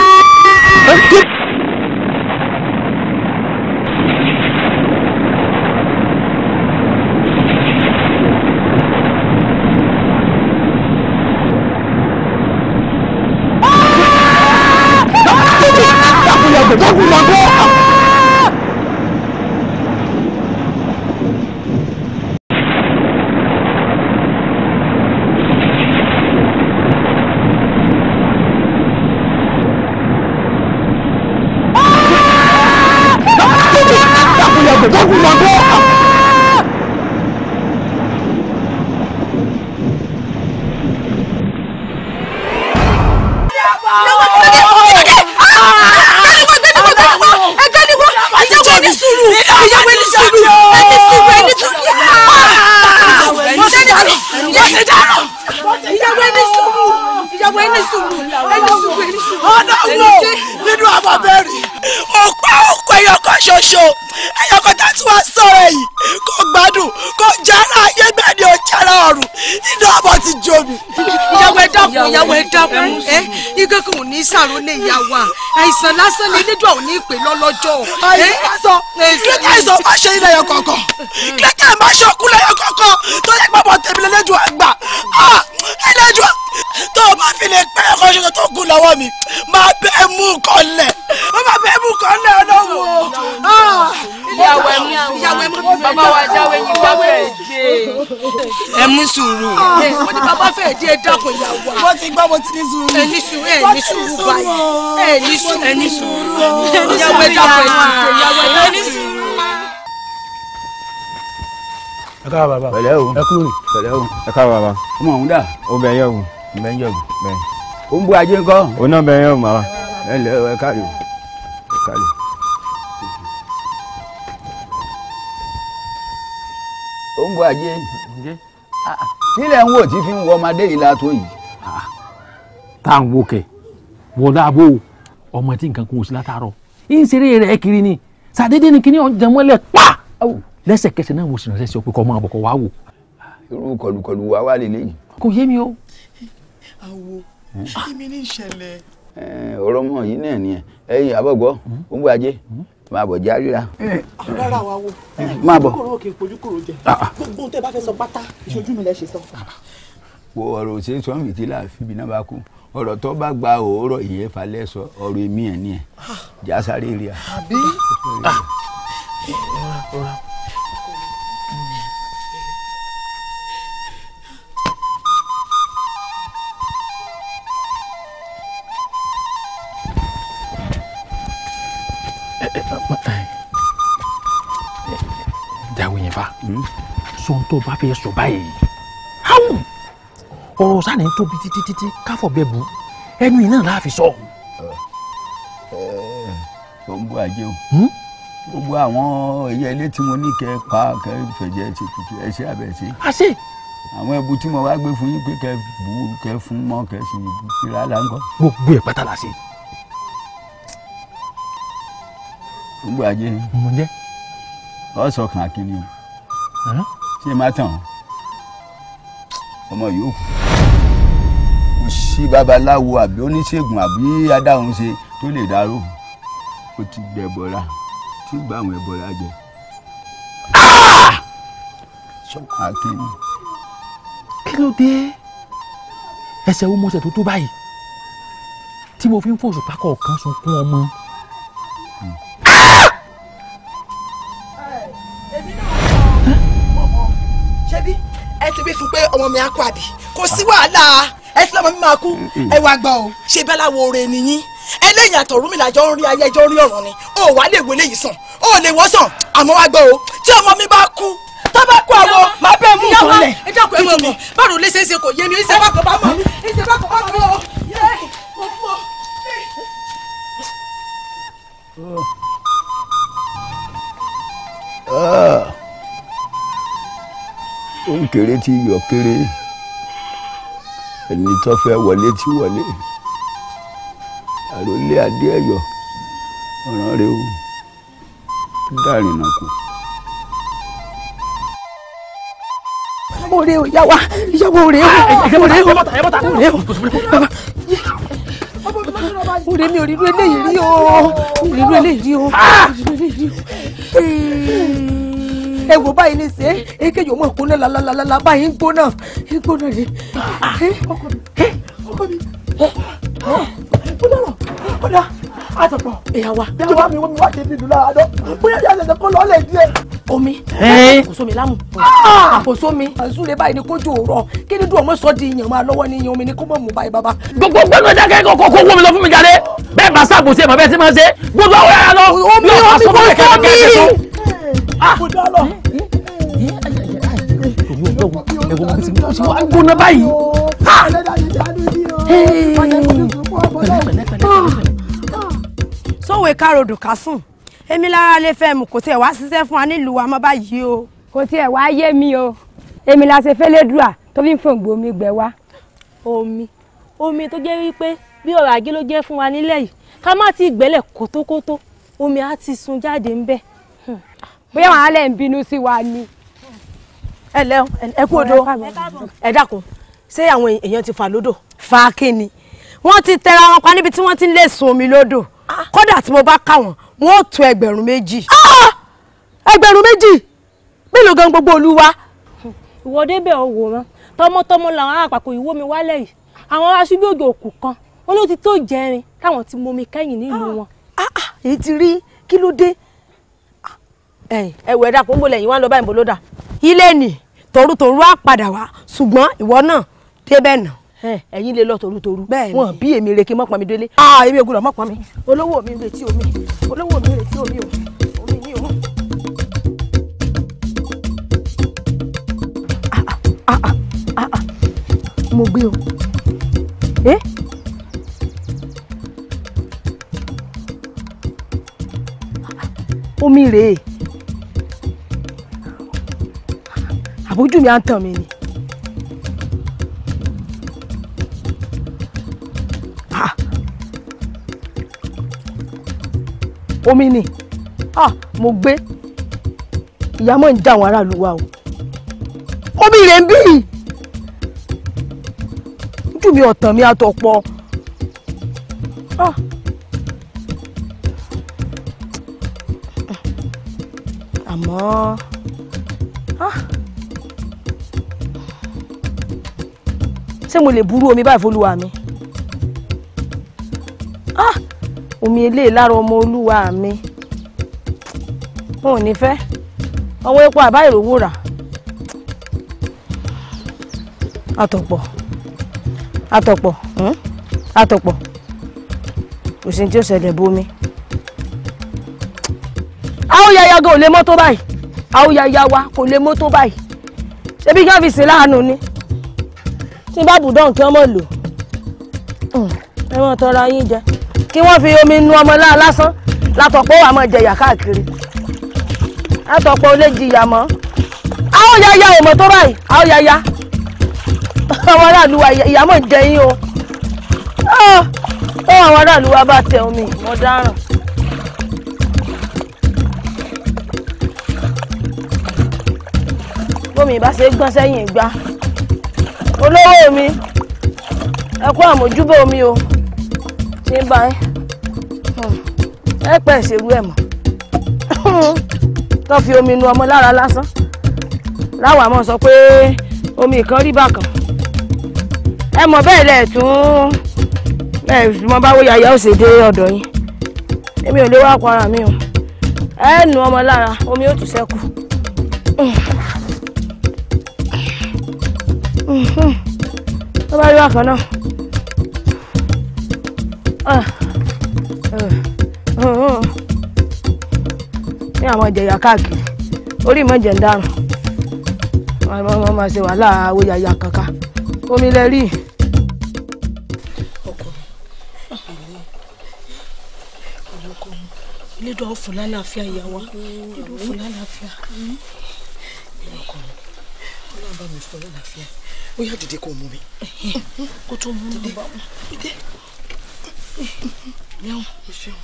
ọlọ́run ò ní sàrólé ìyá wa àìsàn lásán ni elédùn àwọn ní ìpè lọ́lọ́jọ́. àìsàn kílẹ̀kẹ́ àìsàn má kílẹ̀kẹ́ má ṣe ọkùnrin yọkọ̀ tó yẹ pàpọ̀ tèmi lẹ́lẹ́dùn àgbà ẹlẹ́dùn tó o bá fi lè pẹ́ ẹ̀kọ́ ṣe tó gùn lọ́wọ́ mi máa bẹ́ẹ̀ mú nǹkan lẹ̀ ó máa bẹ́ẹ̀ mú nǹkan lẹ̀ ọlọ́run o. ìyàwó ẹ̀ mú bàbá wa jáwé yín wá bẹ̀ẹ́ dé ẹ mú sùúrù. mo ah. ní bàbá fẹ́ di ẹ dákun ìyá wa. mo ti gbọ́ mo ti ní sùúrù. ẹ ní sùúrù ẹ ní sùúrù báyìí ẹ ní sùúrù ẹ ní sùúrù ìyàwó ẹ dákun ìyàwó ẹ ní sùúrù. ẹ ká bàbá pẹ̀lẹ́ o ẹ kúrò pẹ̀lẹ́ o ẹ ká bàbá ọmọ òun dà ó bẹ yẹ o bẹ yẹ o bẹ. ó ń bu ajé ńkọ́. òun náà bẹ yẹ o màá ẹ lẹ ẹ káàdì lẹ̀ ń wò tí fi ń wọ ọmọdé yìí látó yìí. Ah, tá à ń wo kẹ wọdà àbò ọmọ tí nǹkan kún oṣù látàárọ̀ ìṣeré rẹ kiri ni sàdédé ni kíní ọjà mọ́lẹ̀ pa lẹ́sẹ̀kẹsẹ̀ náà mo sì ránṣẹ́ sí ọ kọ ọmọ àbọkọ wàá wò. irú kọlùkọlù wa wà lélẹyìn. kò yé mi o. àwo hmm? kí mi ní ìṣẹ̀lẹ̀. Eh, ọ̀rọ̀ mọ̀ yìí náà ni ẹ̀yin àbọ̀gbọ́ hmm? ó ń ajé hmm? máa bọ̀ járí ra. Eh, rárá wa wo máa bọ̀ kòkòrò òkè ìpojúkòrò jẹ ah, ah. gbogbo tẹ bá fẹ́ sọ pátá ìṣojú mi lẹ ṣe sọ. wo ọ̀rọ̀ òṣèré sọ́n fìtí là náà bá kú ọ̀rọ̀ tó bá gba òórọ̀ ìyẹn falẹ̀ sọ ọ̀rọ̀ èmi ẹ̀ ní ẹ̀ ah. jásáré rí a. àbí ọ̀rọ̀ eh, ọ̀rọ̀. sọ ohun tó bá fẹ́ sọ báyìí háwù ọ̀rọ̀ sani tóbi títí títí káfọ̀ bẹ́ẹ̀ bu ẹnu iná la fi sọ. gbogbo àjẹ o hmm? gbogbo àwọn ẹyẹ ilé tí mo ní kẹ pa kẹ fẹjẹ ti tutù ẹ ṣe abẹ ṣe. a ṣe. àwọn ẹbu tí mo wá gbé fún yín pé kẹ bu kẹ fún mọ kẹ sì fira láńkọ. gbogbo ẹ pátá la ṣe. gbogbo àjẹ. mo jẹ. ọ̀sọ̀ kan kí ni ṣé má tàn ọmọ yòó kò sí babaláwo àbí oníṣègùn àbí adáhunṣe tó lè dárò ó ti gbẹ bọra tí gbà àwọn ẹbọra jẹ. akéwì. Ah! kí ló dé ẹsẹ̀ wo mọ̀ọ́sẹ̀ tó tó báyìí tí mo fi ń fòṣùpá kọ̀ọ̀kan sunkún ọmọ. wí fún pé ọmọ mi á kú àbí kò sí wàhálà ẹ ti lọ́mọ mi máa kú ẹ wá o ṣe báláwo oore nìyí ẹlẹ́yìn àtọ̀rún mi ń rí ayé ẹjọ́ rí ọ̀run ni ó wàá lè wọlé yìí sàn ó lè wọ́ sàn àmọ́ wá gbọ́ o tí ọmọ mi bá kú tó bá kú àwọn máa bẹ́ẹ̀ mú nǹkan lẹ̀. ẹ dákun ẹ báwo lè ṣe é ṣe kò yé mi ìṣe bá kò bá mọ̀ ìṣe bá kò bá mọ̀ o yé òun kéré tí yọ kéré ẹni tó fẹ́ wọlé tí wọlé àròlé adé ẹ̀yọ ọ̀ràn rẹ o dárìnà kù. ọ̀rẹ́ o yá wa yá wa ọ̀rẹ́ o ọ̀rẹ́ o ọ̀rẹ́ o mi ò rí irú eléyìí rí o rí irú eléyìí rí o rí irú eléyìí rí o ẹ wò báyìí lè ṣe é kéjì ọmọ ìkúnlẹ̀ làlàlàlà báyìí ń gbóná ń gbóná rè. ọkọ mi ọkọ mi ó dára ó dá àtọ̀pọ̀. wa tó mi wọ́n mi wá ṣe bí ìdúrà bóyá bí àṣẹṣẹ kó lọ́ọ́ lè omi kò sómi lámù ah! kò sómi. àṣùlẹ̀ báyìí ni kójú òrọ̀ kí ni dùn ọmọ sọ di ìyàn máa lọ́wọ́ ní iyan omi ni kó mọ̀ mú báyìí bàbá. gbogbo gbẹ́nu dákẹ́ kókó kó wọ́n mi lọ fún mi jáde bẹ́ẹ̀ bá sáàbù sí ẹ̀ màbẹ́sí máa ṣe gbogbo àwọn ẹ̀yà lọ. omi omi kò sómi mo dá lọ. ẹ̀wọ̀n mo ti mú ọ̀ṣun wa gbóná báyìí. sọ̀wọ́ ìkaròdù ká sùn èmi lára lè fẹ́ mu kò tiẹ̀ wá ṣiṣẹ́ fún wa nílùú wa mọ́ báyìí o. kò tiẹ̀ wá yé mi o èmi la ṣe fẹ́lẹ́ dùà tó fi ń fòǹgbò omi gbẹ wá. omi omi tó jẹ́ wípé bí ọ̀rọ̀ ajé ló jẹ́ fún wa nílẹ̀ yìí ká má ti gbẹ́lẹ̀ kótókótó omi á ti sun jáde ńbẹ̀ bóyá wàá lẹ̀ ń bínú sí wa ni. ẹ lẹ́hìn ẹ kú odò ẹ dákun ṣé àwọn èèyàn ti fà lódò. fa kíni wọ́n ti tẹra wọn pa níbi tí wọ́n ti ń lè sun omi lódò ah. kódà tí mo bá kà wọ́n wọ́n ó tó ẹgbẹ̀rún méjì. Ah! ẹgbẹ̀rún méjì mélòó gan gbogbo olúwa. ìwọ́dé bẹ̀ ọ́ wò wọ́n tọmọtọmọ làwọn àpapọ̀ ìwó mi wálẹ̀ yìí àwọn aṣíbí òjò òkú kan wọn ló ti tó jẹrin káwọn ti momi kẹ́yìn nílùú ah. wọn. èyí ti rí kí ló dé ẹwẹ dà kó ń bò lẹ́yìn wá ń lọ báyìí ń bò ló dà ilé nì torútorú á padà wá ṣùgbọ́n ìwọ náà débẹ̀ nà. ẹ̀yin lè lọ torútorú wọn bí èmi rèké mọ́pọ́n mi délé. a èmi ògùn la mọ́pọ́n mi olówó mi retí omi olówó mi retí omi o omi mi o. mo gbé o. Eh? omi rèé. àbójú mi à ń tàn mí ni. Ah. omi ni ah mo gbé ìyá mọ̀ ń dá àwọn aráàlú wa o omi rẹ̀ ń bí ojú mi ọ̀tàn mi àtọ̀pọ̀ ah. àmọ́ ah. ṣé mo lè burú omi báyìí fọlùwà mi ah! omi eléyìí lára ọmọ olúwa mi wọn ò ní fẹ́ ọwọ́ epo àbá ìrówó rà àtọ̀pọ̀ àtọ̀pọ̀ àtọ̀pọ̀ hmm? òsín tí ó ṣẹlẹ̀ bómi àwòyáyá gan ò lè mọ́tò báyìí àwòyáyá wa kò lè mọ́tò báyìí ṣebí kí wọ́n fi láàánú ni tí bá bùdọ̀ nǹkan mọ̀ lò hmm, ẹ mọ̀ tọrọ yín jẹ kí wọ́n fi omi nu ọmọ náà lásán látọ̀pọ̀ wà mọ̀ jẹyà káàkiri látọ̀pọ̀ olè jìyà mọ́ àwọn yaya ò mọ̀ tó báyìí àwọn yaya àwọn aráàlú wa ìyà mọ̀ jẹ yín o tó ah, àwọn aráàlú wa bá tẹ omi mo dáràn. gómìnà bá ṣe gbọ́n sẹ́yìn gbá olówó mi ẹ kú àmójúbò mi o ní báyìí hmm. ẹ pẹ́ ìṣerú ẹ̀ mọ́ tó fi omi nu ọmọ lára lásán láwa mọ̀ sọ pé omi kan rí bákan ẹ mọ̀ bẹ́ẹ̀ lẹ̀ tún ẹ mọ báwo yàyà ó ṣe dé ọ̀dọ̀ yín èmi ò lè wá pa ara mi o ẹ nu ọmọ lára omi ó tún ṣẹ́kù. Hmm tó bá rí bákan náà. Ah. Ah. Ah. ní àwọn ìjẹyà káàkiri orí ìmọ̀jẹ̀ ń dáràn ọmọ máa ṣe wàhálà awòyàyà kankan omi lẹ rí. Elédùà ó fún lálàáfíà ìyàwó Elédùà ó fún lálàáfíà mm-hmm. ọlọ́run bá mi fún lálàáfíà ó yá dìde kó mú mi. kó tó mú mi bá mú dìde. yẹ́wọ̀n o ṣeun.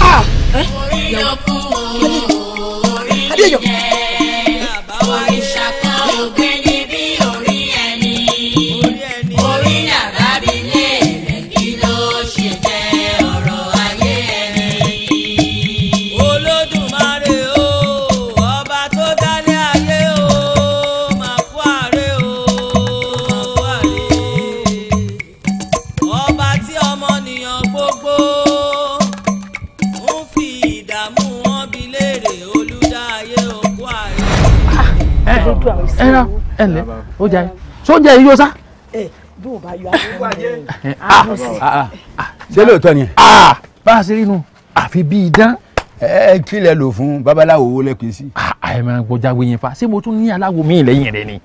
Ah! Ah! adéyọ. ẹ̀rọ ẹ̀lẹ́ ó jẹ́ sóúnjẹ yìí yóò sá. Eh, bí o bá yọ àwọn ọmọ rẹ. ṣé lóòótọ́ ni. Ah, bá a ṣe rí nu àfi bíi dán ẹ kí lẹ lò fún babaláwo wo lẹ pín sí. àìmọ̀ ah, ah, gbọ́jáwé yẹn fa ṣé mo tún ní aláwo mi lẹ́yìn rẹ ni.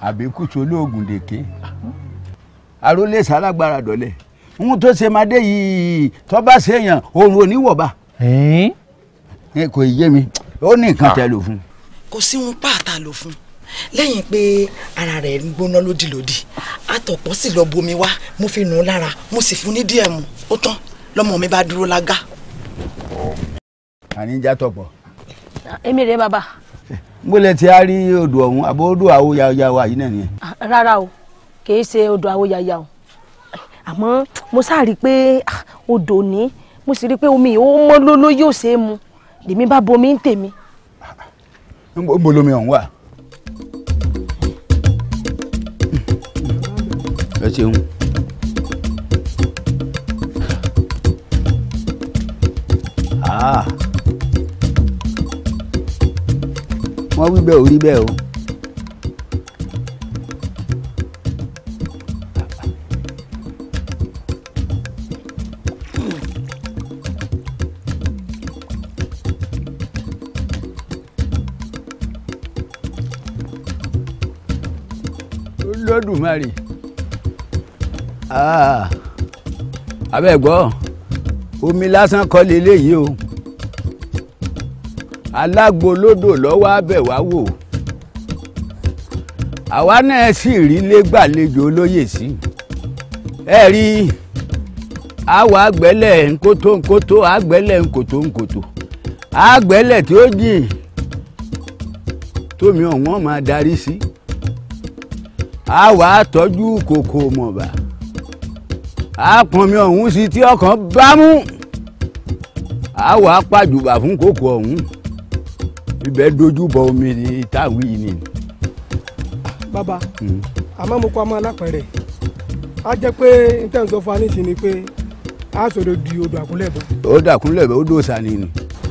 àbíkútù olóògùn dèké arólé sálágbára dọ̀lẹ́ ohun tó ṣe máa dé yìí tó bá ṣèyàn òun ò ní wọ̀ bá. kò yé mi ó ní nǹkan ah. tẹ lò fún. kò sí ohun pàtà lò fún lẹ́yìn pé ara rẹ̀ ń gbóná lódìlódì àtọ̀pọ̀ sì lọ bomi wá mo fi nù ú lára mo sì fún ní díẹ̀ mu ó tán lọ́mọ mi bá dúró lága. àníjà tọpọ. èmi rèé bàbá. mo lè ti rí odò ọ̀hún àbó odò àwo yàwó yìí náà ah, rárá o kì í ṣe odò àwo yàyà o àmọ́ mo sáà rí i pé ah, odò ní mo sì rí i pé omi yìí mọ́ lóló yóò ṣe é mu lèmi bá bomi ń tèmi. ń bo lomi ọ̀hún wà. ẹ ṣeun. Ah. wọ́n wí bẹ́ẹ̀ ò rí bẹ́ẹ̀ o. Elédùmarè ah. abẹ́ gbọ́ omi lásán kọ́ leléyìí o alágbolódò lọ́wọ́ abẹ̀ wá wò àwa náà sì rí lé gbàlejò olóyè sí ẹ rí àwa àgbẹ̀lẹ̀ nkótó nkótó àgbẹ̀lẹ̀ nkòtó nkòtó àgbẹ̀lẹ̀ tí ó jìn tómi ọ̀wọ́n máa darí sí. Si a wàá tọ́jú kòkò mọ̀bà a pọnmi ọ̀hún sí tí ọkàn bámú a wàá pàjùbà fún kòkò ọ̀hún ibẹ̀ dojú bọ omi táwí ni. bàbá hmm. àmọ́ mo kọ́ ọmọ alápẹ̀rẹ̀ a jẹ́ pé ntẹ́ sọ fún anísìn ni pé a sọ̀rọ̀ di odò àkúnlẹ̀bọ̀. odò àkúnlẹ̀bọ̀ odò sani ni.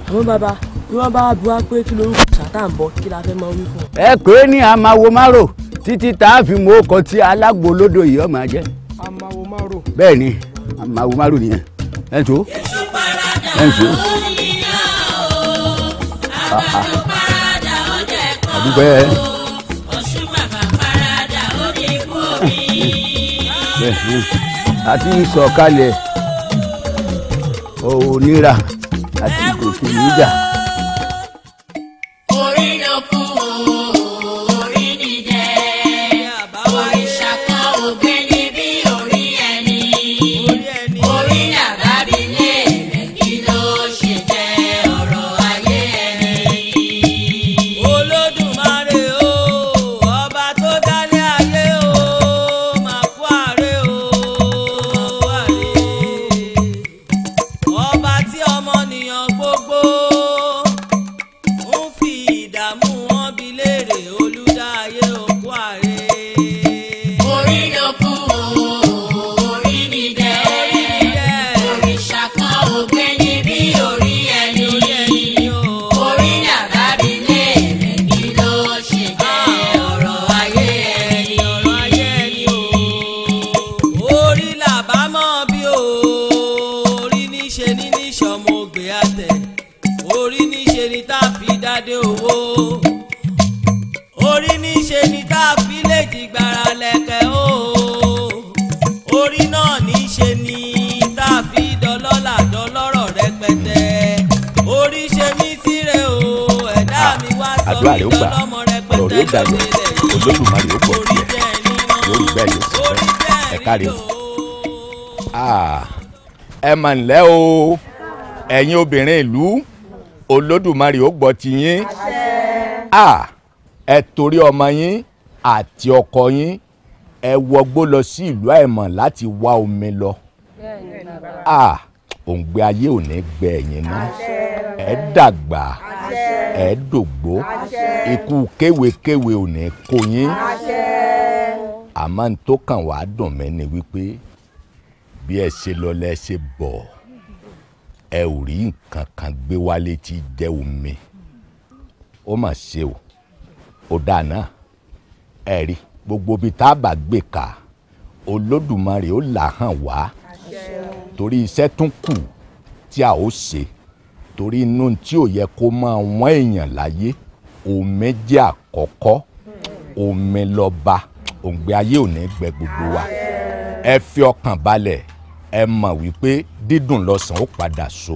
àwọn bàbá bí wọ́n bá bu wá pé kí lorúkọ sàtà ń bọ̀ kí la fẹ́ máa wí fún. ẹ pé ní àmàwo márò títí tá a fi mú ọkọ tí alágbo yìí ọmọ ajẹ. amawo maro. bẹ́ẹ̀ ni amawo maro nìyẹn ẹ tó ẹ tó. àdúgbò ẹ. àti ìsọ̀kalẹ̀ òníra àti ìgòkè níjà. ẹ mà ǹlẹ́ o ẹ̀yin obìnrin ìlú olódùmarè ó gbọ́ ti yín a ẹ torí ọmọ yín àti ọkọ yín ẹ wọgbó lọ sí ìlú àìmọ̀ láti wá omi lọ a òǹgbẹ ayé ò ní gbẹ ẹ̀yìn náà ẹ dàgbà ẹ dògbó ikú kéwékéwé ò ní kó yín àmọ́ n tó dùn mí ni wípé bí ẹ ṣe lọ lẹ ṣe bọ̀ ẹ ò rí nǹkan kan gbé wálé tí jẹ́ omi ó mà ṣe o ò dáa náà ẹ rí gbogbo ibi tá a bá gbé ka olódùmarè ó là hàn wá torí iṣẹ́ tún kù tí a ó ṣe torí inú tí ò yẹ kó máa wọ́n èèyàn láyé omi jẹ́ àkọ́kọ́ omi lọ́ba òǹgbẹ ayé ò ní gbẹ gbogbo wa ẹ fi ọkàn balẹ̀ ẹ mọ̀ wípé dídùn lọ́sàn ó padà so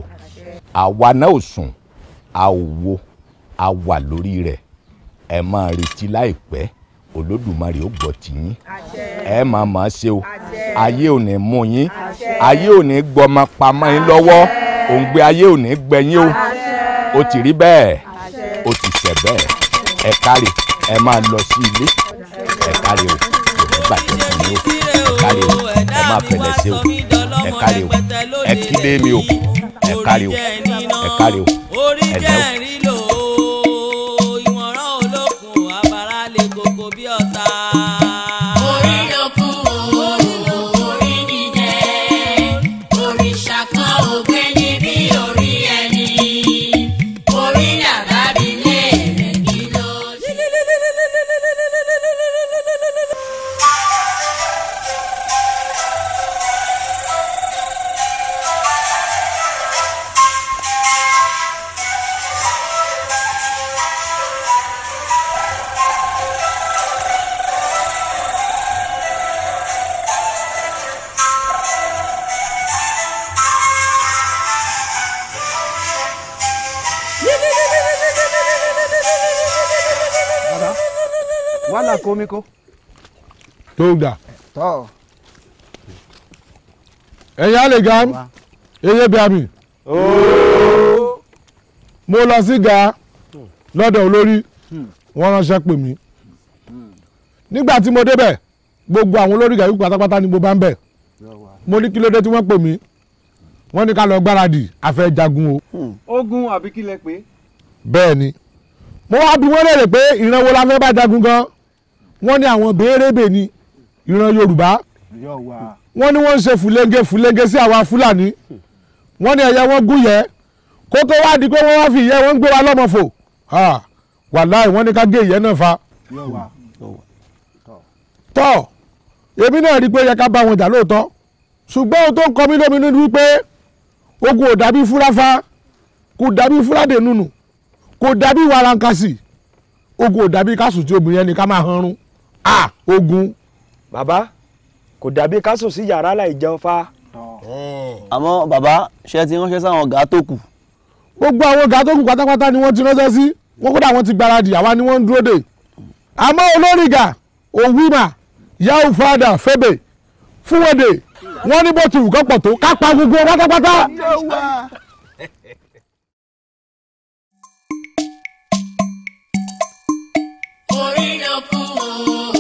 àwa náà ò sùn a ò wo a wà lórí rẹ̀ ẹ máa retí láìpẹ́ olódùmarè ó gbọ́ tìyín ẹ máa máa ṣe o ayé ò ní mú yín ayé ò ní gbọmọ pamọ́ yín lọ́wọ́ òǹgbẹ ayé ò ní gbẹ̀yìn o ó ti rí bẹ́ẹ̀ ó ti ṣe bẹ́ẹ̀ ẹ káre ẹ máa lọ sí ilé ẹ káre o kò ní bàjẹ́ fún yín o ẹ káre o ẹ máa fẹlẹ̀ ṣe o ẹ káre o ẹ kílé mi o ẹ káre o ẹ káre o ẹ lẹ́wọ̀. cómico. tó gbà. tọ́. ẹ̀yin á lè ga eye bí àmì. mo lọ sí ga lọ́dọ̀ olórí hmm. wọ́n ránṣẹ́ pè mí. Hmm. nígbà tí mo débẹ̀ gbogbo àwọn olórí gàrí pátápátá ni mo bá ń bẹ̀ mo ní kí ló dé tí wọ́n pè mí wọ́n ní ká lọ gbáradì jagun o. Hmm. ogun àbí kí lẹ pé. bẹ́ẹ̀ ni mo wá bí wọ́n léèrè pé ìran la fẹ́ bá jagun gan wọ́n ní àwọn béèrèbè ni ìran yorùbá wọ́n ní wọ́n ń ṣe fùlẹ́ńgé fùlẹ́ńgé sí àwa fúlàní wọ́n ní ẹ̀yà wọn gúnyẹ́ kókó wá di pé wọ́n wá fi ìyẹ́ wọn ń gbé wa lọ́mọ fò wàláì wọ́n ní ká gé ìyẹ́ náà fa tọ́ èmi náà rí i pé yẹ ká bá wọn jà lóòótọ́ ṣùgbọ́n ohun tó ń kọ mí lómi nínú wípé ogun ò dàbí fúráfá kò dàbí fúrádé kò dàbí wàràǹkàsì ogun ò dàbí kásùn obìnrin ẹni ká máa hanrun a ogun baba, kò dàbí ká sùn sí yàrá láì jẹun fa. àmọ́ bàbá ṣe ti ránṣẹ́ sáwọn ọ̀gá tó kù. gbogbo àwọn ọ̀gá tó kù pátápátá ni wọ́n ti ránṣẹ́ sí wọ́n kódà wọ́n ti gbáradì àwa ni wọ́n ń dúró dè. àmọ́ olórí gà òwúmà yahoo fada fẹ́bẹ̀ fúwẹ́dẹ̀ wọ́n ní bó ti wù kọ́pọ̀ tó ká gbogbo pátápátá. orí ló kú o.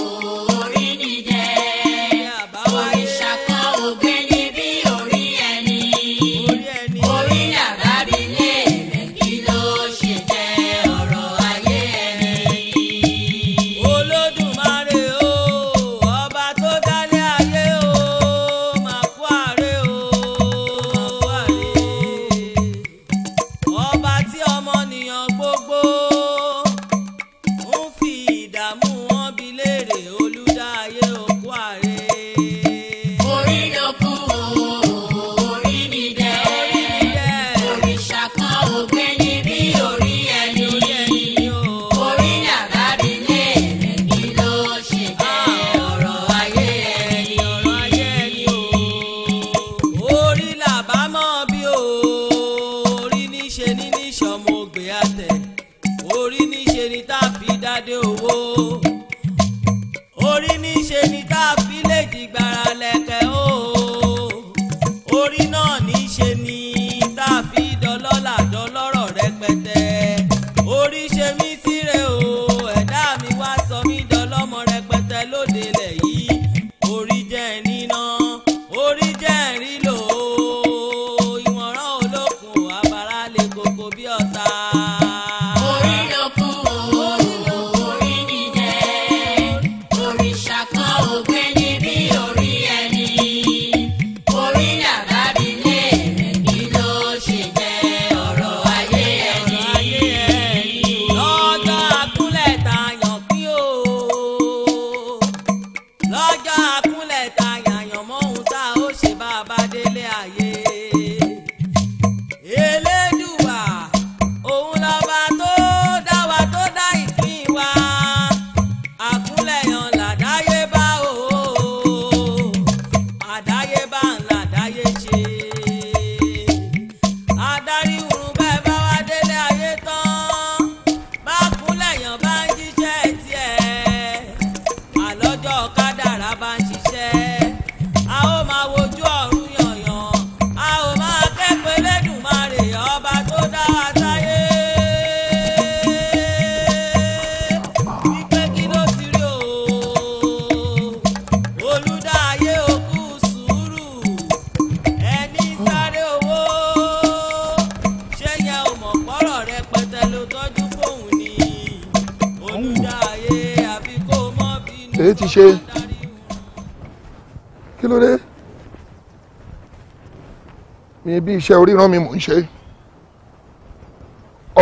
ibi iṣẹ́ oríran mi mò ń ṣe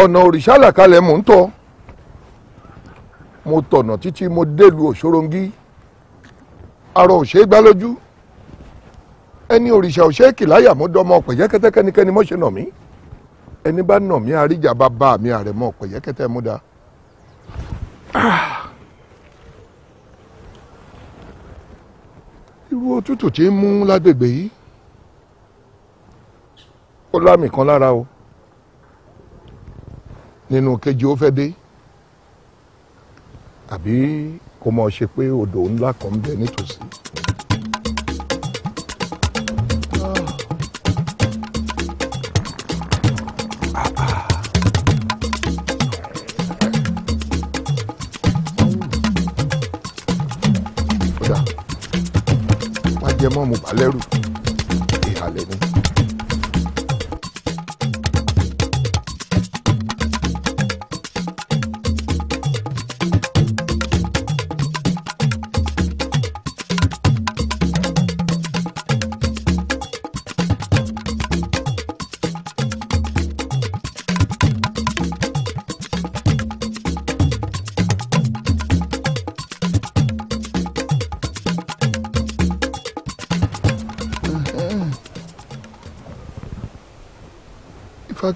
ọ̀nà òrìṣà làkalẹ̀ mò ń tọ̀ mo tọ̀nà títí mo délùú òṣòrongí arọ òṣè gbá lójú ẹni òrìṣà òṣè kìláyà mo dọ́mọ pẹ̀yẹ́ kẹ́tẹ́kẹ́nikẹ́ni mọ́ ṣe nà mí ẹni bá nà mí àríjà bá bá mi àrẹ̀mọ pẹ̀yẹ́ kẹ́tẹ́ mú da. Ah! irú òtútù tí ń mú lágbègbè yìí ó lámì kan lára o nínú kejì ó fẹ́ dé àbí kò mọ̀ ṣe pé odò ńlá kan bẹ nítòsí. jẹ mo bà lẹ́rù ìhàlẹ̀ ni.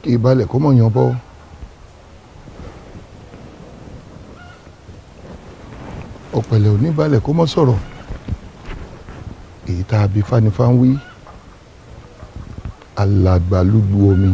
kì í balẹ̀ kó mọ̀ yàn bọ́. ọ̀pẹ̀lẹ̀ ò ní balẹ̀ kó mọ̀ sọ̀rọ̀ èyí tá a bí fanifá ń wí alàgbàlúgbú omi.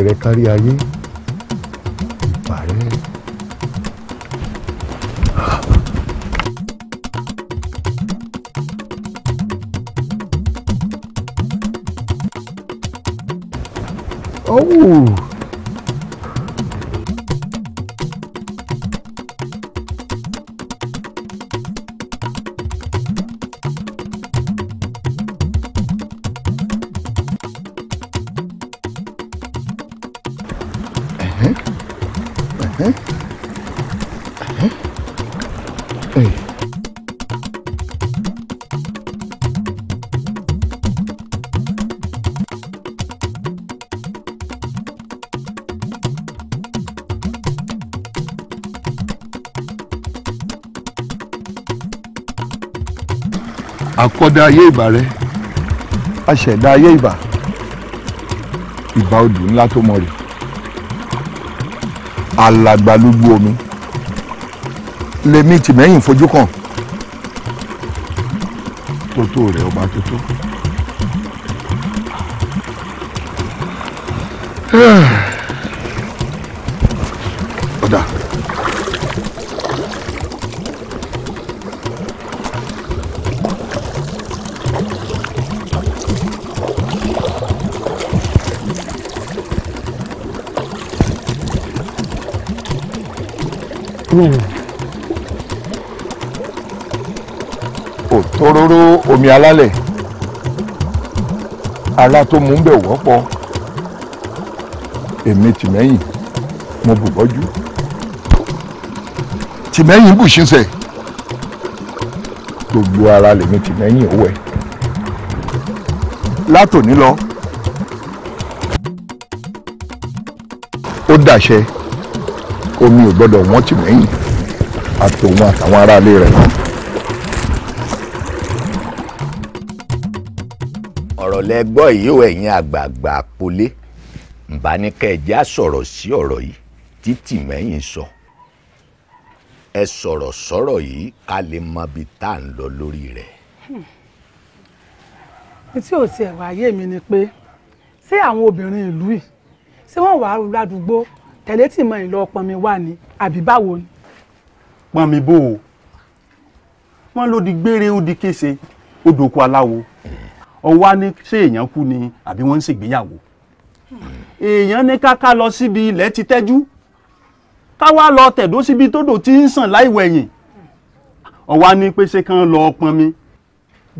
de estar allí da ayé ìbà rẹ a ṣẹ̀dá ayé ìbà ìbà odò ńlá tó mọ rè alàgbà ló gbú omi lèmi tìmẹ́yìn fojú kàn tótó rẹ̀ ọba tótó. òtòróró omi alálẹ̀ ara tó mú bẹ̀ wọ́pọ̀ èmi tìmẹ́yìn mo bù bọ́jú tìmẹ́yìn bù ṣiṣẹ́ gbogbo ara lèmi tìmẹ́yìn ó wẹ̀ látòní lọ ó dàṣẹ omi ò gbọ́dọ̀ wọ́n tì mẹ́yìn àtòun àtàwọn aráalé rẹ̀ náà. ọ̀rọ̀ lẹ gbọ́ yìí ó ẹ̀yin àgbààgbà àpolé ǹbá já sọ̀rọ̀ sí ọ̀rọ̀ yìí títì mẹ́yìn sọ ẹ sọ̀rọ̀ sọ̀rọ̀ yìí ká lè mọ ibi tá à ń lọ lórí rẹ̀. etí ò tiẹ̀ wáyé mi ni pé ṣé àwọn obìnrin ìlú yìí ṣé wọ́n wàá rú tẹ̀lé tì mọ́ ìlọ pọnmi wà ní àbí báwo ni. pọnmi bò ó wọn ló di gbére ó di kése ó dòkú aláwo ọwọ́ á ní ṣé èèyàn kú ni àbí wọ́n ń ṣègbéyàwó èèyàn ní káká lọ síbi ilẹ̀ ti tẹ́jú káwá lọ tẹ̀dó síbi tódò tí ń sàn láì wẹ̀yìn ọ̀wá ní pé ṣé lọ pọnmi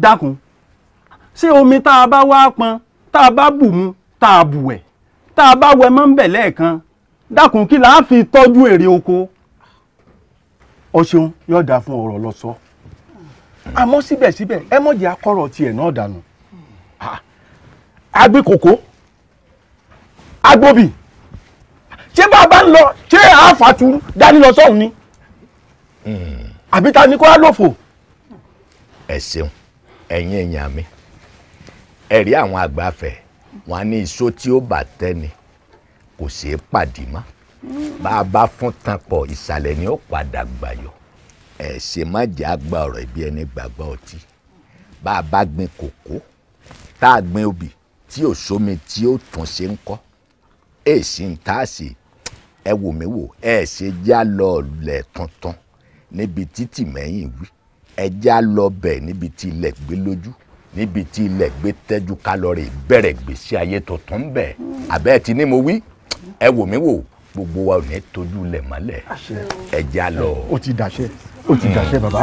dákun ṣé omi tá a bá wá pọn tá a bá bù mu tá a bù wẹ̀ tá a bá wẹ̀ mọ́ ń bẹ̀ lẹ́ẹ̀kan dákun kí la fi tọ́jú èrè oko o ṣeun yóò dáa fún ọ̀rọ̀ lọ sọ àmọ́ síbẹ̀síbẹ̀ ẹ mọ̀jẹ̀ akọ́rọ̀ tiẹ̀ náà dànù agbé kòkó agbóbì ṣé bá a bá ń lọ ṣé àáfàtú dání lọ sọ́hún ni hmm. àbí ta ni kó a lòfò. ẹ ṣeun ẹ̀yin èèyàn mi ẹ̀rí àwọn àgbàfẹ́ wọn á ní iṣó tí ó bà tẹ́ni kò ṣeé pàdé mọ́ bá a bá fún tan pọ̀ ìsàlẹ̀ ni ó padà gbàyọ̀ ẹ̀ ṣe má jẹ́ àgbà ọ̀rọ̀ ibi ẹni gbàgbọ́ ọtí bá a bá gbin kòkó tá a gbin obì tí ò sómi tí ó tún ṣe ń kọ́ èsì ń tá a ṣe ẹ wò mí wò ẹ ṣe já lọ ọ̀lẹ̀ tuntun níbi títì mẹ́yìn wí ẹ já lọ bẹ̀ níbi tí ilẹ̀ gbé lójú níbi tí ilẹ̀ gbé tẹ́jú kálọ̀rì bẹ̀rẹ̀ gbèsè ayé tuntun bẹ̀ àbẹ́ẹ̀ ti ní mo wí ẹ wò mí wò gbogbo wa ò ní tójú lẹ̀ mọ́lẹ̀ ẹ já lọ. ó ti dàṣẹ ó ti dàṣẹ bàbá.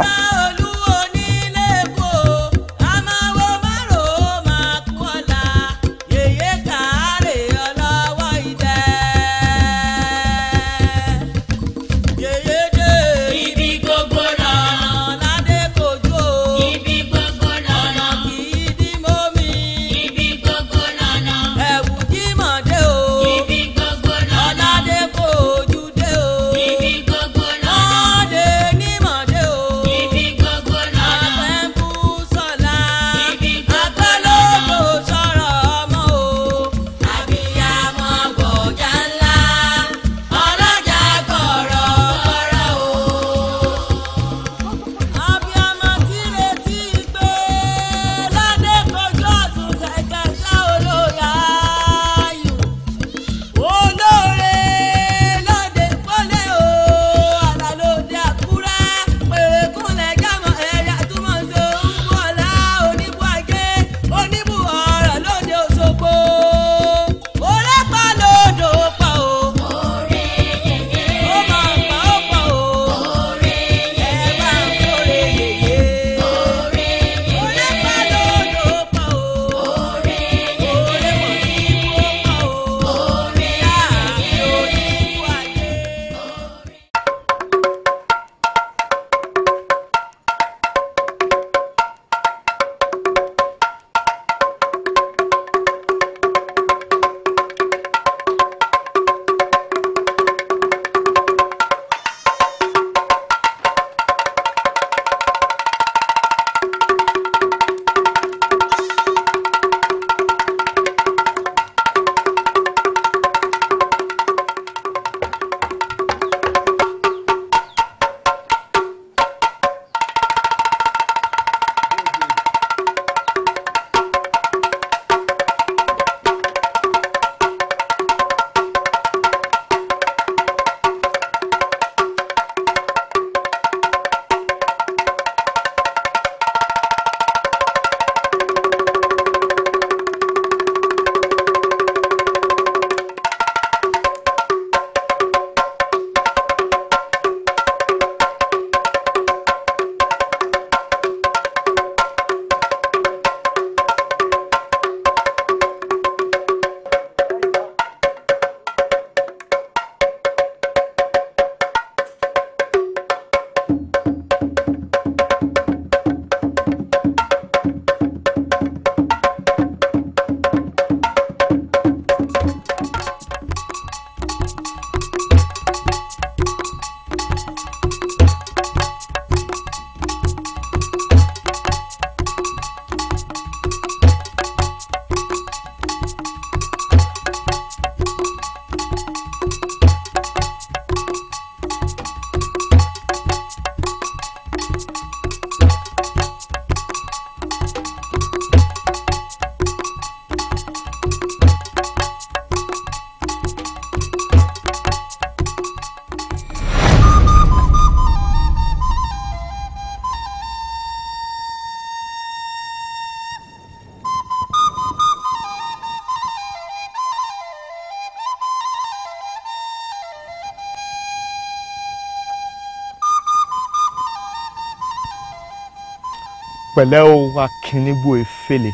pẹ̀lẹ́ o akínnígbò efele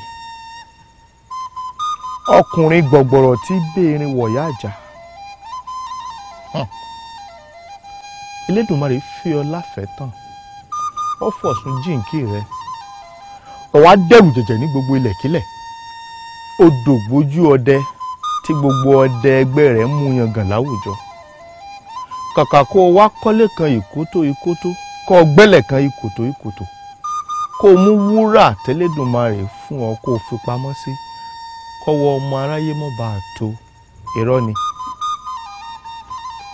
ọkùnrin gbọ̀gbọ̀rọ̀ tí béèrè wọ̀yá àjà elédùnmarè fi ọlá fẹ́ tán ó fọ̀sùn jíǹkì rẹ ọ̀wá dẹ̀rù jẹ̀jẹ̀ ní gbogbo ilẹ̀kílẹ̀ ó dògbójú ọdẹ tí gbogbo ọdẹ ẹgbẹ́ rẹ̀ mú yangàn láwùjọ kàkà kó o wá kọ́lé kan ìkótó ìkótó kọ́ gbẹ́lẹ̀ kan kó o mú wúrà tẹ́lẹ̀dùnmarè fún ọ kó o fi pamọ́ sí kọ́wọ́ ọmọ aráyé mọ́ bá a tó irọ́ ni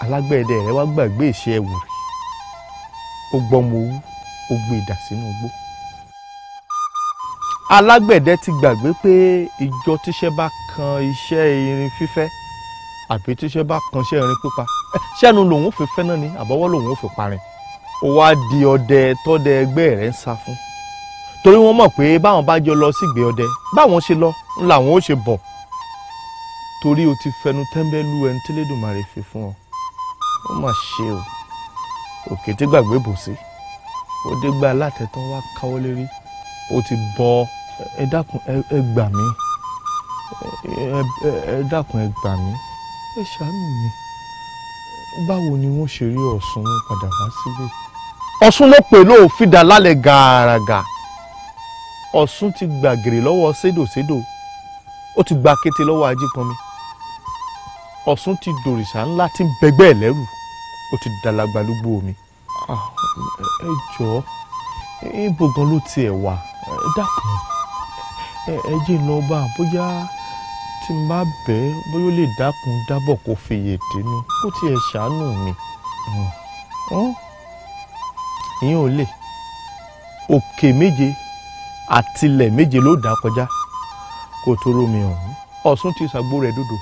alágbẹ̀dẹ rẹ wá gbàgbé ìṣe ẹ̀wù rẹ̀ ó gbọ́mọ owú ó gbé idà sínú igbó alágbẹ̀dẹ ti gbàgbé pé ìjọ tíṣẹ́ bá kan iṣẹ́ irin fífẹ́ àbí tíṣẹ́ bá kan iṣẹ́ irin pípa ṣẹ́nu lòun ò fi fẹ́ náà ni àbọ̀wọ́ lòun ò fi parin ó wá di ọdẹ tọ́dẹ ẹgbẹ́ rẹ̀ ń sá fún torí wọ́n mọ̀ pé báwọn bá jọ lọ sígbè ọdẹ báwọn ṣe lọ làwọn ó ṣe bọ̀ torí o ti fẹnu tẹ́ńbẹ́lú ẹni tẹ́lẹ́dùmarè fi fún ọ ó mà ṣe o òkè tí gbàgbé bò sí ó dé gba alátẹ̀tàn wá káwọ́ lérí ó ti bọ ẹ dákun ẹ gbà mí ẹ dákun ẹ gbà mí ẹ ṣàánú mi báwo ni wọ́n ṣe rí Ọ̀ṣun padà wá sílé Ọ̀ṣun ló pè ló fi dà gàràgà ọ̀ṣun ti gbàgèrè lọ́wọ́ sédòsédò ó ti gba kété lọ́wọ́ ajípọnmi ọ̀ṣun ti dòrìṣà ńlá tí ń bẹgbẹ́ ẹ̀ lẹ́rù ó ti dàlágbà lúgbó omi. Ah, ẹ jọ̀ọ́ ibo gan ló tiẹ̀ wà dákun ẹ jẹ́ lọ bá a bóyá tí n bá bẹ́ẹ̀ bóyá ó lè dákun dábọ̀ kó fìyè dénú kó tiẹ̀ ṣàánú mi. Hmm. ìyẹn ò lè òkè méje àtilẹ̀ méje ló dà kọjá kó tó rómi ọ̀hún ọ̀sùn ti ṣàgbó rẹ̀ dòdò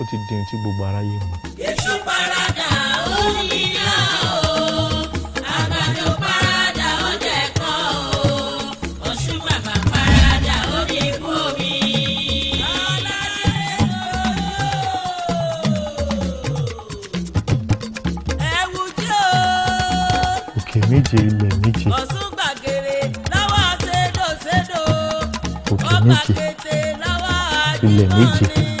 ó ti dìrín tí gbogbo aráyé mu. èso parada ó méje ilẹ̀ méje.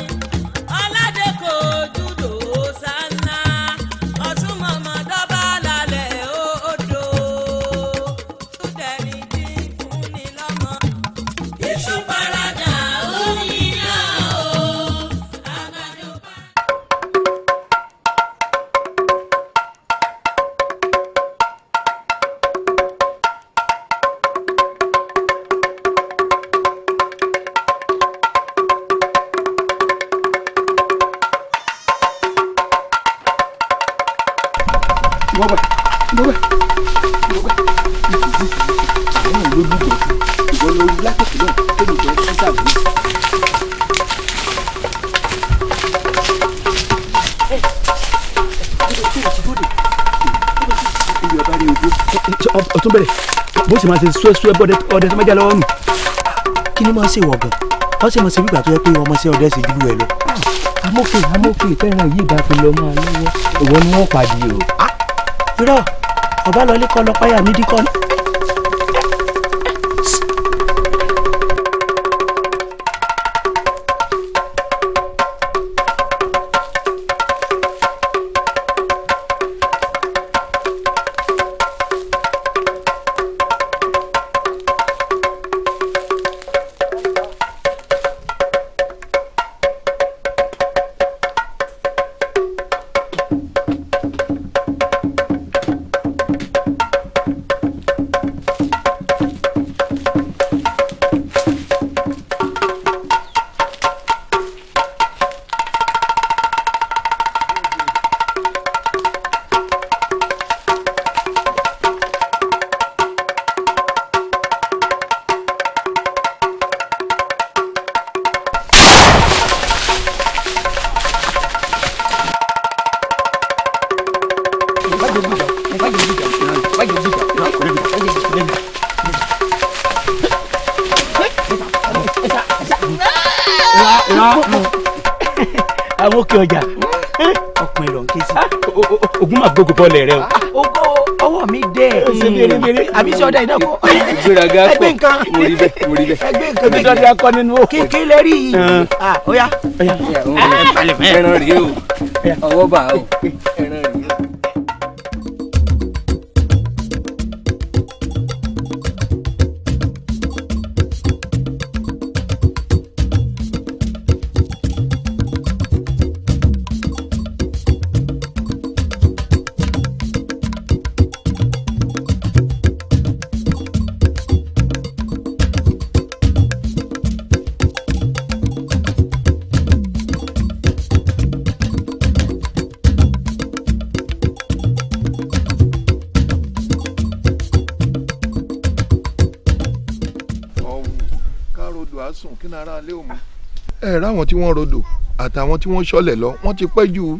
máa ṣe sọ́ọ́sọ́ ẹ bọ́dẹ ọdẹ tó máa jà lọ́wọ́ nù. kí ni máa ṣe wọ̀ gan wọ́n sì máa ṣe bígbà tó yẹ pé ọmọ sí ọdẹ ṣe jùlọ ẹ lọ. amókè amókè fẹ́ràn yìí bá fi lọ máa lọ́wọ́ ìwọ ni wọ́n pàdé o. Ah! irọ́ ọba lọlé kọ́ lọ páyà mídí kọ́ náà. sí ọ̀dà iná kọ́. ìgbéraga pọ̀ ẹgbẹ́ nǹkan mo rí bẹ́ẹ̀ mo rí bẹ́ẹ̀. ẹgbẹ́ nǹkan bẹ́ẹ̀ nítorí akọ nínú òkè. kí lè rí yìí. Ah. Ah, ó yá. ẹran rèé o ọwọ́ bá o. ráwọn tí wọ́n rodò àtàwọn tí wọ́n ṣọlẹ̀ lọ wọ́n ti pẹ́ jù.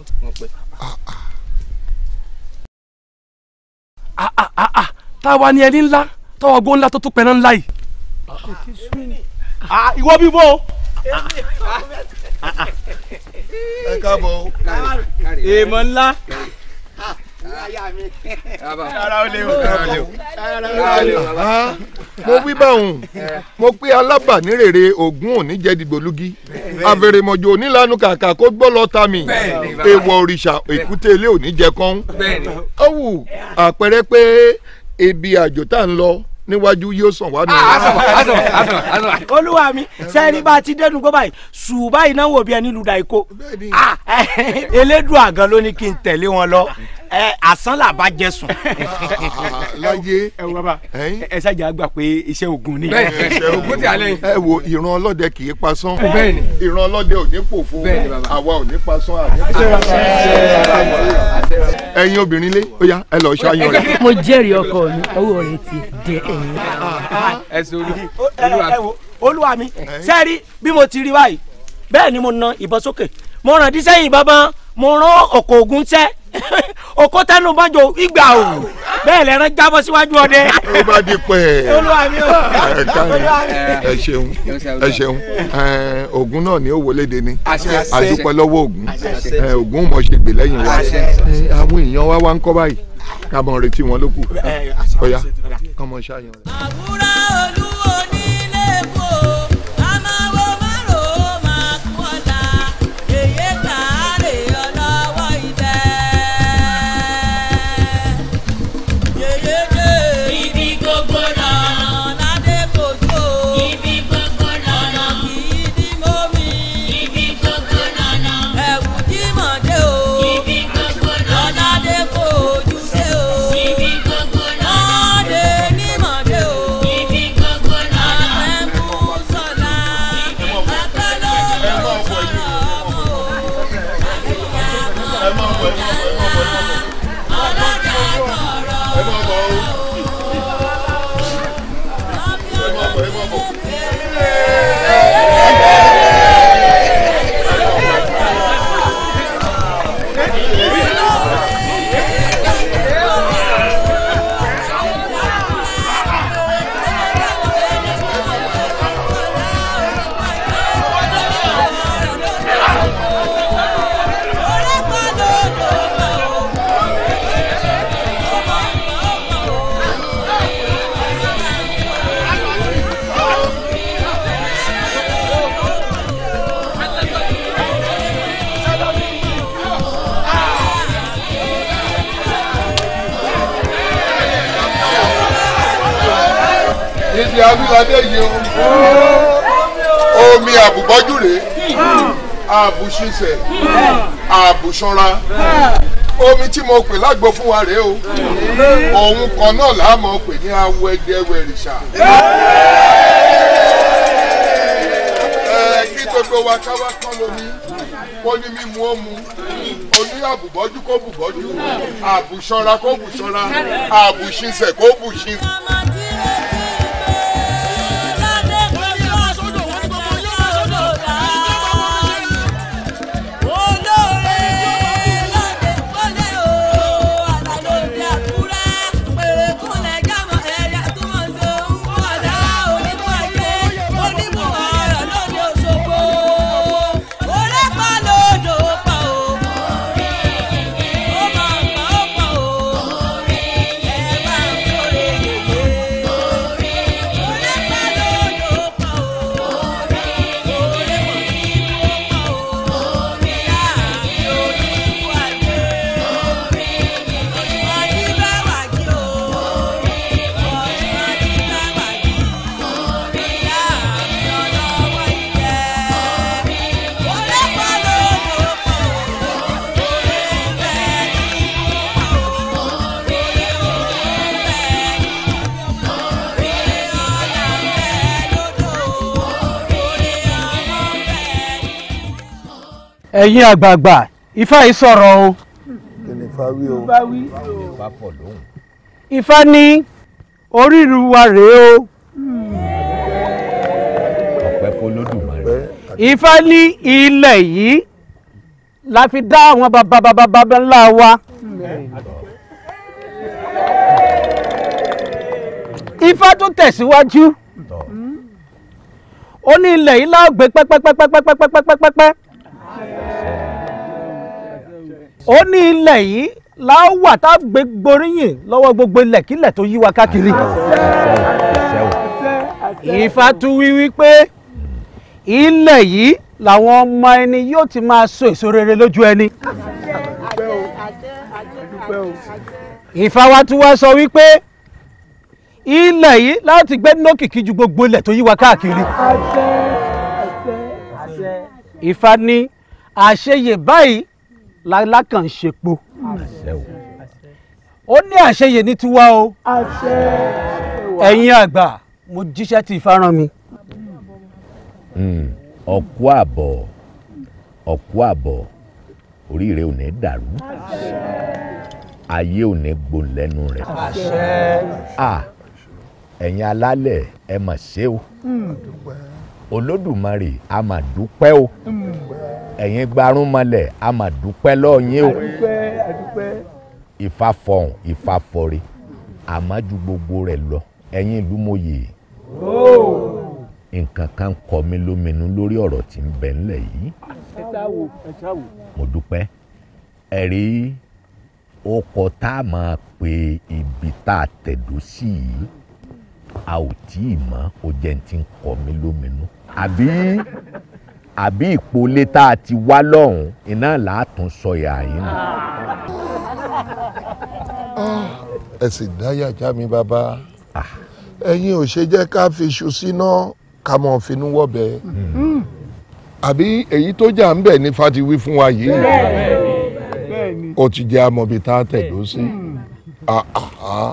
Ah, ah. ah, táwa ni ẹni ńlá tọwọ́ gbó ńlá tó tún pẹ̀lú ńlá yìí. ìwọ bí bó. ẹ káàbọ̀. èèmọ̀ ńlá mo wí báwọn mo pé alábànírèrè ògún òní jẹ́ dìgbòlugi àfẹrẹmọjò onílànà kàkà kó gbọ́ lọ ta mi èèwọ̀ òrìṣà èkúté ilé òní jẹ kán ó wù àpẹẹrẹ pé ebi àjò tá ń lọ níwájú yóò sàn wá nù. Ah, olúwa mi sẹ́ni bá ti dẹnu gbọ́ báyìí ṣùgbọ́n ìnáwó bíi ẹni lu dàíkó elédùn àgàn ló ní kí n tẹ̀lé wọn lọ ẹ asán là bá jẹ sùn. lọ́yẹ ẹ wo bàbá ẹ ṣàjà gbà pé iṣẹ́ ogun ni. ogun ti alẹ́. ẹ wo ìran ọlọ́dẹ kì í pasán ìran ọlọ́dẹ ò ní pòfo àwa ò ní pasán àdé. ẹ̀yin obìnrin lé ó yá ẹ lọ ṣáyàn rẹ. mo jẹ́rìí ọkọ mi owó rẹ ti dé ẹ̀yìn. ẹ ṣe olú olúwa mi sẹ́ẹ̀rí bí mo ti rí báyìí bẹ́ẹ̀ ni mo na ìbọn sókè mo ràn dísẹ́yìn bàbá mo rán ọkọ̀ ogun tẹ́ oko tẹnu mọ́jọ igba o bẹ́ẹ̀ lẹ́rán jábọ́ síwájú ọdẹ. ó bá di pẹ́ ẹ ẹ ṣeun ẹ ṣeun ogun náà ni ó wọléde ni àdúpẹ́ lọ́wọ́ ogun ogun mọ̀ ṣe gbè lẹ́yìn wa àwọn èèyàn wa wá ń kọ́ báyìí ká mọ̀ retí wọn lókù ọ̀ya kọ́ mọ̀ ṣáàyàn. Ọlámiládé yìí o omi àbùbọ́jú rèé àbùṣiṣẹ́ àbùṣọra omi tí mo pè lágbo fún wa rèé o òun kan náà làá mọ̀ pè ní awọ ẹgbẹ́ wẹ̀rìṣà kí gbogbo wa ká wá kán lómi kó ní mímu ó mu oníyàbùbọ́jú kó bùbọ́jú àbùṣọra kó bùṣọra àbùṣiṣẹ́ kó bùṣiṣẹ́. ẹ̀yin àgbààgbà ifá yìí sọ̀rọ̀ o. kìnìún ifá wí o. ifá wí o. ifá ní oríru wa rèé o. ọ̀pẹ́ fọlọ́dúnmarè. ifá ní ilẹ̀ yìí la fi dá àwọn babababa ńlá wa. ifá tó tẹ̀síwájú ó ní ilẹ̀ yìí láàgbé pẹ́pẹ́pẹ́pẹ́pẹ́pẹ́pẹ́pẹ́ ó ní ilẹ̀ yìí láwà tá a gbé gboríyìn lọ́wọ́ gbogbo ilẹ̀kílẹ̀ tó yí wa káàkiri. Ifá tún wí wípé ilẹ̀ yìí làwọn ọmọ ẹni yóò ti máa so èso rere lójú ẹni. Ifá sọ wípé ilẹ̀ yìí láti gbé nókìkí ju gbogbo ilẹ̀ tó yí wa káàkiri. Ifá ní àṣeyè báyìí lálákàn ṣepo ó ní àṣeyè ní tiwa o ẹ̀yin àgbà mo jíṣẹ́ ti ìfaràn mi. Hmm, ọ̀kú àbọ̀ ọ̀kú àbọ̀ oríire ò ní dàrú ayé ò ní gbó lẹ́nu rẹ̀ ẹ̀yin alálẹ̀ ẹ mà ṣe o. Hmm olódùmarè a mà dúpẹ́ o ẹ̀yin gbarún mọ́lẹ̀ a mà dúpẹ́ lọ́ọ̀yìn o ìfàfọ̀hún ìfàfọ̀re àmọ́ ju gbogbo rẹ̀ lọ ẹ̀yin ìlú mòye oh. nǹkan kan kọ mí lóminú lórí ọ̀rọ̀ tí ń bẹ ńlẹ̀ yìí mo dúpẹ́ ẹ̀rí ọkọ̀ tá a máa pe ibi tá a tẹ̀dó sí yìí a ò tí ì mọ̀ ó jẹ́ ní ti ń kọ mí lóminú. No àbí àbí ìpolé tá a ti wá lọ́hùn iná làátún sọyà yín nù. ẹ sì dáyàjá mi bàbá ah. ẹ̀yin ò ṣe jẹ́ ká fi iṣu síná ká mọ̀ finú wọ̀bẹ hmm. àbí èyí tó jà ń bẹ̀ ní fati wí fún wa yìí ó ti jẹ́ amọ̀bi tá a tẹ̀dó sí hmm. ah, ah,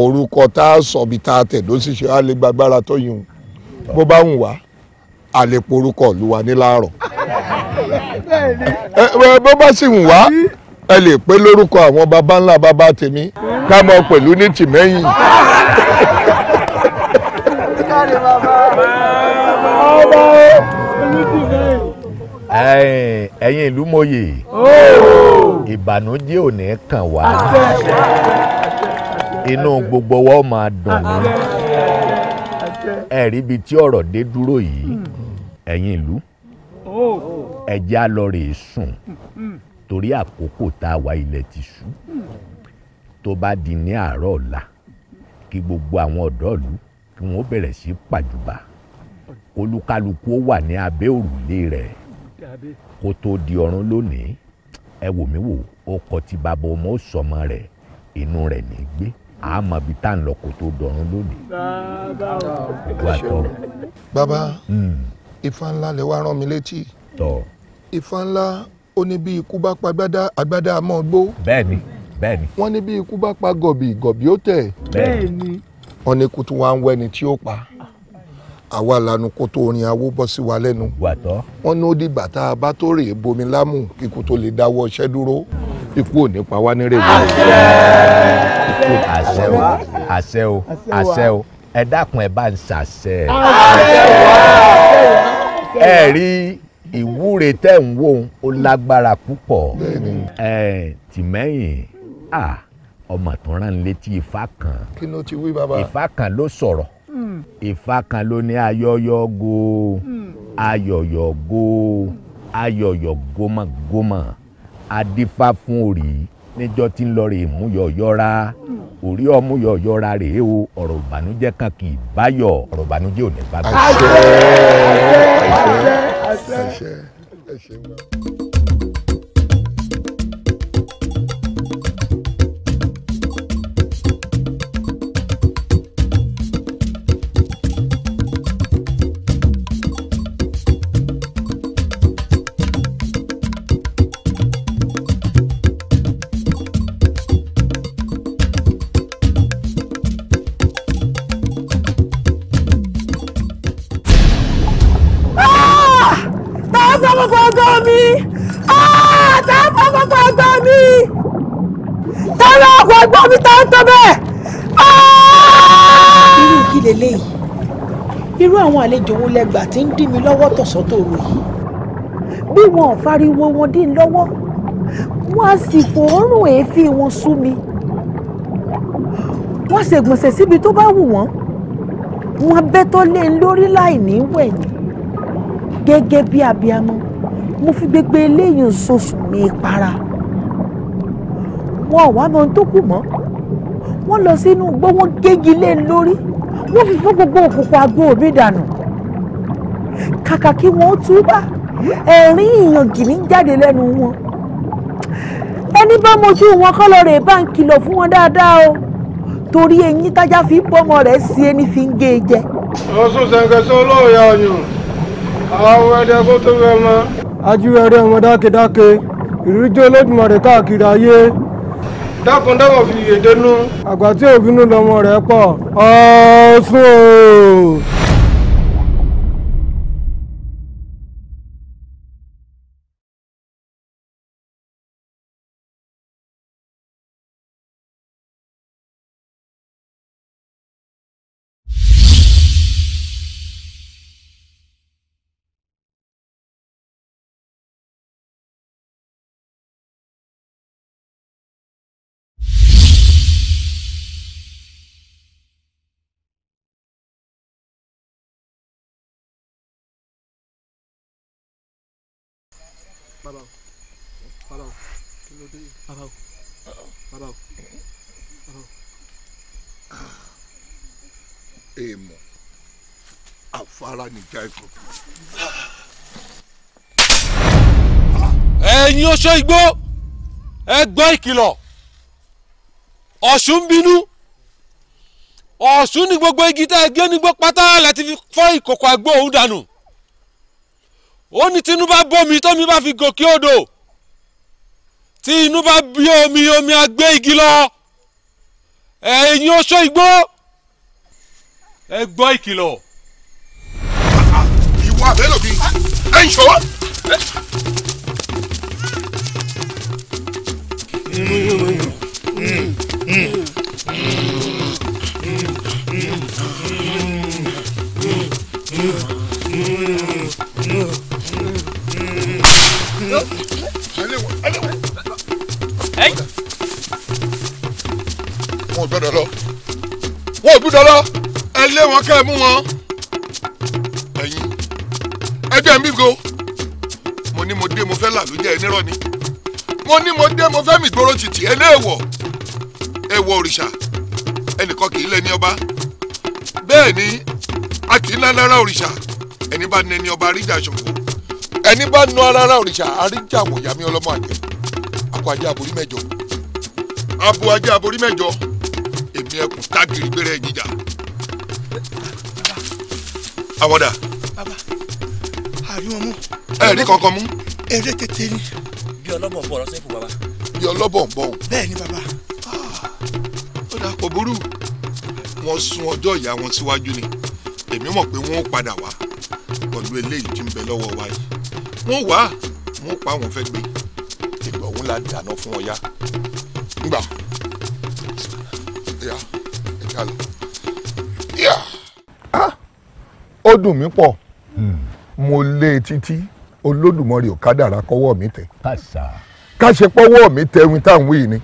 orúkọ tá a sọ̀bi tá a tẹ̀dó sí ṣe á lè gbàgbára tó yùn bó bá wù wá a lè porúkọ ìlú wa ní láàrọ̀ bó bá sì wù wá ẹ lè pé lórúkọ àwọn baba ńlá baba tèmi ká mọ pẹ̀lú ní tìmẹ́yìn. ẹ̀yin ìlú mòye ìbànújẹ́ ò ní kàn wá inú gbogbo wa máa dùn mí ẹ̀rí ibi tí ọ̀rọ̀ dé dúró yìí hmm. ẹ̀yin ìlú oh. ẹ̀jẹ̀ á lọ rè é sùn hmm. Hmm. torí àkókò tá a wà ilẹ̀ ti ṣú tó bá di ní àárọ̀ ọ̀la kí gbogbo àwọn ọ̀dọ́ ìlú kí wọ́n bẹ̀rẹ̀ sí pàjùbà olúkálukú ó wà ní abẹ́ òrùlé rẹ̀ kó tó di ọ̀run lónìí ẹ wò mí wò ó kọ tí bàbá ọmọ ó sọmọ rẹ̀ inú rẹ̀ ní gbé àmọ́ bí tá à ń lọ kó tó dọ̀rùn lónìí. wà á tọ́. bàbá ifá ńlá lè wá rán mi létí. tọ́. ifá ńlá ó ní bí ikú bá pa agbádá agbádá àmọ́ gbó. bẹ́ẹ̀ni bẹ́ẹ̀ni. wọ́n ní bí ikú bá pa gọ̀bì gọ̀bì ó tẹ̀. bẹ́ẹ̀ni. wọ́n ní kutu wa ń wẹ́ni tí ó pa àwa lanu kó orin awó bọ́ sí wa lẹ́nu. wà ní ó dìgbà tá a bomi lámù kíkú tó lè dáwọ́ iṣẹ́ dúró ikú ò ní pa wá nírèwé. àṣẹ àṣẹ o àṣẹ o àṣẹ o ẹ dákun ẹ bá ń ṣàṣẹ ẹ rí ìwúre tẹ́ ń wò ó lágbára púpọ̀ ẹ tìmẹ́yìn ọmọ tó rán létí ifá kan ifá kan ló sọ̀rọ̀ hmm. ifá kan ló ní ayọyọgo hmm. ayọyọgo ayọyọgómagómà adífá fún orí níjọ́ tí ń lọ rè mú yọ̀yọ́ra orí ọmú yọ̀yọ́ra rèé o ọ̀rọ̀ ìbànújẹ́ kan kì í báyọ̀ ọ̀rọ̀ ìbànújẹ́ ò ní bá gbé. àṣẹ àṣẹ àṣẹ àṣẹ àṣẹ. eléyìí irú àwọn àlejò wo lẹgbà tí ń dí mi lọ́wọ́ tọ̀sọ́tòrò yìí bí wọn ò fariwo wọn dín lọ́wọ́ wọn á sì fòórùn èéfín wọn sú mi wọ́n ṣègbọ̀nsẹ̀ síbi tó bá wù wọ́n wọ́n bẹ́tọ́ lé ń lórí láì ní wẹ̀yìn bí abiyamọ mo fi gbégbé eléyìí ṣoṣù mi para wọn ò wá mọ ohun tó kù mọ́ wọ́n lọ sínú igbó gégi lé ń lórí wọ́n fi fún gbogbo òkùnkùn agbó mi dànù kàkà kí wọ́n túbà ẹ̀rín ìyànjì ní jáde lẹ́nu wọn ẹni bá mojú wọn kọ́ lọ rè bá ń kìlọ̀ fún wọn dáadáa o torí eyín tájá fi ń bọ́mọ rẹ̀ sí ẹni fi ń gé e jẹ. oṣù sẹ̀ǹkẹ̀sẹ̀ olóòyà ọ̀yàn àwọn ẹ̀dẹ kó tó fẹ́ mọ́. ajú ẹrẹ wọn dákedáke ìrújó olódùmarè káàkiri ayé dákun dáwọn fi èdè nú. àgbà tí òbínú lọmọ rẹ̀ pọ̀ ọ̀ọ́sùn ooo. bàbá o bàbá o kí ló dé bàbá o bàbá o bàbá o. èèmọ̀ afárá nìjà ikọ̀. ẹ̀yin oṣó igbó ẹ gbọ́ ìkìlọ̀ ọ̀ṣun bínú ọ̀ṣun ní gbogbo igi tá ẹ gé nígbó pátá láti fọ́ ìkòkò àgbo òun dànù ó ní tí inú bá bómi tómi bá fi gòkè odò tí inú bá bí omi omi á gbé igi lọ ẹ̀yin oṣó igbó ẹ gbọ́ ìkìlọ̀. ìwọ àbẹ́lò bíi ẹ̀ ń ṣọ́. mm wọn ò gbọ́dọ̀ lọ wọn ò gbọ́dọ̀ lọ ẹ lé wọn kẹ́ ẹ mú wọn ẹ̀yin ẹgbẹ́ mi go mo ní mo dé mo fẹ́ là ló jẹ́ ẹnírọ́ ni mo ní mo dé mo fẹ́ mi gbóró títì ẹ léèwọ̀ èèwọ̀ òrìṣà ẹnìkan kì í lẹ́ni ọba bẹ́ẹ̀ ni a kì í ná lára òrìṣà ẹni bá nẹni ọba ríjà ṣòfò ẹni bá nu arára òrìṣà àríjàwò yàmi ọlọ́mọ àjẹ akọ ajé aborí mẹ́jọ abo ajé aborí mẹ́jọ èmi ẹkùn tágìrì gbére ìjìjà àwọdà. bàbá àrí mú. ẹ rí kankan mú. eré tètè ni. bí ọlọ́bọ̀ ń bọ̀ lọ́sẹ̀ fún bàbá. bí ọlọ́bọ̀ ń bọ̀ o. bẹ́ẹ̀ ni bàbá. ó dà kò burú wọ́n sún ọjọ́ ìyá wọn síwájú ni èmi mọ̀ pé wọ́n ó padà wá pẹ̀lú eléyìí tí ń bẹ lọ́wọ́ wa yìí wọ́n wá wọ́n pa àwọn fẹ́ gbé ìgbà òun la dáná fún ọ ya ngbà ya ẹ ká lọ ó dùn mí pọ̀ hmm. mo lé e títí olódùmarè ò kádàrá kọ́wọ́ mi tẹ̀ ká ṣe pọ́wọ́ mi tẹ ohun táwọn wí ni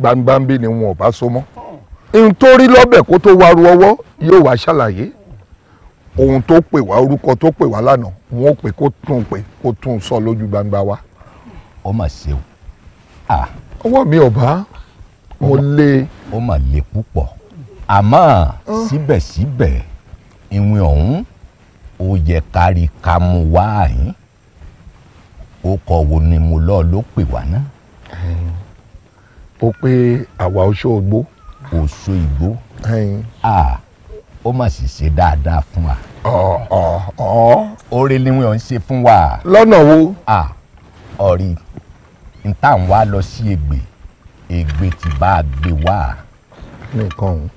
gbangba ń bí ni wọn ò bá so mọ́ nítorí lọ́bẹ̀ kó tó wá ru ọwọ́ yóò wá ṣàlàyé ohun tó pè wá orúkọ tó pè wá lánàá wọn ò pè kó tún pè kó tún sọ lójú gbangba wa. ó mà ṣe o. ọwọ́ mi ò bá mo lé. ó mà lè e. púpọ̀ àmọ́ ah. síbẹ̀síbẹ̀ ìwìn ọ̀hún ó yẹ kárí ká mú wá yín ó kọ wo ni mo lọ ló pè wá náà. ó pé àwa oṣó igbó. oṣó igbó ó mà sì ṣe dáadáa fún wa. ọ ọ ọ. oore ni wọn ń ṣe fún wa. lọ́nà wo. à ọ̀rí n tá n wá lọ sí ègbè ègbè tí bá a gbé wá. nìkan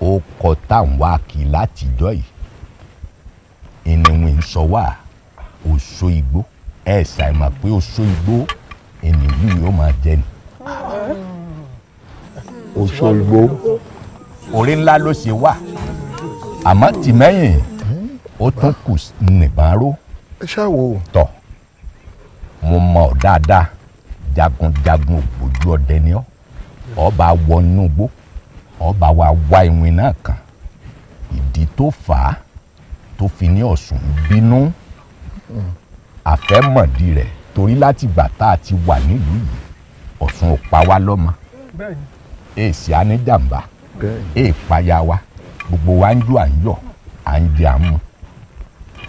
o. ó kọ tá n wá kí látijọ́ yìí ènìwìn ń sọ wá oṣó igbó ẹ ṣàìmọ̀ pé oṣó igbó ènìwìn yóò máa jẹ ni. oṣó igbó. orí ńlá ló ṣe wà àmọ́ tìmẹ́yìn ó tún kù nìbáró. ẹ ṣáàwó. tọ mo mọ ọ dáadáa jagunjagun ògbójú ọdẹ ni ọ ọba wọ inú igbó ọba wa wá ìwìn náà kan ìdí tó fà á tó fi ní Ọ̀ṣun bínú àfẹ́mọ̀dì rẹ̀ torí láti gbà tá a ti wà nílùú yìí Ọ̀ṣun ò pa wá lọ́mọ èsì aníjàmbá èèpáyà wa gbogbo wa ń jó à ń yọ̀ à ń jẹ à ń mu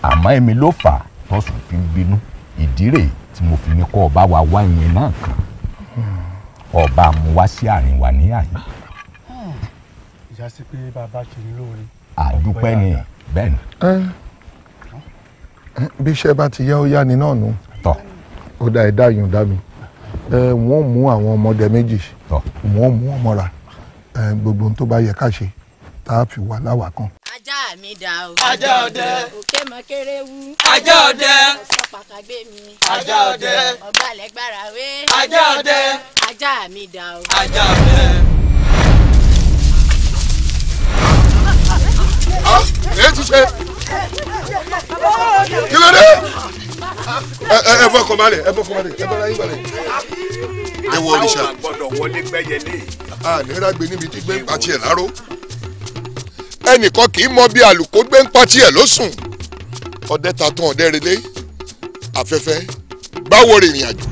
àmọ́ èmi ló fà á tọ́sùn fi ń bínú ìdí rèé tí mo fi ní kọ́ ọba wa wá ìyẹn náà kan ọba mu wá sí àárín wa ní àyè. ìyá sí pé bàbá ṣe ní lóore. àdúpẹ́ ni bẹ́ẹ̀ ni. bí iṣẹ́ bá ti yá ó yá ni náà nù. tọ́ ó dá ẹ̀dá yùn dá mi wọ́n mú àwọn ọmọdé méjì wọ́n mú ọmọ ra gbogbo ohun tó bá yẹ ká ṣe tá a fi wà láwà kan. ajá mi dà o. ajá ọdẹ. òkè mọ wú. ajá ọdẹ. ọsọ pàkàgbé mi. ajá ọdẹ. ọgbàlẹ̀ gbára wé. ajá ọdẹ. ajá mi dà o. ajá ọdẹ. èyí ah, ti ṣe kí ló dé ẹ ẹ fọ ọkọ balẹ̀ ẹ fọ ọkọ balẹ̀ ẹ bá láyé balẹ̀ ẹ wọ òrìṣà. a ò gbọ́dọ̀ wọlé gbẹyẹlé. a nira gbé níbi tí gbé pàtí ẹ láró ẹnìkan kì í mọ bí àlùkò gbé ń patí ẹ̀ lọ́sùn ọdẹ ta tán ọdẹ relé afẹ́fẹ́ báwo rìnrìn àjò.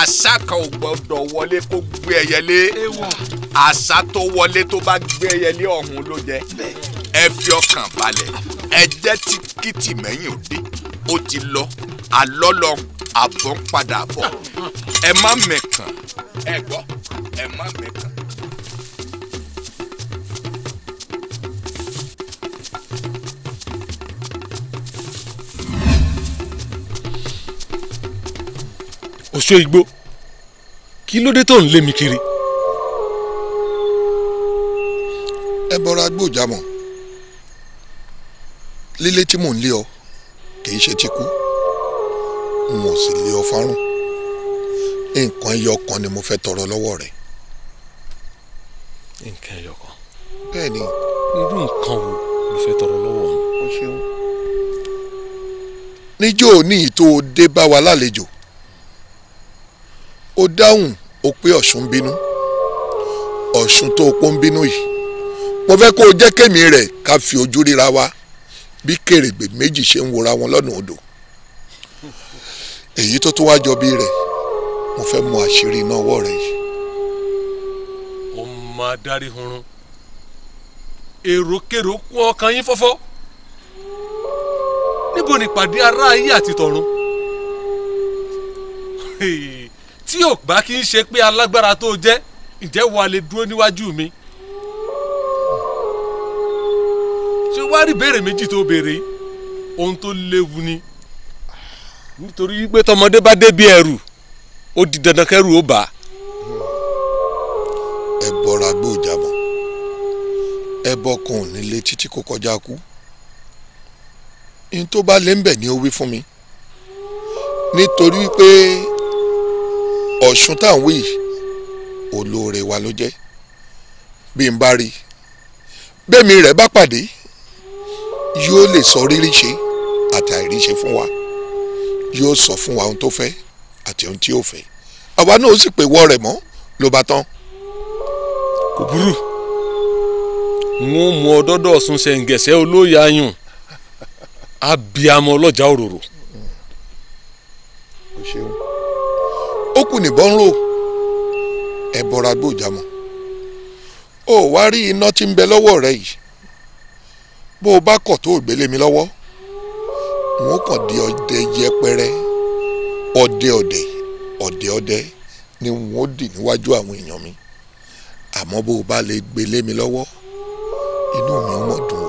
àṣà kan ò gbọdọ̀ wọlé kó gbé ẹyẹlé àṣà tó wọlé tó bá gbé ẹyẹlé ọ̀hún ló jẹ ẹ fi ọkàn balẹ̀ ẹ jẹ́ tí kìtìmẹ́yìn ò ó ti lọ àlọ́lọ́ àbọ̀ ń padà bọ̀ ẹ má mẹ̀kàn ẹ gbọ́ ẹ má mẹ̀kàn. òṣó igbó kí ló dé tó ń lé mi kiri. ẹ bọra gbòjàmọ lílé tí mò ń lé ọ kì í ṣe ti kú n ò sì lé ọ fárùn nǹkan ẹyọ ni mo fẹ́ tọrọ lọ́wọ́ rẹ. nǹkan ẹyọ kan. bẹ́ẹ̀ni. irú nǹkan wo ló fẹ́ tọrọ lọ́wọ́ mi. o ṣeun. níjó ní ìtò dé bá wa lálejò ó dáhùn ó pé ọ̀ṣun ń bínú ọ̀ṣun tó o pọ́n ń bínú yìí mo fẹ́ kó o jẹ́ kémi rẹ̀ ká fi ojú ríra wa bí kèrègbè méjì ṣe ń wora wọn lọ́nà odò èyí tó tó wá jọ bí rẹ̀ mo fẹ́ mọ àṣírí iná ọwọ́ rẹ̀ yìí. ó máa dárí hunrun èròkèrò kún ọkàn yín fọ́fọ́ níbo ni pàdé ará ayé àti tọ̀run tí ò bá kí n ṣe pé alágbára tó jẹ́ ǹjẹ́ a lè dúró níwájú mi. ṣé wàá rí béèrè méjì tó béèrè yìí ohun tó léwu ni nítorí pé tọmọdé bá débi ẹrù ó di dandan kẹrù ó bà á. ẹ bọra gbóòjàbọ ẹ bọkàn nílé títí kò kọjá kú ní tó bá lé ń bẹ̀ ni ó wí fún mi nítorí pé ọ̀ṣun táwọn yìí olóore wa ló jẹ́ bí n bá rí bẹ́ẹ̀ mi rẹ̀ bá pàdé yóò lè sọ rírí ṣe àti àìrí ṣe fún wa yóò sọ fún wa ohun tó fẹ́ àti ohun tí ó fẹ́ àwa náà ó sì pè wọ́ rẹ̀ mọ́ ló bá tán. kò burú mo mú ọ dọdọ ọsùn ṣẹǹgẹsẹ olóyè ayùn abiamọ ọlọjà òróró. o ṣeun ó kù níbọn rò ẹ bọra gbòjàmọ ó wá rí iná tí ń bẹ lọ́wọ́ rẹ yìí bó o bá kọ̀ tó ògbélé mi lọ́wọ́ wọn kàn di ọdẹ yẹpẹrẹ ọdẹ ọdẹ ọdẹ ọdẹ ni wọn ó dì níwájú àwọn èèyàn mi àmọ́ bó o bá lè gbélé mi lọ́wọ́ inú mi ò mọ̀ dùn o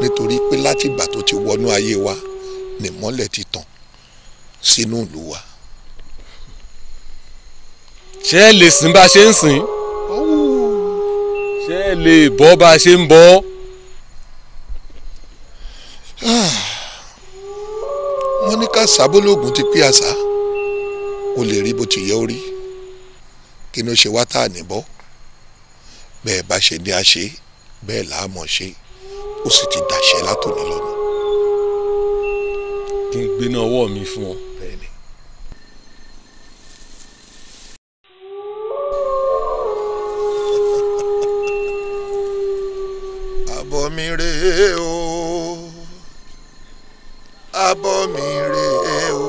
nítorí pé láti ìgbà tó ti wọnú ayé wa ni mọ́lẹ̀ ti tàn sínú ìlú wa. ṣé ẹ lè sìn bá a ṣe ń sìn ṣé ẹ lè bọ́ bá a ṣe ń bọ́. wọ́n ní ká sábólógún ti pé àṣà kò lè rí bó ti yẹ ó rí kí ni ó ṣe wá tá à níbọ̀ bẹ́ẹ̀ bá ṣe ní a bẹ́ẹ̀ là á mọ̀ ṣe ó sì ti dàṣẹ látòní lọ́nà. kí n gbéná ọwọ́ mi fún ọ. bẹ́ẹ̀ni. mi rèé o abọ́ mi rèé o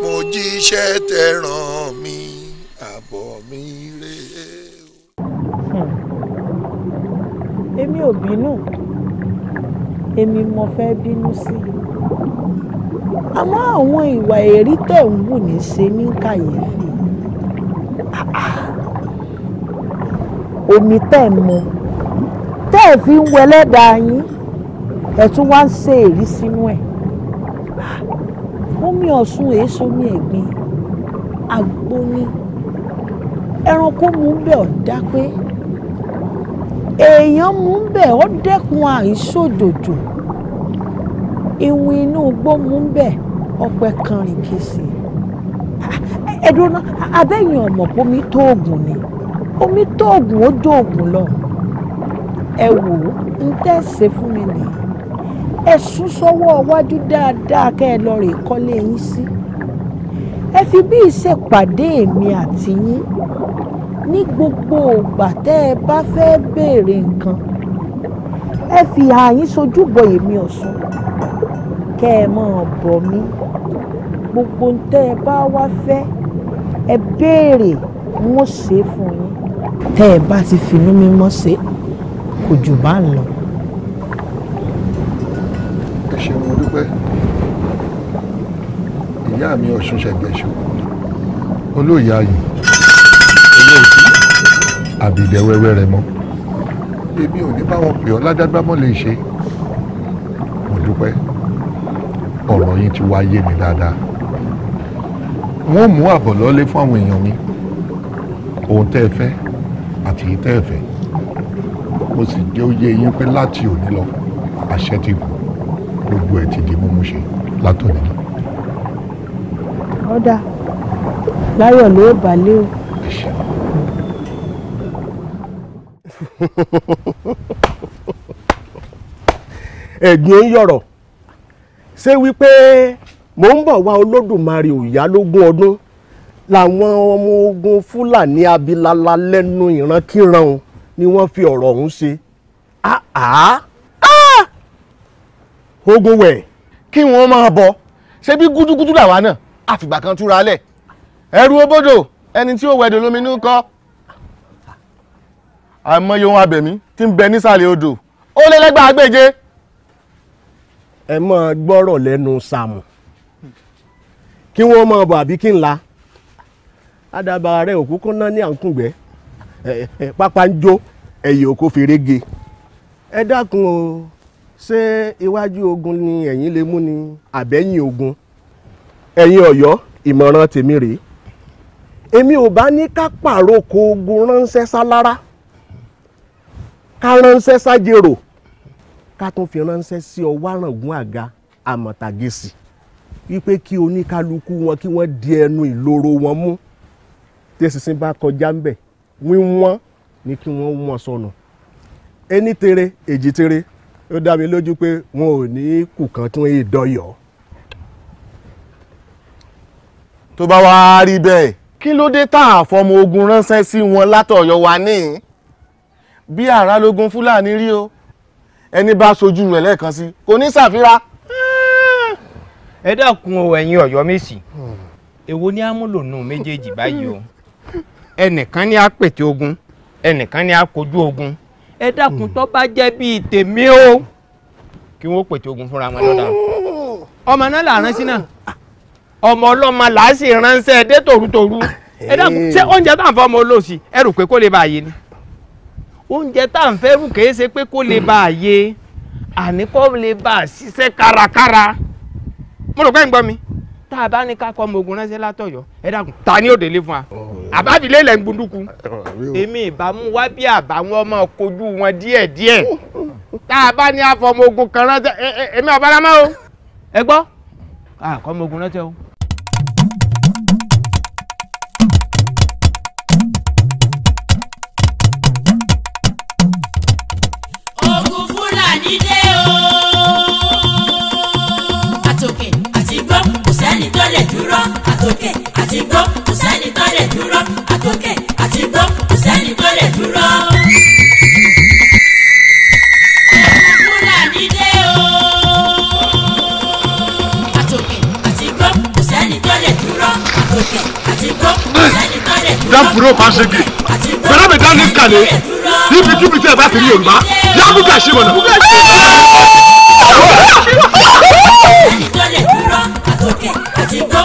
mo jíṣẹ́ tẹ̀ràn mi abọ́ mi rèé o. èmi ò bínú èmi mo fẹ́ bínú sí i àmọ́ àwọn ìwà èrí tẹ̀ ń wù ní ṣe ní kàyéfì omi tẹ̀ ń mu tẹ́ ẹ̀ fi ń wẹlẹ́ dáa yín ẹ tún wá ń ṣe èrí sínú ẹ̀ omi ọ̀sùn èso mi ẹ̀gbin àgbo ni ẹranko mú un bẹ̀ ọ́ dá pé èèyàn mú un bẹ̀ ọ́ dẹ́kun àìsòdòdò ìwìn inú igbó mú un bẹ̀ ọ̀pẹ kanrìn kìí sí ẹ̀dùn abẹ́yìn ọ̀mọ̀ omi tó oògùn ni omi tó oògùn ó dóògùn lọ ẹ wò ó ń tẹ́ ṣe fún mi nìyí ẹ sún sọ́wọ́ iwájú dáadáa kẹ́ ẹ lọ rè kọ́lé yín sí ẹ fi bí ìṣèpàdé èmi àti yín ní gbogbo ògbà tẹ́ ẹ bá fẹ́ béèrè nǹkan ẹ fi àyín sojúbọ èmi ọ̀sùn kẹ́ ẹ máa bọ̀ mí gbogbo ń tẹ́ ẹ bá wá fẹ́ ẹ béèrè wọ́n é fún yín tẹ́ ẹ bá ti finú mímọ́ ṣe kò jù bá ń lọ. ìyá mi ọ̀ṣun ṣẹ̀gbẹ̀ṣọ olóyè ayò olóòtú àbìdẹ wẹ́wẹ́ rẹ mọ́ èmi ò ní báwọn pè ọ́ ládágbámọ́ lè ṣe mo dúpẹ́ ọ̀rọ̀ yín ti wá yé mi dáadáa wọ́n mú àbọ̀ lọ́lé fún àwọn èèyàn mi ohun tẹ́ ẹ fẹ́ àti èyí tẹ́ ẹ fẹ́ mo sì jẹ́ oyè yín pé láti òní lọ àṣẹ ti gùn gbogbo ẹ̀ ti di mímú ṣe látòní lọ ọ̀dà láyọ̀ ló balẹ̀ o. ẹ̀gbìn ń yọ̀rọ̀ ṣé wípé mò ń bọ̀ wá olódùmarè òyà lógún ọdún làwọn ọmọ ogun fúlàní abilala lẹ́nu ìrankíran ni wọ́n fi ọ̀rọ̀ ọ̀hún ṣe ogun wẹ̀ kí wọ́n máa bọ̀ ṣé bí gúdúgúdú làwa náà àfìgbà kan túra lẹ̀ ẹrú obodò ẹni tí ó wẹ̀dọ̀ lómi inú kọ́ àìmọye ohun abẹ̀mí tí ń bẹ nísàlẹ̀ odò ó lé lẹ́gbàá gbèje. ẹ máa gbọ́rọ̀ lẹ́nu Sàámù kí wọ́n máa bọ̀ àbí kí n la àdàbà rẹ̀ òkú kún náà ní àǹkùngbẹ́ pápá ń jó ẹ̀yìn òkú fèrègé ẹ dákun o ṣé iwájú ogun ni ẹ̀yin lè mú ni àbẹ́yìn ogun ẹ̀yin ọ̀yọ́ ìmọ̀ràn tèmi rèé èmi ò bá ní ká pàrokò ogun ránṣẹ́ sálára ká ránṣẹ́ sájèrò ká tún fi ránṣẹ́ sí ọwọ́ àràngún àga àmọ̀tàgẹ́sì wípé kí oníkálukú wọn kí wọ́n di ẹnu ìloro wọn mú tẹ́sísìn bá kọjá ń bẹ̀ wíwọ́n ni kí wọ́n wọ́n sọnù ẹni tere èjì tere ó dá mi lójú pé wọn ò ní kù kan tún èdè ọyọ́. tó bá wàá rí bẹ́ẹ̀ kí ló dé tá a fọmọ ogun ránṣẹ́ sí wọn látọ̀yọ́ wa níyìn bí àrá fúlàní rí o ẹni bá sojú rẹ̀ lẹ́ẹ̀kan sí kò ní ṣàfira. ẹ dákun o ẹ̀yin Ọ̀yọ́ Mèsì èwo ni amúlò méjèèjì báyìí o ẹnìkan ni a ogun ẹnìkan ni a ogun ẹ dákun tó bá jẹ́ bíi tèmi o kí wọ́n pète ogun fúnra wọn lọ́dà ọmọ náà là rán sí náà ọmọ ọlọ́mọ là á sì ránṣẹ́ dé tòrútòrú eh. ẹ dákun ṣé oúnjẹ tá à ń fọ ọmọ olóòsì ẹ rò pé kó lè bá a yé ni oúnjẹ tá à ń fẹ́ rù kèé ṣe pé kó lè bá a yé àní kó lè bá a ṣiṣẹ́ kárakára mo rò pé ń gbọ́ mi tá a bá ní ká kọ́ ọmọ ogun ránṣẹ́ látọ̀yọ́ ẹ dákun ta ni ó délé fún wa oh, àbábílẹ̀ ilẹ̀ ń gbunduku eh, oh, èmi ìbámu wá bí àbáwọn ọmọ kojú wọn díẹ̀díẹ̀ tá a bá ní àfọmọ ogun kan ránṣẹ́ èmi ọ̀bára máa o ẹ gbọ́ àkọ́ ogun ránṣẹ́ o. àdídé o. àtòkè àti gbọ́ kò sẹ́ni tó lè dúró àtòkè àti gbọ́ kò sẹ́ni. danfuro pasege bẹ̀rẹ̀ mi dání kàlẹ́ níbikíbi tẹ́ ẹ bá ti rí yorùbá yá búkà ṣe wọ̀nà. àti gbó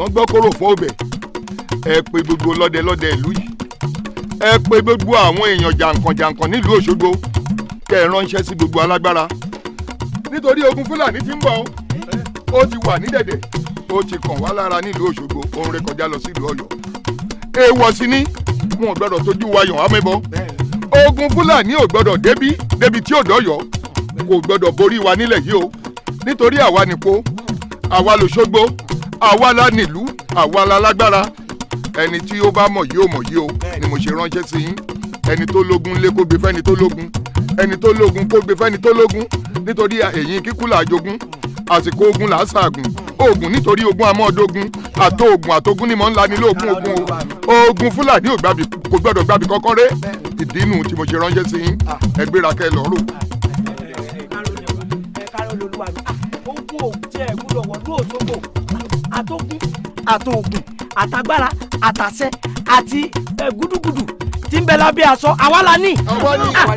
tán gbọ́ kóró fún ọbẹ̀ ẹ pè gbogbo lọ́dẹ lọ́dẹ ìlú yìí ẹ pè gbogbo àwọn èèyàn jàǹkàn jàǹkàn nílùú Òṣogbo kẹ ẹ ránṣẹ́ sí gbogbo alágbára nítorí ogun Fúlàní ti ń bọ̀ ó ti wà ní dẹ̀dẹ̀ ó ti kàn wá lára nílùú Òṣogbo ó ń rékọjá lọ sílùú Ọ̀yọ́ èèwọ̀ sí ni wọn ò gbọ́dọ̀ tójú wa yàn wá mẹ́bọ ogun Fúlàní ò gbọ́dọ̀ débí débi tí ò dọ́yọ̀ kò gbọ́dọ̀ borí wa nílẹ̀ yìí o nítorí àwa nìpo àwa lòṣogbo àwa la nílùú àwa la lágbára ẹni tí ó bá mọ̀ yóò mọ̀ yóò ni mo ṣe ránṣẹ́ sí yín ẹni tó lógun lé kó gbé fẹ́ni tó lógun ẹni tó lógun kó gbé fẹ́ni tó lógun nítorí èyí kíkú là á jogún àsìkò ogun là á ṣaàgùn ogun nítorí ogun amọ́ọ̀dógún àtò oògùn àtogún ni mò ń lani lóògùn ogun Ogun oògùn fúlàní kò gbọdọ̀ gbàbí kọ́kọ́rẹ́ ìdí inú tí mo ṣe ránṣẹ́ sí yín ẹgbẹ́ra kẹ́ lọ́rùn àtòògùn àtagbára àtàṣẹ àti gúdúgúdù tí ń bẹ lábẹ́ aṣọ àwa la ní. Ah,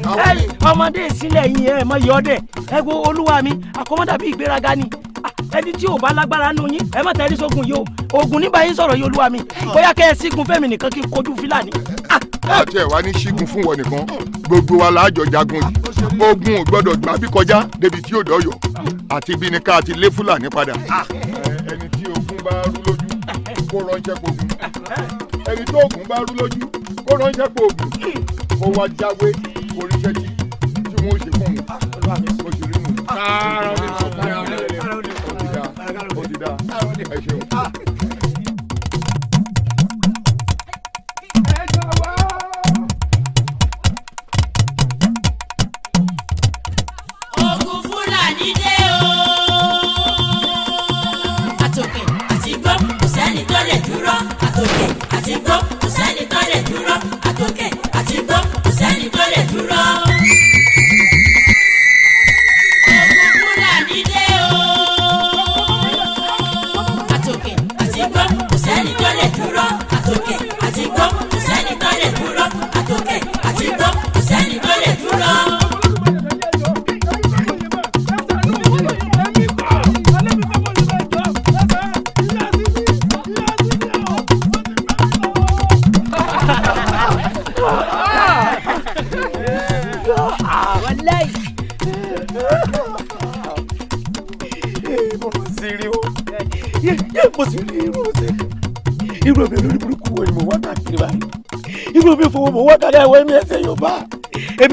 ọmọdé ìsílẹ̀ yìí ẹ mọ iyọ̀ dẹ̀ ẹ wo olúwa mi àkọ́mọ́dà bíi ìgbéraga ni ah, ẹni tí ò bá lágbára nù yín ẹ má tẹ̀lé sógun yìí o oògùn nígbà yín sọ̀rọ̀ yìí olúwa mi bóyá kẹ́ ẹ sígun fẹ́mi nìkan kí n kojú fílàní. Ah, àti ẹ̀ wá ní sígun fún wọn nìkan gbogbo wa láàjọ jagun yìí ogun ò gbọ́dọ̀ gbà bí kọjá débi tí yóò dọ́yọ̀ àti bí ni lé fúlàní padà kó ránṣẹ́ pò bí ẹni tó oògùn bá rú lójú kó ránṣẹ́ pò bí kó wá jáwé oríṣẹ́ tí tí wọ́n ṣe fún un oṣù rímu.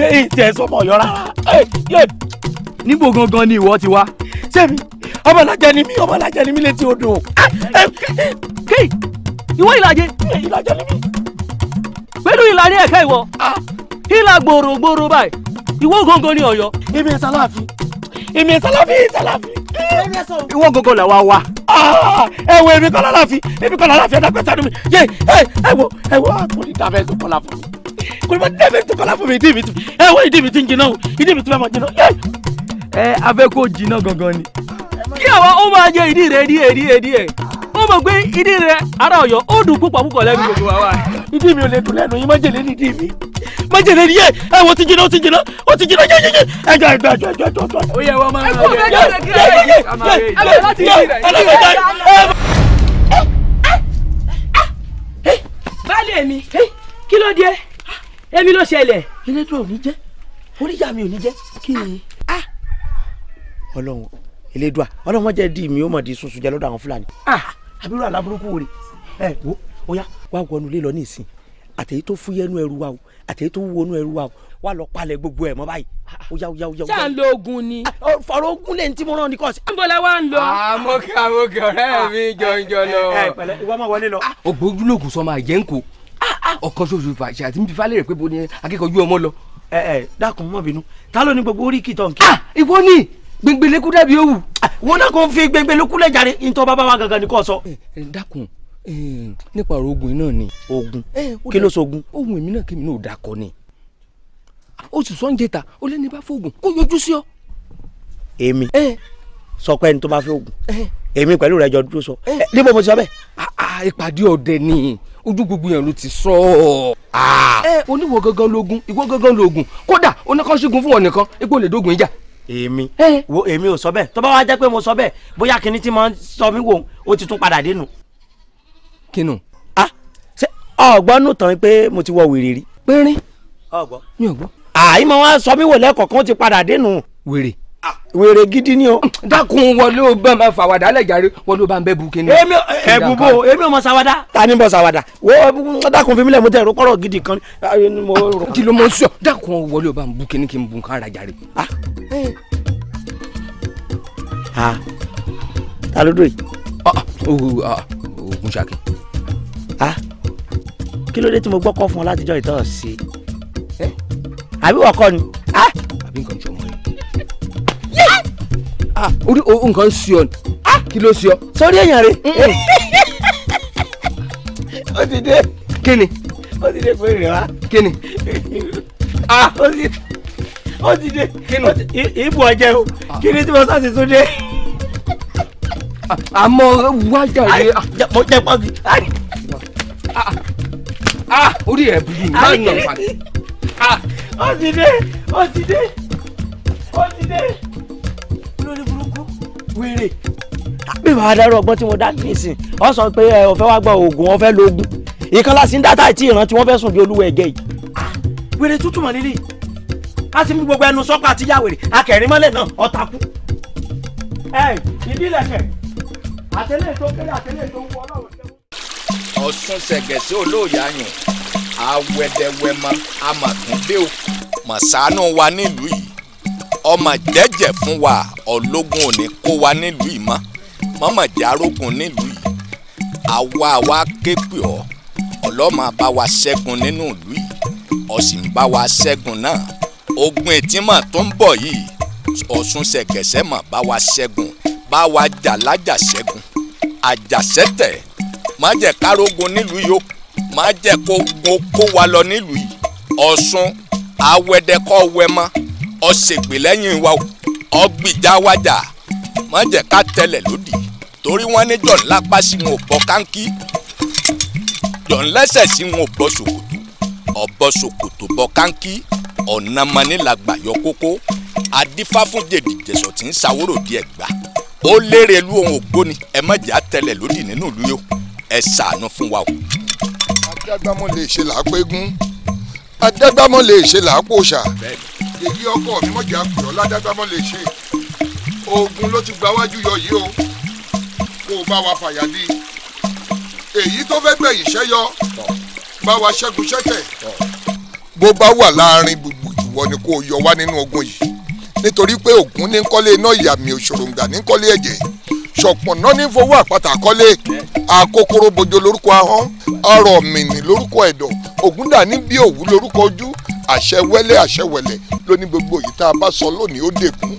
pé ìtẹ̀ sọmọ ọ̀yọ́ rárá níbo gangan ni ìwọ ti wá sẹ́mi ọmọlájà ni mí ọmọlájà ni mí létí odò kéè ìwọ ìlàjẹ ìlàjẹ ni mí pẹ̀lú ìlànà ẹ̀ka ìwọ ìlà gbòòrògbòòrò báyìí ìwọ gangan ni ọ̀yọ́ èmi ẹ̀ èmi ẹ̀ sálàfin ìwọ gógó la wa ẹ wo èmi kọ́ lálàfi èmi kọ́ lálàfi ẹ dákẹ́ mi ẹ wo ẹ wo àtúndì dábẹ́ tó kọ́ la kò ní ma dé mi tó kọ́lá fún mi ìdí mi tó ẹ wọ́n ìdí mi tó ń jiná o ìdí mi tó máa jiná yẹ. ẹ abẹ́ kó jiná gangan ni. kí àwọn ó máa jẹ ìdí rẹ díẹ̀ díẹ̀ díẹ̀ ó mọ̀ pé ìdí rẹ ara ọ̀yọ́ ó dùn púpọ̀ púpọ̀ lẹ́nu gbogbo wa wa. ìdí mi ò lè dùn lẹ́nu yín májèlé ní ìdí mi májèlé ní yẹ ẹ wo ti jiná ó ti jiná ó ti jiná yéyéyé ẹjọ ẹjọ ẹjọ kí ló dé èmi ló ṣẹlẹ̀. elédùn ò ní jẹ́ oríyá mi ò ní jẹ́. kí ni. Ah! ọlọ́run elédùn ọlọ́run wọn jẹ́ di mi ó mọ̀ di sunsun jẹ́ lọ́dọ̀ àwọn fúlàní. Ah! àbúrò aláburúkú wò rè ẹ wo ó yá wá wọnú ilé lọ ní ìsìn àtẹ̀yí tó fúyẹ́ nú ẹrú wa o àtẹ̀yí tó wúwo nú ẹrú wa o wà lọ palẹ̀ gbogbo ẹ̀ mọ́ báyìí ah, ó yá ó yá ó ń lo oògùn ni. fọ̀rọ̀ oògùn lẹ́yìn tí mo rán ni kọ́ sí. níbo la ń lọ. àmọ́kẹ́ àmọ́kẹ́ ọ̀rẹ́ mi jọ̀njọ̀ lọ. ẹ pẹ̀lẹ́ ìwọ máa wọlé lọ. ògbójúlógún sọ máa jẹ́ ń kó ọkọ ṣoṣo fàṣẹ àti nbí falẹ rẹ pé bo ni akẹ́kọ̀ọ́ ju ọmọ lọ. ẹ ẹ dákun mọ bínú ta ló ní gbogbo orí kìtọ nkí. Ah, ìwọ ni gbẹngbẹlẹkú dàbí òwú. Ah, wọn náà kò fi gbẹngbẹlẹkú lẹjàre ntọ́ bàbá wa gangan ni kò sọ. Eh, eh, dákun eh, nípa ọ̀rọ̀ ogun náà ni. ogun kí ló sọ ogun. ogun èmi náà kémi náà ò dakọ ni. o sì sọ ń jẹta o lẹ́ni bá fóògùn kó yọjú sí ọ. èmi sọ pé ẹni tó bá fóògùn èmi pẹ̀lú rẹ jọ dúró sọ. níbo mo ti sọ bẹ́ẹ̀. Ah, ìpàdé ọ̀dẹ ni ojú gbogbo yẹn ló ti sọ ọ. ẹ oníwọ gangan lógún ìwọ gangan lógún kódà oníkan ṣígun fún ọ nìkan ipò lè dógun ìjà. èmi wo èmi ò sọ bẹ́ẹ̀ tó bá wá jẹ́ pé mo sọ bẹ́ẹ̀ bóyá kinní tí mo sọ mí wò ó ti tún padà dénú. kinu. a ṣe ọgbọ́n nù tán pé mo ti wọ wèrè rí. péré mi ò gbọ́. àyìnbó wa sọ mí wò lẹ́kọ̀ọ́ ó ti padà dénú. wèrè wèrè gidi ni o. dákun wọlé o bá ma fàwàdà alẹ jàre wọlé o bá ń bẹ bu kini. èmi ẹ̀bùn bo èmi ò mọ sáwádà. ta ni bọ sáwádà wo dákun fi mi lẹ mo tẹ ẹrọ kọrọ gidi kan. ti ló mọ sọ dákun wọlé o bá ń bu kí n bu nǹkan ara jàre. Ah. Ah. ta ló dó yìí. oògùn ṣàkí. kí ló dé tí mo gbọ́ kọ́ fún ọ láti jọ ìtọ́ sí àbí wọ́n ni. àbí nǹkan jọ mọ́ ẹ. Ah, orí nǹkan ń sọ ọ ah, kí ló sọ sọrí èèyàn rẹ. Eh. ó ti dé. kí ni. ó ti dé pé rẹ wá. kí ni. Ah. ó ti ó ti dé. kí ni. ìbò ọjẹ o kí ni tí mo sá ti tún dé. àmọ́ wájà rẹ. mo jẹ pọ́ọ̀kì. orí ẹ̀ burú máa ń nà pàdé. ti dé ó ti dé ó ti dé wèrè àbí wàá dárò ọgbọ́n tí mo dá nísìn wọ́n sọ pé ó fẹ́ wá gba oògùn ó fẹ́ lo oògùn ìkan láti ń dátà tí ìran tí fẹ́ sùn bí olúwa ẹ̀gẹ́ yìí. wèrè tútù mọ̀ lílì a ti mú gbogbo ẹnu sọ́kọ̀ àti yàwèrè akẹ̀rin mọ́lẹ̀ náà ọ̀tàkù. ẹ ìdílé kẹ àtẹlẹ tó kéré àtẹlẹ tó wọ ọlọ́run. ọ̀sùn ṣẹ̀gẹ̀sẹ̀ olóòyà yàn awẹ́dẹ́wẹ́mọ amọ̀kùnbé o mọ̀sánú wa nílùú yìí ọmọ jẹ́jẹ́ fún wa ọlọ́gùn ò ní kó wa nílùú yìí mọ́ mọ́mọ̀ járógun nílùú yìí àwa àwa képe ọ́ ọlọ́mọ bá wa ṣẹ́gun nínú ìlú yìí ọ̀sìn bá wa ṣẹ́gun náà ogun ìtìmọ̀ tó ń bọ̀ yìí ọ̀sùn ṣẹ̀gẹ̀ṣẹ̀mọ̀ bá wa ṣẹ́gun bá wa jà lájà ṣẹ́gun àjàṣẹ́tẹ̀ má jẹ́ kárógun nílùú yìí má jẹ́ kó kó wa lọ nílùú yìí ọ̀sùn awẹ́dẹ́kọ̀ wẹ́mọ́ ọ̀sẹ̀pẹ̀ lẹ́yìn wa ọgbìjà wájà mọ̀jẹ̀ ká tẹlẹ̀ lódì torí wọ́n ní jọ̀ọ́ lápá sí wọn ò bọ́ kánkí jọ̀ọ́ lẹ́sẹ̀ sí wọn ò bọ́ ṣòkòtò ọ̀bọ̀ ṣòkòtò bọ́ kánkí ọ̀nà mani la gbà yọ kókó adífáfúnjèdì jẹ̀sọ̀ tí ń sawórò díẹ̀ gbà ó léèrè lu ohun ògbóni ẹ mọ̀jẹ̀ àtẹlẹ̀ lódì nínú ìlú yó ẹ ṣàánú fún wa o. adágbámọ̀ lè ṣe làápẹ́gún adágbámọ̀ lè ṣe làápòṣà. bẹ́ẹ̀ni èyí ọkọ mi mọ̀jà kùrọ̀ ládágbámọ́ lè ṣe ogun ló ti gbáwájú yọ yìí o kó o bá wa fàyà dí èyí tó fẹ́ gbẹ̀yìn ṣẹ́yọ bá wa ṣẹ́gun ṣẹ́tẹ̀. bó bá wà láàrin gbogbo ìwọ ni kó yọ wá nínú ogun yìí nítorí pé ògún ní kọ́lé iná ìyàmì òṣòròǹgà ní kọ́lé ẹ̀jẹ̀ ṣọ̀pọ̀nná ní fowó àpáta kọ́lé àkókòrò bojo lórúkọ ahọ́n ọ̀rọ̀ mìnì lórúkọ ẹ̀dọ̀ ògúndà ní bí òwú lórúkọ ojú àṣẹwẹ́lẹ́ àṣẹwẹ́lẹ́ ló ní gbogbo yìí tá a bá sọ lónìí ó dẹkùn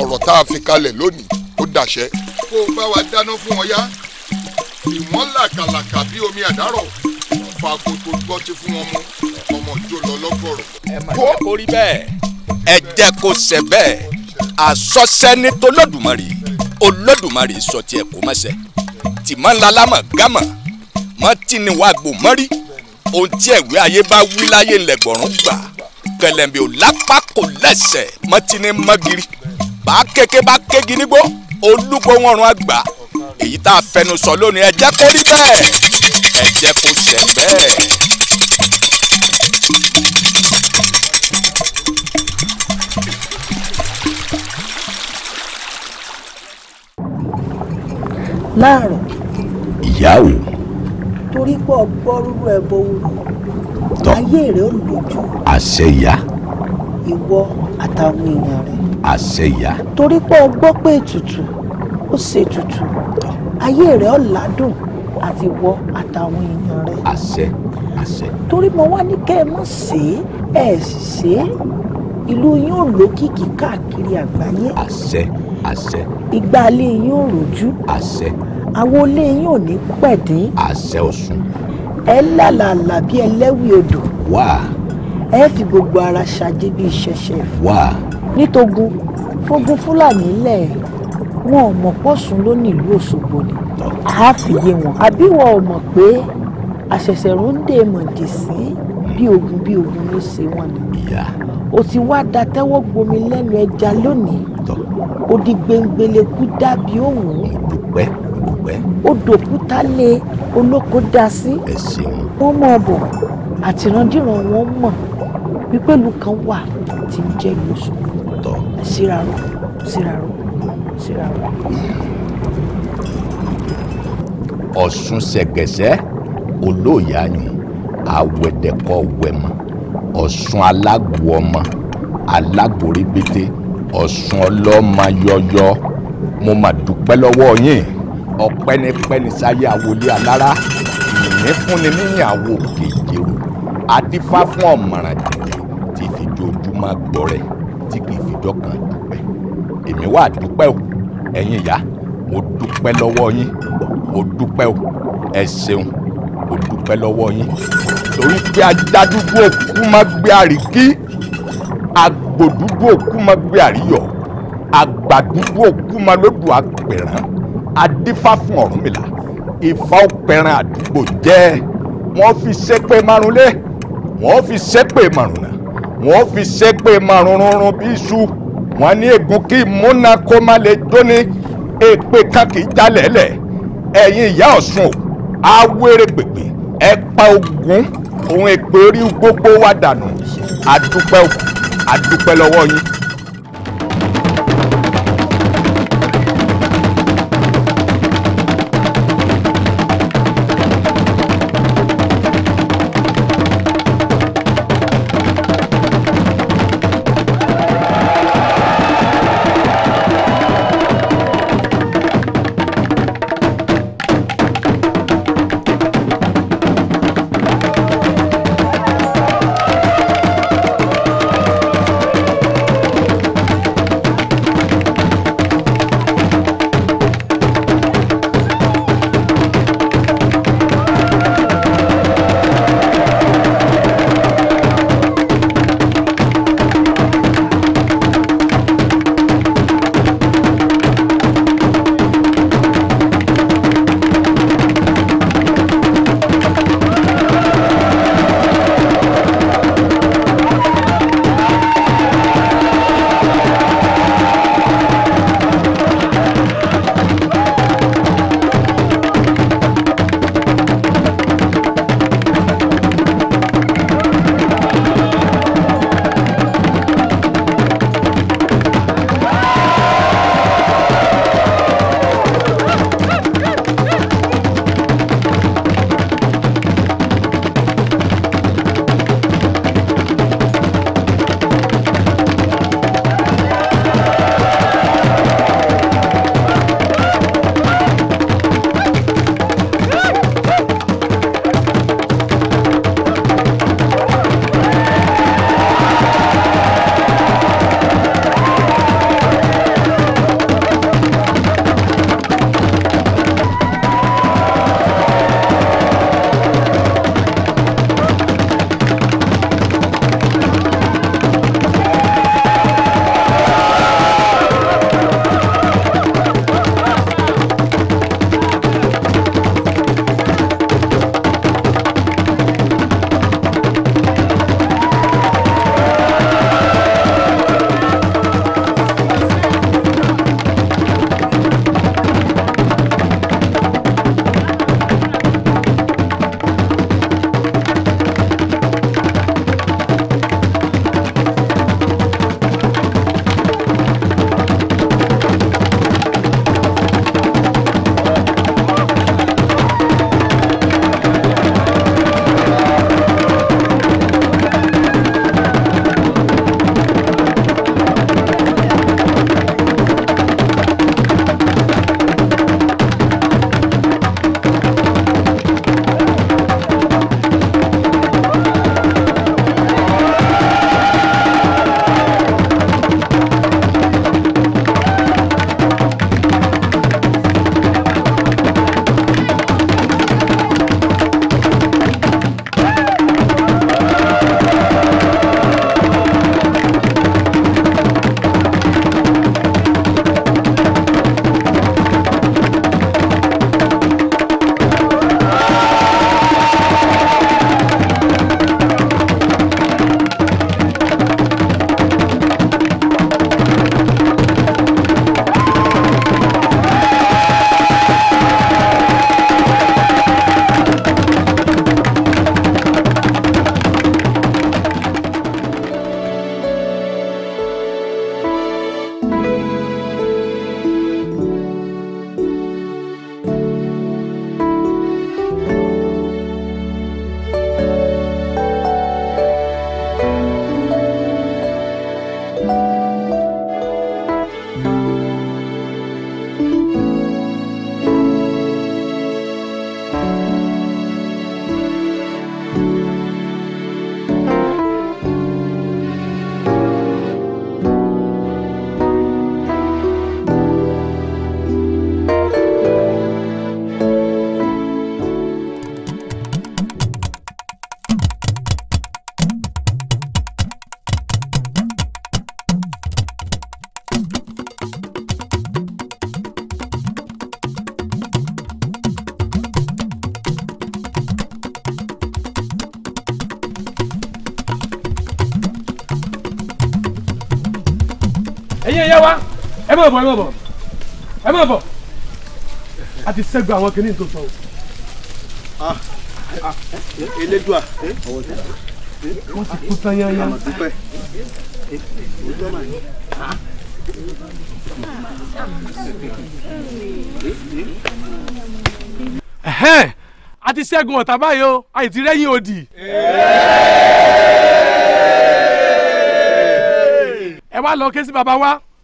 ọ̀rọ̀ tá a fi kalẹ̀ lónìí ó dàṣẹ. kó o bá wa dáná fún wọn yá ìwọ́n làkàlàkà bí omi àdárọ̀ fa gbogbo gbọ́ ti fún wọn mú ọmọ ìjó lọ lọ́gọ̀rọ̀. kó o rí bẹ́ẹ̀ ẹ jẹ́ kó ṣe bẹ́ẹ̀ àsọsẹ́ ní tolódùmarè olódùmarè sọ tiẹ̀ kó mọ́sẹ̀ tìmọ̀ ńlá gámọ̀ mọ́tì ni wàá gbò mọ́rí ohun tí ẹ̀wé ayé bá wí láyé ńlẹ̀gbọ̀rún gbà kẹlẹ̀mbì ò lápá kò lẹ́sẹ̀ mọ́tínì mọ́giri bá kéke bá kégi nígbó olúgbó wọn rún àgbà èyí tá a fẹnu sọ lónìí ẹ jẹ́ kó rí bẹ́ẹ̀ ẹ jẹ́ kó ṣẹ bẹ́ẹ̀. láàárọ̀. ìyá o torí pọ̀ gbọ́rúrú ẹ̀bọ orúkọ ayé rẹ̀ ò lójú. àṣẹ ìyá. ìwọ àtàwọn èèyàn rẹ. àṣẹ ìyá. torí pọ̀ gbọ́ pé ètùtù ó ṣe ètùtù ayé rẹ̀ ò ládùn àti wọ àtàwọn èèyàn rẹ. àṣẹ àṣẹ. torí mo wá ní kẹ́ ẹ mọ̀ ṣe é ẹ̀ ṣe é ìlú yín ò lókìkí káàkiri àgbáyé. àṣẹ àṣẹ. ìgbàlẹ̀ yín ò rojú. àṣẹ àwọn olé yín ò ní pẹ̀dín. àṣẹ Ọ̀ṣun. ẹ lálàlà bí ẹlẹ́wì odò. wá. ẹ fi gbogbo ara ṣàjẹ bí ìṣẹ̀ṣẹ̀. wá. nítògùn fogun fúlàní lẹ̀ wọn ò mọ̀ pọ̀sùn ló nílùú Òṣogbo ni a fi yé wọn. àbí wọn ò mọ̀ pé àṣẹ̀ṣẹ̀rún dè mọ̀dì sí bí ogun bí ogun ló ṣe wọn ni. o ti wá da tẹ́wọ́ gbomi lẹ́nu ẹja lónìí ó di gbẹngbẹlẹ kú dàbí òun. ìdúpẹ́ odò òkúta lé olóko dá sí. ẹ ṣeun. wọ́n mọ̀ bọ̀ àtìrandíran wọn mọ̀ wípé ìlú kan wà tí ń jẹ́ ìlú sùn. tọ́ síraró síraró síraró. ọ̀ṣun ṣẹ̀gẹ̀ṣẹ́ olóòyè ayùn awẹ́dẹ̀kọ́ wẹ̀mọ̀ ọ̀ṣun alágbó ọmọ alágbórí pété ọ̀ṣun ọlọ́mọ yọyọ mo mà dúpẹ́ lọ́wọ́ yín ọ̀pẹ́nipẹ́ni sáyé àwòlé alára ìní fúnni níyìn àwo kejì o adífá fún ọ̀mọ̀ràn jìnnì tí fi dojúmọ́ gbọ́ rẹ̀ tí kì í fi dọ́kàn dúpẹ́ èmi wà dúpẹ́ o ẹ̀yin ìyá mo dúpẹ́ lọ́wọ́ yín mo dúpẹ́ o ẹ ṣeun mo dúpẹ́ lọ́wọ́ yín torí pé ajádúgbò òkú má gbé àríkí agbòdúgbò òkú má gbé àríyọ àgbàdúgbò òkú má lódù àpèrán adífá fún Ọ̀rúnmìlà Ifá ó pẹran àdúgbò jẹ́ wọ́n fi ṣépè márùnlé wọ́n fi ṣépè márùnà wọ́n fi ṣépè márùnrún bí iṣu wọ́n ní ègún kí múná kó má lè jóni èpè kan kì í jalẹ̀ lẹ̀ ẹ̀yin ìyá Ọ̀ṣun o awéré gbègbè ẹ pa ogun òun èpè orí gbogbo wa dànù àdúpẹ́ àdúpẹ́ lọ́wọ́ yín. má bọ̀ ẹ má bọ̀ ẹ má bọ̀ a ti ṣẹ́gun àwọn kìnìún tó sọ. Ah, ah, elédùà ọwọ́ ti dà wọ́n ti kú tán yányá. a ti ṣẹ́gun ọ̀tá báyìí o a ì ti rẹ́yìn òdì. ẹ wá lọ ké sí bàbá wa.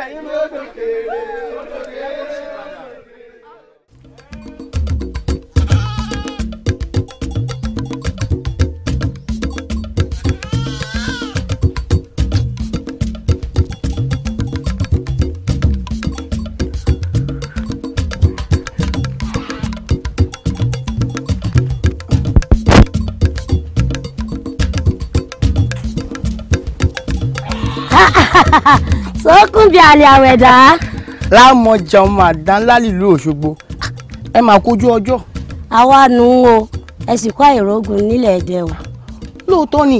Yeah, you know. bí alẹ́ àwẹ̀dá. lámọjà ọmọ àdánlá nílùú òṣogbo ẹ máa kójú ọjọ́. àwa nù ú o ẹ sì kó àìrógùn nílẹ̀ ẹ̀dẹ̀ o. lóòótọ́ ni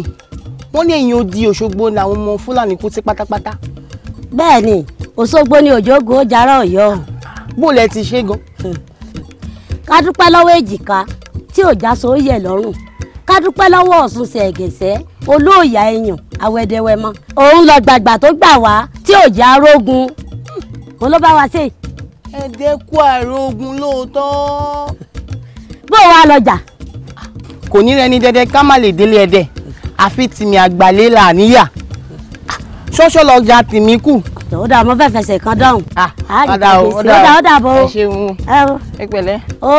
wọ́n ní ẹ̀yìn odi òṣogbo ni ọmọ fúlàní kú sí pátápátá. bẹ́ẹ̀ ni òṣogbo ni òjòògùn jara ọ̀yọ́. bó lẹ ti ṣe gan. ká lọ́wọ́ èjìká tí ò so yẹ̀ lọ́rùn ká lọ́wọ́ ọ̀sùn ṣẹ̀gẹ̀sẹ̀ olóòyà èèyàn àwẹ̀dẹ̀wẹ̀mọ òun lọ gbàgbà tó gbà wá tí ò já rógun mo ló bá wa ṣe. ẹ dẹ́kun àrògùn lóòótọ́. bó wa wá lọjà. kò ní rẹni dẹdẹ ká má lè délé ẹdẹ àfi tìmí àgbàlẹ là níyà ṣọṣọ lọjà tìmí kù. ó dà mo fẹ́ fẹsẹ̀ kan dáhùn. ọ̀dà ọ̀dà ọ̀dà bọ̀ ẹ ṣeun ẹ pẹ̀lẹ́. ó.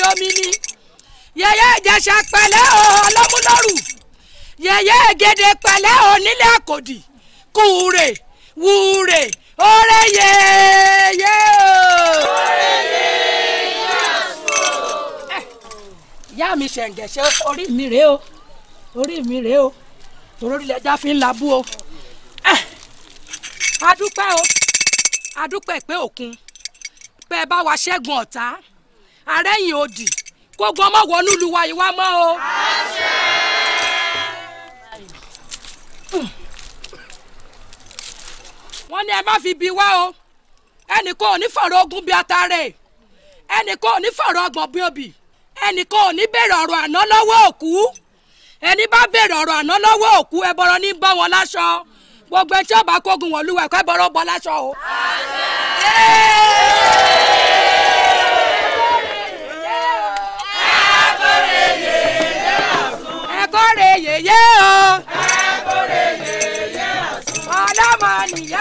odidi omi ni yẹyẹ ìjẹsà pẹ̀lẹ́ o ọlọ́múlọ́rù yẹyẹ ìgèdè pẹ̀lẹ́ o nílẹ̀ àkòdì kùrè wùrè òrè yẹyẹ o. òrè yẹyẹ àsùnwò. ìyá mi ṣẹ̀ǹgẹ̀ṣẹ̀ orí mi rèé o orí mi rèé o torórí lẹja fi ń labú o adúpẹ́ o adúpẹ́ pé òkun pé ẹ bá wa ṣẹ́gun ọ̀tá àrẹ́yìn òdì kógun ọmọ wọn ìlú wa yìí wá mọ́ o. wọ́n ní ẹ má fi bi wá o ẹnì kan ní fọ̀rọ̀ ogun bíi atare ẹnì kan ò ní fọ̀rọ̀ ọgbọ̀n bíi obì ẹnì kan ò ní béèrè ọ̀rọ̀ àná lọ́wọ́ gbogbo kógun o. kórè yèyé o. ẹ kórè yèyé ọ̀sùn. ọlọ́mọ nìyẹn.